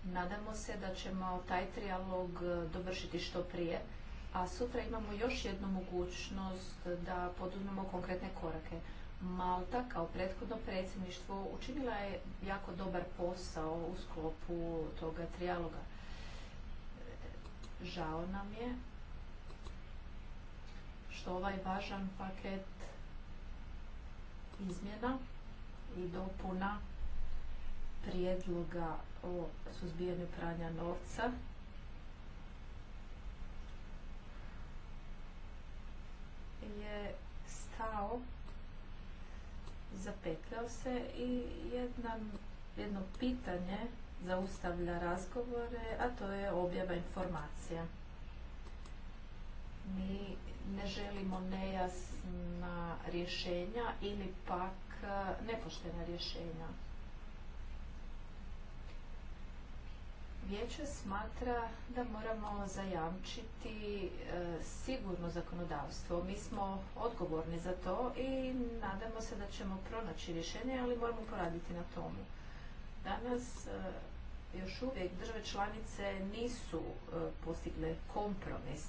Nadamo se da ćemo taj trijalog dovršiti što prije a sutra imamo još jednu mogućnost da poduzmemo konkretne korake. Malta kao prethodno predsjedništvo učinila je jako dobar posao u sklopu toga trijaloga. Žao nam je što ovaj važan paket izmjena i dopuna prijedloga o suzbijanju pranja novca je stao, zapetljao se i jedno pitanje zaustavlja razgovore, a to je objava informacija. Mi ne želimo nejasna rješenja ili pak nepoštena rješenja Vijeće smatra da moramo zajamčiti e, sigurno zakonodavstvo. Mi smo odgovorni za to i nadamo se da ćemo pronaći rješenje, ali moramo poraditi na tomu. Danas e, još uvijek države članice nisu e, postigle kompromis,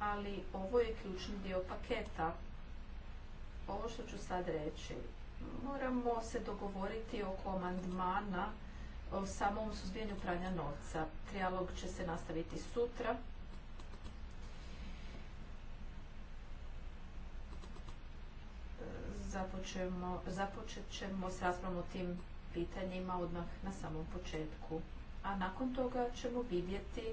ali ovo je ključni dio paketa. Ovo što ću sad reći moramo se dogovoriti oko amandmana o samom suzbijanju pranja novca. Trijalog će se nastaviti sutra. započet ćemo s raspravom o tim pitanjima odmah na samom početku. A nakon toga ćemo vidjeti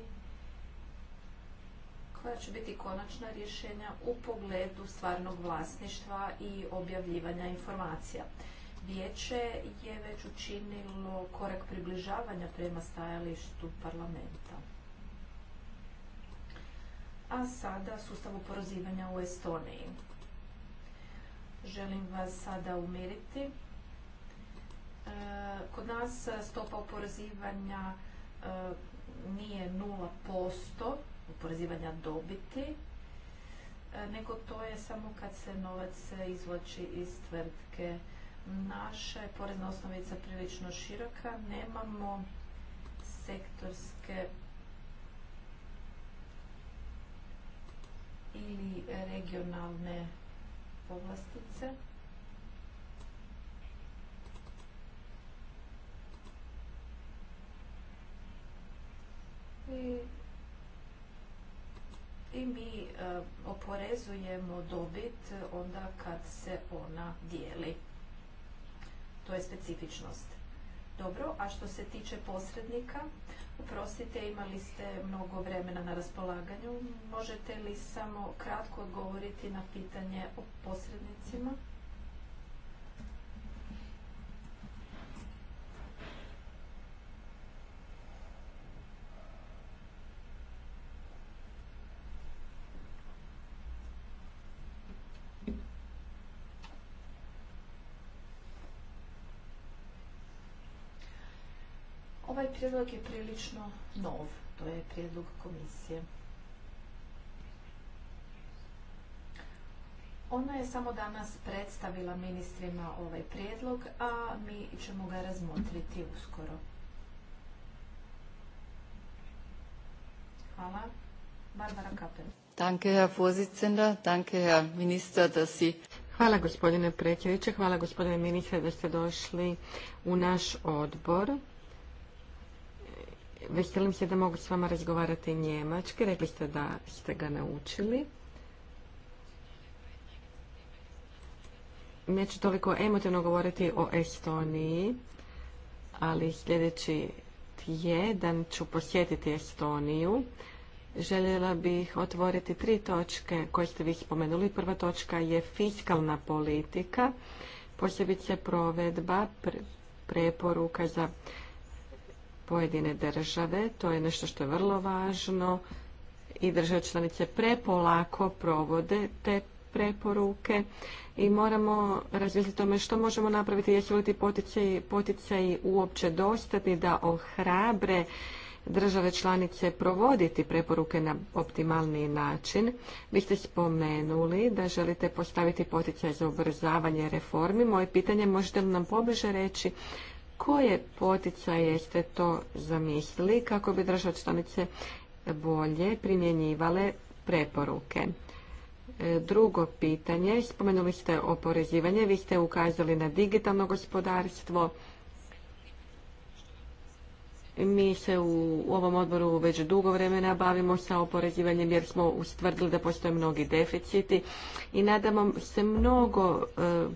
će biti konačna rješenja u pogledu stvarnog vlasništva i objavljivanja informacija. Vijeće je već učinilo korak približavanja prema stajalištu parlamenta. A sada sustav uporozivanja u Estoniji. Želim vas sada umiriti. E, kod nas stopa oporezivanja e, nije 0%, oporezivanja dobiti, e, nego to je samo kad se novac izvlači iz tvrtke. Naša je porezna osnovica prilično široka, nemamo sektorske ili regionalne povlastice. mi e, oporezujemo dobit e, onda kad se ona dijeli. To je specifičnost. Dobro, a što se tiče posrednika, Oprostite, imali ste mnogo vremena na raspolaganju. Možete li samo kratko odgovoriti na pitanje o posrednicima? prijedlog je prilično nov. To je prijedlog komisije. Ona je samo danas predstavila ministrima ovaj prijedlog, a mi ćemo ga razmotriti uskoro. Hvala. Barbara Kapel. Danke, Herr Vorsitzender. Danke, Herr Minister, Hvala gospodine predsjedniče, hvala gospodine ministre da ste došli u naš odbor. Veselim se da mogu s vama razgovarati njemački. Rekli ste da ste ga naučili. Neću toliko emotivno govoriti o Estoniji, ali sljedeći tjedan ću posjetiti Estoniju. Željela bih otvoriti tri točke koje ste vi spomenuli. Prva točka je fiskalna politika, posebice provedba preporuka za pojedine države. To je nešto što je vrlo važno i države članice prepolako provode te preporuke i moramo razmisliti o tome što možemo napraviti, jesu li ti poticaji, uopće dostatni da ohrabre države članice provoditi preporuke na optimalniji način. Vi ste spomenuli da želite postaviti poticaj za ubrzavanje reformi. Moje pitanje možete li nam pobliže reći koje poticaje ste to zamislili kako bi država članice bolje primjenjivale preporuke? E, drugo pitanje, spomenuli ste oporezivanje, vi ste ukazali na digitalno gospodarstvo. Mi se u ovom odboru već dugo vremena bavimo sa oporezivanjem jer smo ustvrdili da postoje mnogi deficiti i nadamo se mnogo e,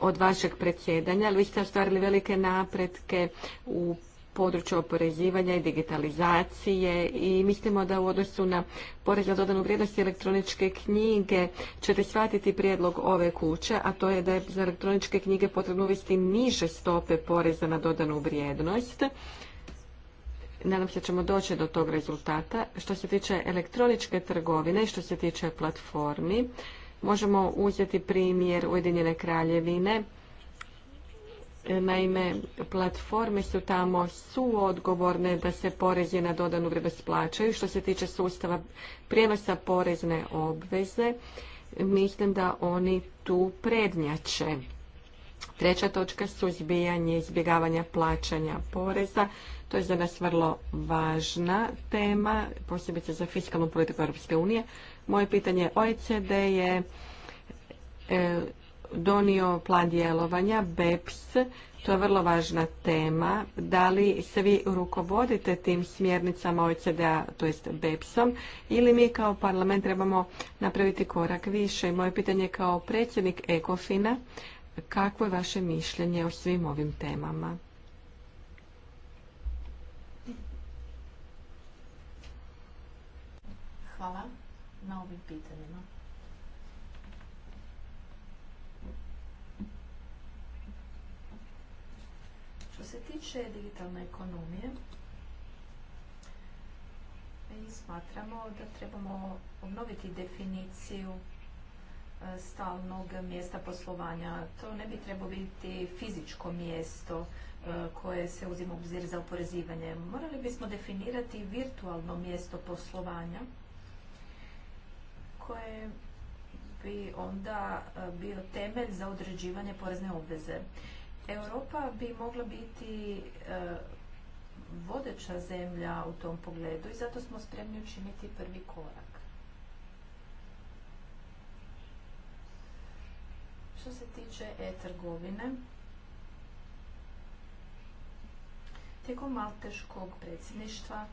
od vašeg predsjedanja, ali vi ste ostvarili velike napretke u području oporezivanja i digitalizacije i mislimo da u odnosu na porez na dodanu vrijednost i elektroničke knjige ćete shvatiti prijedlog ove kuće, a to je da je za elektroničke knjige potrebno uvesti niže stope poreza na dodanu vrijednost. Nadam se ćemo doći do tog rezultata. Što se tiče elektroničke trgovine i što se tiče platformi, Možemo uzeti primjer Ujedinjene kraljevine. Naime, platforme su tamo suodgovorne da se porezi na dodanu vrijednost plaćaju. Što se tiče sustava prijenosa porezne obveze, mislim da oni tu prednjače. Treća točka su izbijanje izbjegavanja plaćanja poreza. To je za nas vrlo važna tema, posebice za fiskalnu politiku Europske unije. Moje pitanje OECD je e, donio plan djelovanja BEPS. To je vrlo važna tema. Da li se vi rukovodite tim smjernicama OECD-a, to jest BEPS-om, ili mi kao parlament trebamo napraviti korak više? I moje pitanje kao predsjednik Ekofina, kakvo je vaše mišljenje o svim ovim temama? Hvala na ovim pitanjima. Što se tiče digitalne ekonomije, mi smatramo da trebamo obnoviti definiciju e, stalnog mjesta poslovanja. To ne bi trebalo biti fizičko mjesto e, koje se uzima u obzir za oporezivanje. Morali bismo definirati virtualno mjesto poslovanja koje bi onda e, bio temelj za određivanje porezne obveze. Europa bi mogla biti e, vodeća zemlja u tom pogledu i zato smo spremni učiniti prvi korak. Što se tiče e-trgovine, tijekom malteškog predsjedništva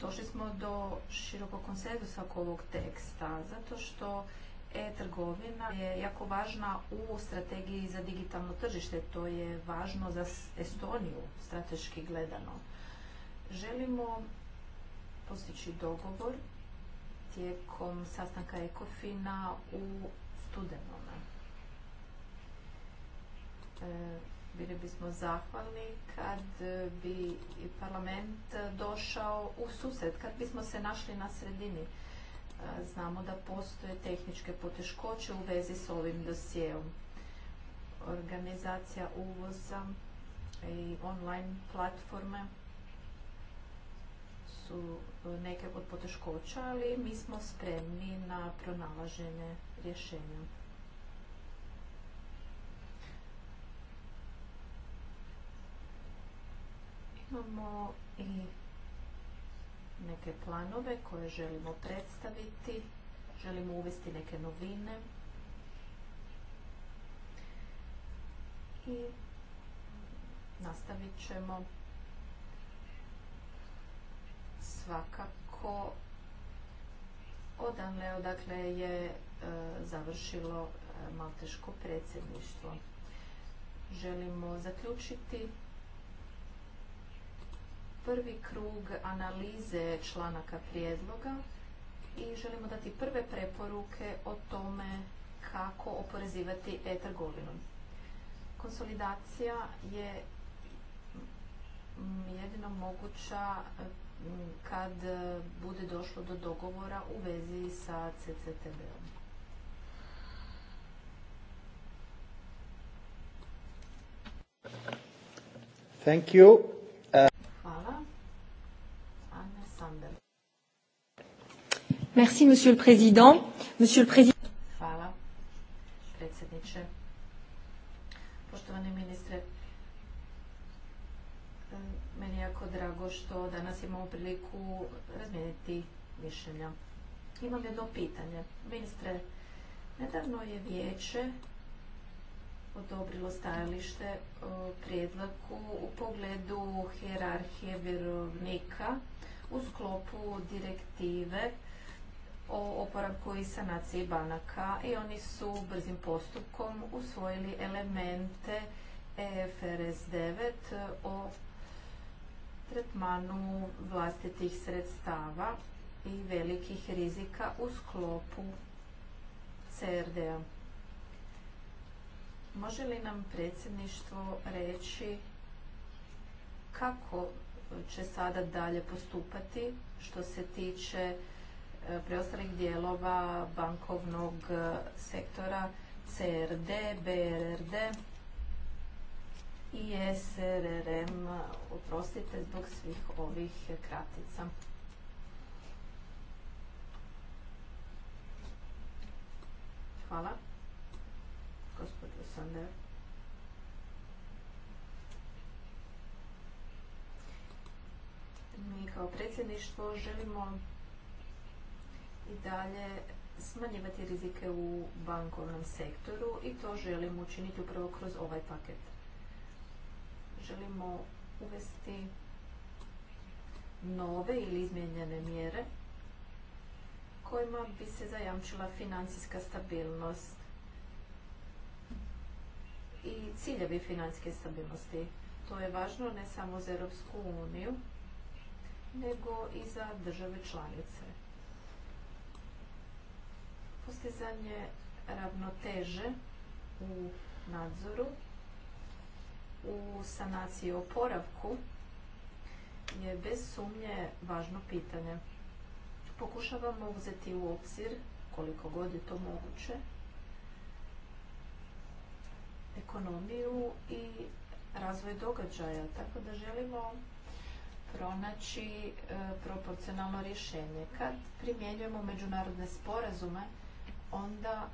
došli smo do širokog konsenzusa oko ovog teksta, zato što e-trgovina je jako važna u strategiji za digitalno tržište. To je važno za Estoniju, strateški gledano. Želimo postići dogovor tijekom sastanka Ekofina u studenome. E, bili bismo zahvalni kad bi parlament došao u susret, kad bismo se našli na sredini. E, znamo da postoje tehničke poteškoće u vezi s ovim dosjeom. Organizacija uvoza i online platforme su e, neke od poteškoća, ali mi smo spremni na pronalaženje rješenja. Imamo i neke planove koje želimo predstaviti, želimo uvesti neke novine. I nastavit ćemo svakako odavne odakle je e, završilo e, malteško predsjedništvo. Želimo zaključiti prvi krug analize članaka prijedloga i želimo dati prve preporuke o tome kako oporezivati e-trgovinu. Konsolidacija je mm, jedino moguća mm, kad bude došlo do dogovora u vezi sa CCTB-om. Thank you. Merci, monsieur Hvala, predsjedniče. Poštovani ministre, meni je jako drago što danas imamo priliku razmijeniti mišljenja. Imam jedno pitanje. Ministre, nedavno je vijeće odobrilo stajalište o u pogledu hjerarhije vjerovnika u sklopu direktive o oporavku i sanaciji banaka i oni su brzim postupkom usvojili elemente EFRS 9 o tretmanu vlastitih sredstava i velikih rizika u sklopu CRD-a. Može li nam predsjedništvo reći kako će sada dalje postupati što se tiče preostalih dijelova bankovnog e, sektora CRD, BRD i SRRM, oprostite zbog svih ovih kratica. Hvala, gospodin Sander. Mi kao predsjedništvo želimo i dalje smanjivati rizike u bankovnom sektoru i to želimo učiniti upravo kroz ovaj paket. Želimo uvesti nove ili izmijenjene mjere kojima bi se zajamčila financijska stabilnost i ciljevi financijske stabilnosti. To je važno ne samo za Europsku uniju, nego i za države članice postizanje ravnoteže u nadzoru, u sanaciji i oporavku je bez sumnje važno pitanje. Pokušavamo uzeti u obzir, koliko god je to moguće, ekonomiju i razvoj događaja, tako da želimo pronaći e, proporcionalno rješenje. Kad primjenjujemo međunarodne sporazume, onda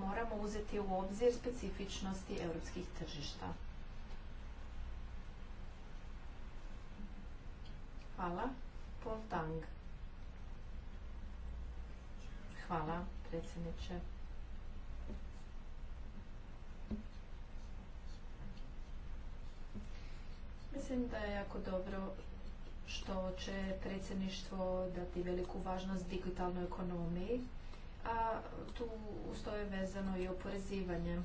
moramo uzeti u obzir specifičnosti europskih tržišta. Hvala. Paul Tang. Hvala, predsjedniče. Mislim da je jako dobro što će predsjedništvo dati veliku važnost digitalnoj ekonomiji a tu uz to je vezano i oporezivanje.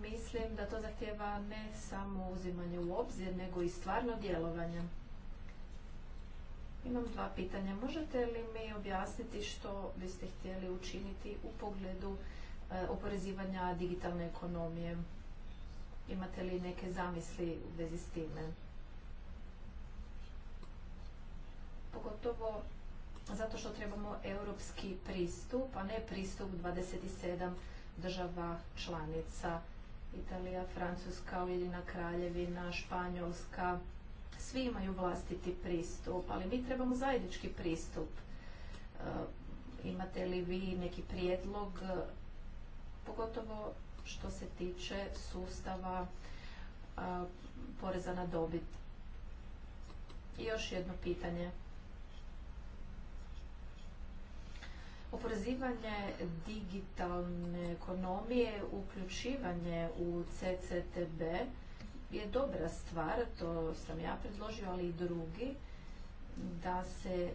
Mislim da to zahtjeva ne samo uzimanje u obzir, nego i stvarno djelovanje. Imam dva pitanja. Možete li mi objasniti što biste htjeli učiniti u pogledu e, oporezivanja digitalne ekonomije? Imate li neke zamisli u vezi s time? Pogotovo zato što trebamo europski pristup, a ne pristup 27 država članica. Italija, Francuska, Ujedina Kraljevina, Španjolska, svi imaju vlastiti pristup, ali mi trebamo zajednički pristup. E, imate li vi neki prijedlog, e, pogotovo što se tiče sustava e, poreza na dobit? I još jedno pitanje. oporezivanje digitalne ekonomije, uključivanje u CCTB je dobra stvar, to sam ja predložio, ali i drugi, da se e,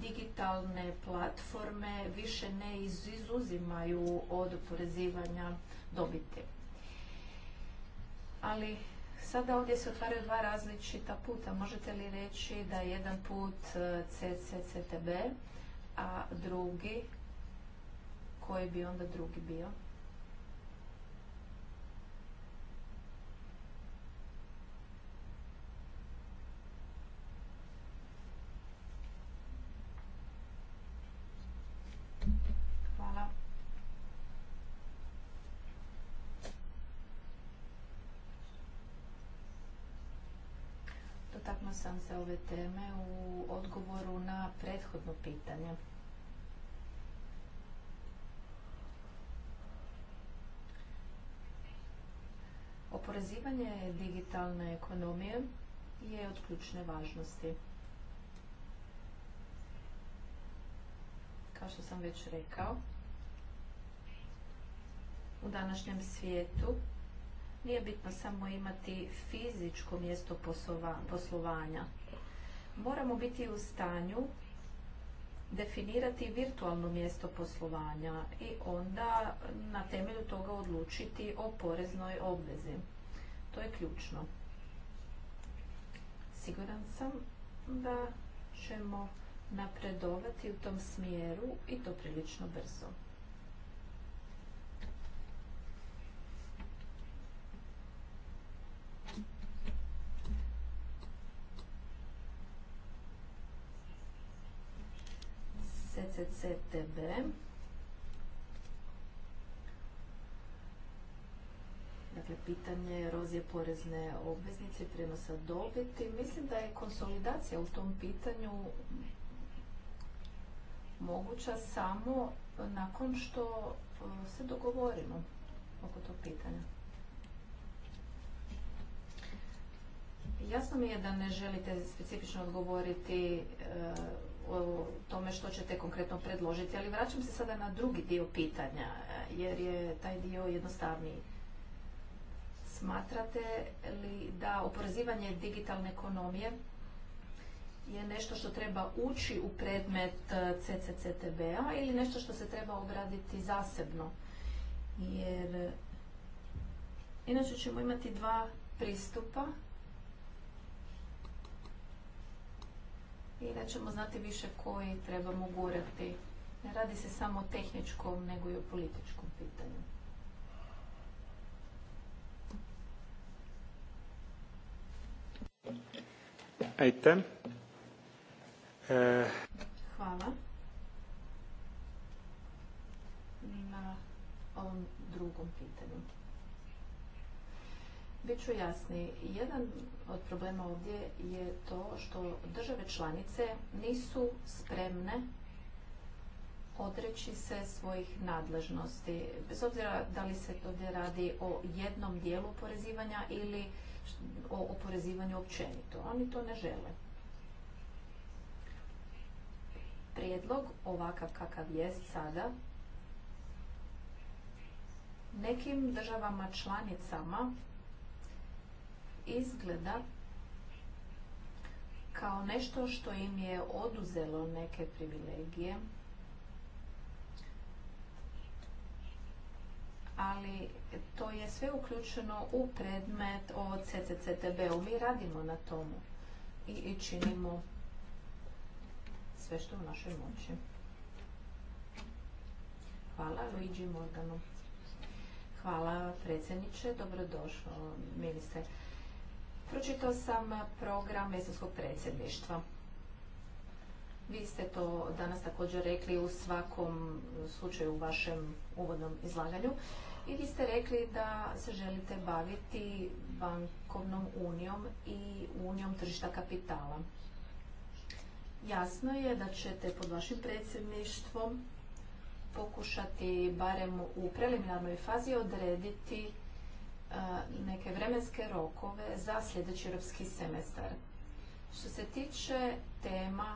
digitalne platforme više ne izuzimaju od oporezivanja dobiti. Ali Sada ovdje se otvaraju dva različita puta. Možete li reći da je jedan put e, CCCTB, a drugi, koji bi onda drugi bio? sam se ove teme u odgovoru na prethodno pitanje. Oporezivanje digitalne ekonomije je od ključne važnosti. Kao što sam već rekao, u današnjem svijetu nije bitno samo imati fizičko mjesto poslovanja. Moramo biti u stanju definirati virtualno mjesto poslovanja i onda na temelju toga odlučiti o poreznoj obvezi. To je ključno. Siguran sam da ćemo napredovati u tom smjeru i to prilično brzo. CCCTB. Dakle, pitanje erozije porezne obveznice i prijenosa dobiti. Mislim da je konsolidacija u tom pitanju moguća samo nakon što e, se dogovorimo oko tog pitanja. Jasno mi je da ne želite specifično odgovoriti e, tome što ćete konkretno predložiti, ali vraćam se sada na drugi dio pitanja, jer je taj dio jednostavniji. Smatrate li da oporezivanje digitalne ekonomije je nešto što treba ući u predmet e, CCCTB-a ili nešto što se treba obraditi zasebno? Jer e, inače ćemo imati dva pristupa i da ćemo znati više koji trebamo gurati. Ne radi se samo o tehničkom, nego i o političkom pitanju. E, Hvala. Na ovom drugom pitanju. Bit ću jasni, jedan od problema ovdje je to što države članice nisu spremne odreći se svojih nadležnosti. Bez obzira da li se ovdje radi o jednom dijelu oporezivanja ili o oporezivanju općenito. Oni to ne žele. Prijedlog, ovakav kakav je sada, nekim državama članicama izgleda kao nešto što im je oduzelo neke privilegije, ali to je sve uključeno u predmet o CCCTB-u. Mi radimo na tomu i, činimo sve što u našoj moći. Hvala Luigi Morganu. Hvala predsjedniče, dobrodošao ministre. Pročitao sam program Estonskog predsjedništva. Vi ste to danas također rekli u svakom slučaju u vašem uvodnom izlaganju. I vi ste rekli da se želite baviti bankovnom unijom i unijom tržišta kapitala. Jasno je da ćete pod vašim predsjedništvom pokušati barem u preliminarnoj fazi odrediti neke vremenske rokove za sljedeći europski semestar. Što se tiče tema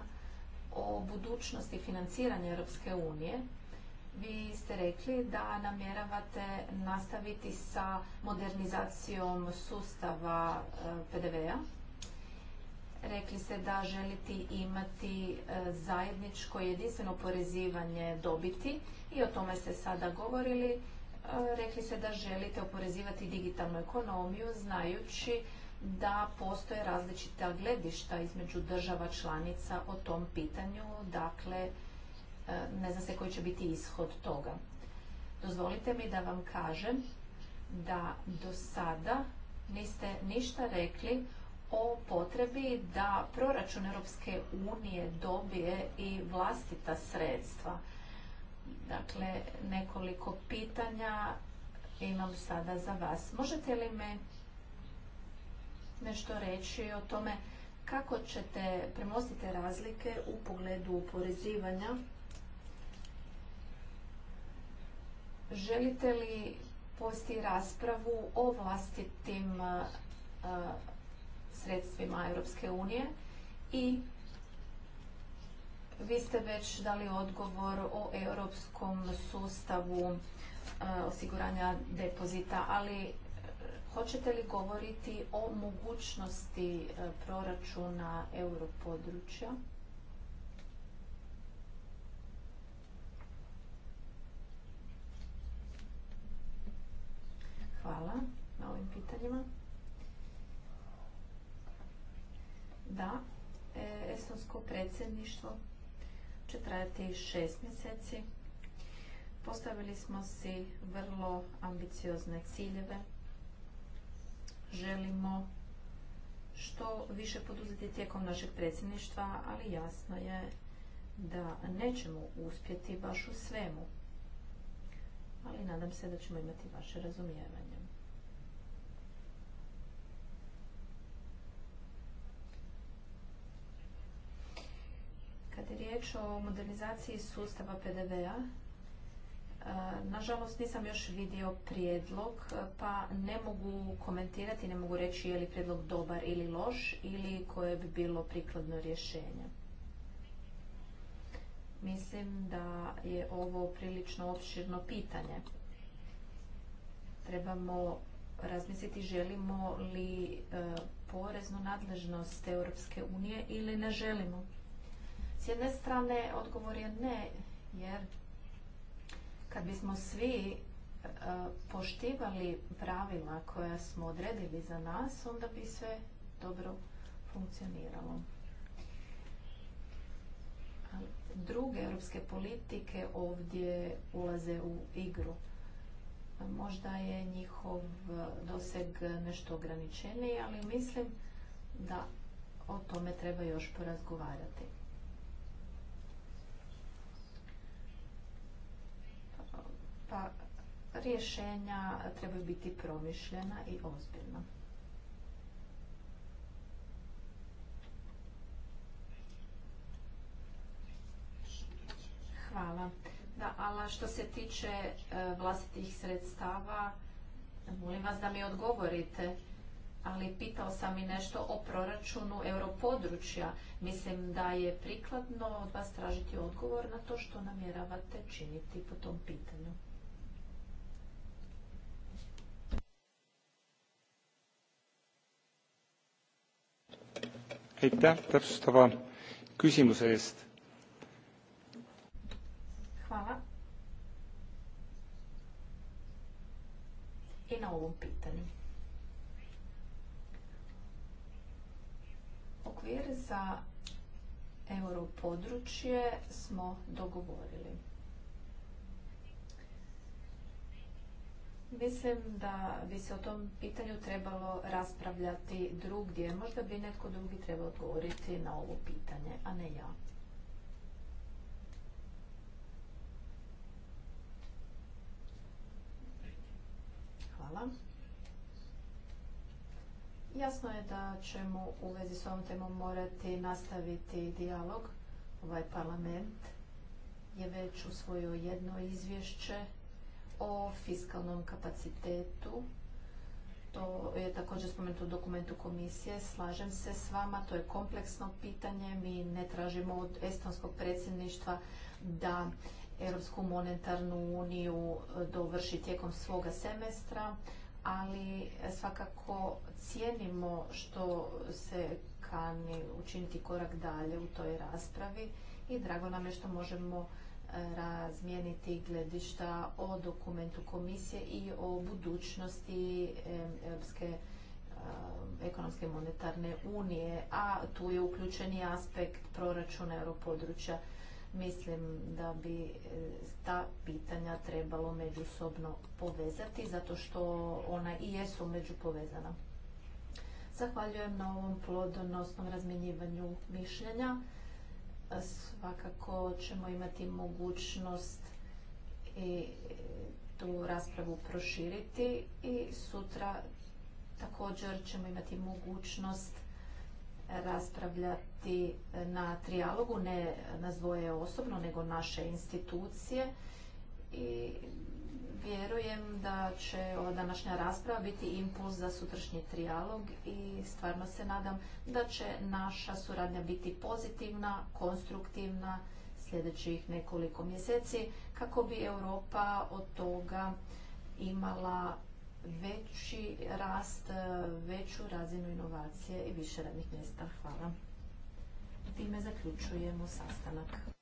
o budućnosti financiranja Europske unije, vi ste rekli da namjeravate nastaviti sa modernizacijom sustava PDV-a. Rekli ste da želite imati zajedničko jedinstveno porezivanje dobiti i o tome ste sada govorili rekli ste da želite oporezivati digitalnu ekonomiju znajući da postoje različita gledišta između država članica o tom pitanju, dakle e, ne zna se koji će biti ishod toga. Dozvolite mi da vam kažem da do sada niste ništa rekli o potrebi da proračun Europske unije dobije i vlastita sredstva Dakle, nekoliko pitanja imam sada za vas. Možete li me nešto reći o tome kako ćete premostiti razlike u pogledu uporezivanja? Želite li posti raspravu o vlastitim sredstvima Europske unije i vi ste već dali odgovor o europskom sustavu e, osiguranja depozita, ali e, hoćete li govoriti o mogućnosti e, proračuna europodručja? Hvala na ovim pitanjima. Da, estonsko predsjedništvo će trajati šest mjeseci. Postavili smo si vrlo ambiciozne ciljeve. Želimo što više poduzeti tijekom našeg predsjedništva, ali jasno je da nećemo uspjeti baš u svemu. Ali nadam se da ćemo imati vaše razumijevanje. Kad je riječ o modernizaciji sustava PDV-a, e, nažalost nisam još vidio prijedlog, pa ne mogu komentirati, ne mogu reći je li prijedlog dobar ili loš ili koje bi bilo prikladno rješenje. Mislim da je ovo prilično opširno pitanje. Trebamo razmisliti želimo li e, poreznu nadležnost Europske unije ili ne želimo. S jedne strane odgovor je ne, jer kad bismo svi e, poštivali pravila koja smo odredili za nas, onda bi sve dobro funkcioniralo. Druge europske politike ovdje ulaze u igru. Možda je njihov e, doseg nešto ograničeniji, ali mislim da o tome treba još porazgovarati. pa rješenja trebaju biti promišljena i ozbiljna. Hvala. Da, ali što se tiče e, vlastitih sredstava, molim vas da mi odgovorite, ali pitao sam i nešto o proračunu europodručja. Mislim da je prikladno od vas tražiti odgovor na to što namjeravate činiti po tom pitanju. Hvala. I na ovom pitanju. Okvir za europodručje smo dogovorili. Mislim da bi se o tom pitanju trebalo raspravljati drugdje. Možda bi netko drugi trebao odgovoriti na ovo pitanje, a ne ja. Hvala. Jasno je da ćemo u vezi s ovom temom morati nastaviti dijalog. Ovaj parlament je već usvojio jedno izvješće o fiskalnom kapacitetu. To je također spomenuto u dokumentu komisije. Slažem se s vama, to je kompleksno pitanje. Mi ne tražimo od estonskog predsjedništva da Europsku monetarnu uniju e, dovrši tijekom svoga semestra, ali svakako cijenimo što se kani učiniti korak dalje u toj raspravi i drago nam je što možemo razmijeniti gledišta o dokumentu komisije i o budućnosti Europske ekonomske monetarne unije, a tu je uključen i aspekt proračuna europodručja. Mislim da bi e, ta pitanja trebalo međusobno povezati, zato što ona i jesu međupovezana. Zahvaljujem na ovom plodonosnom razmjenjivanju mišljenja svakako ćemo imati mogućnost i tu raspravu proširiti i sutra također ćemo imati mogućnost raspravljati na trijalogu, ne nas dvoje osobno, nego naše institucije i Vjerujem da će ova današnja rasprava biti impuls za sutrašnji trijalog i stvarno se nadam da će naša suradnja biti pozitivna, konstruktivna sljedećih nekoliko mjeseci kako bi Europa od toga imala veći rast, veću razinu inovacije i više radnih mjesta. Hvala. Time zaključujemo sastanak.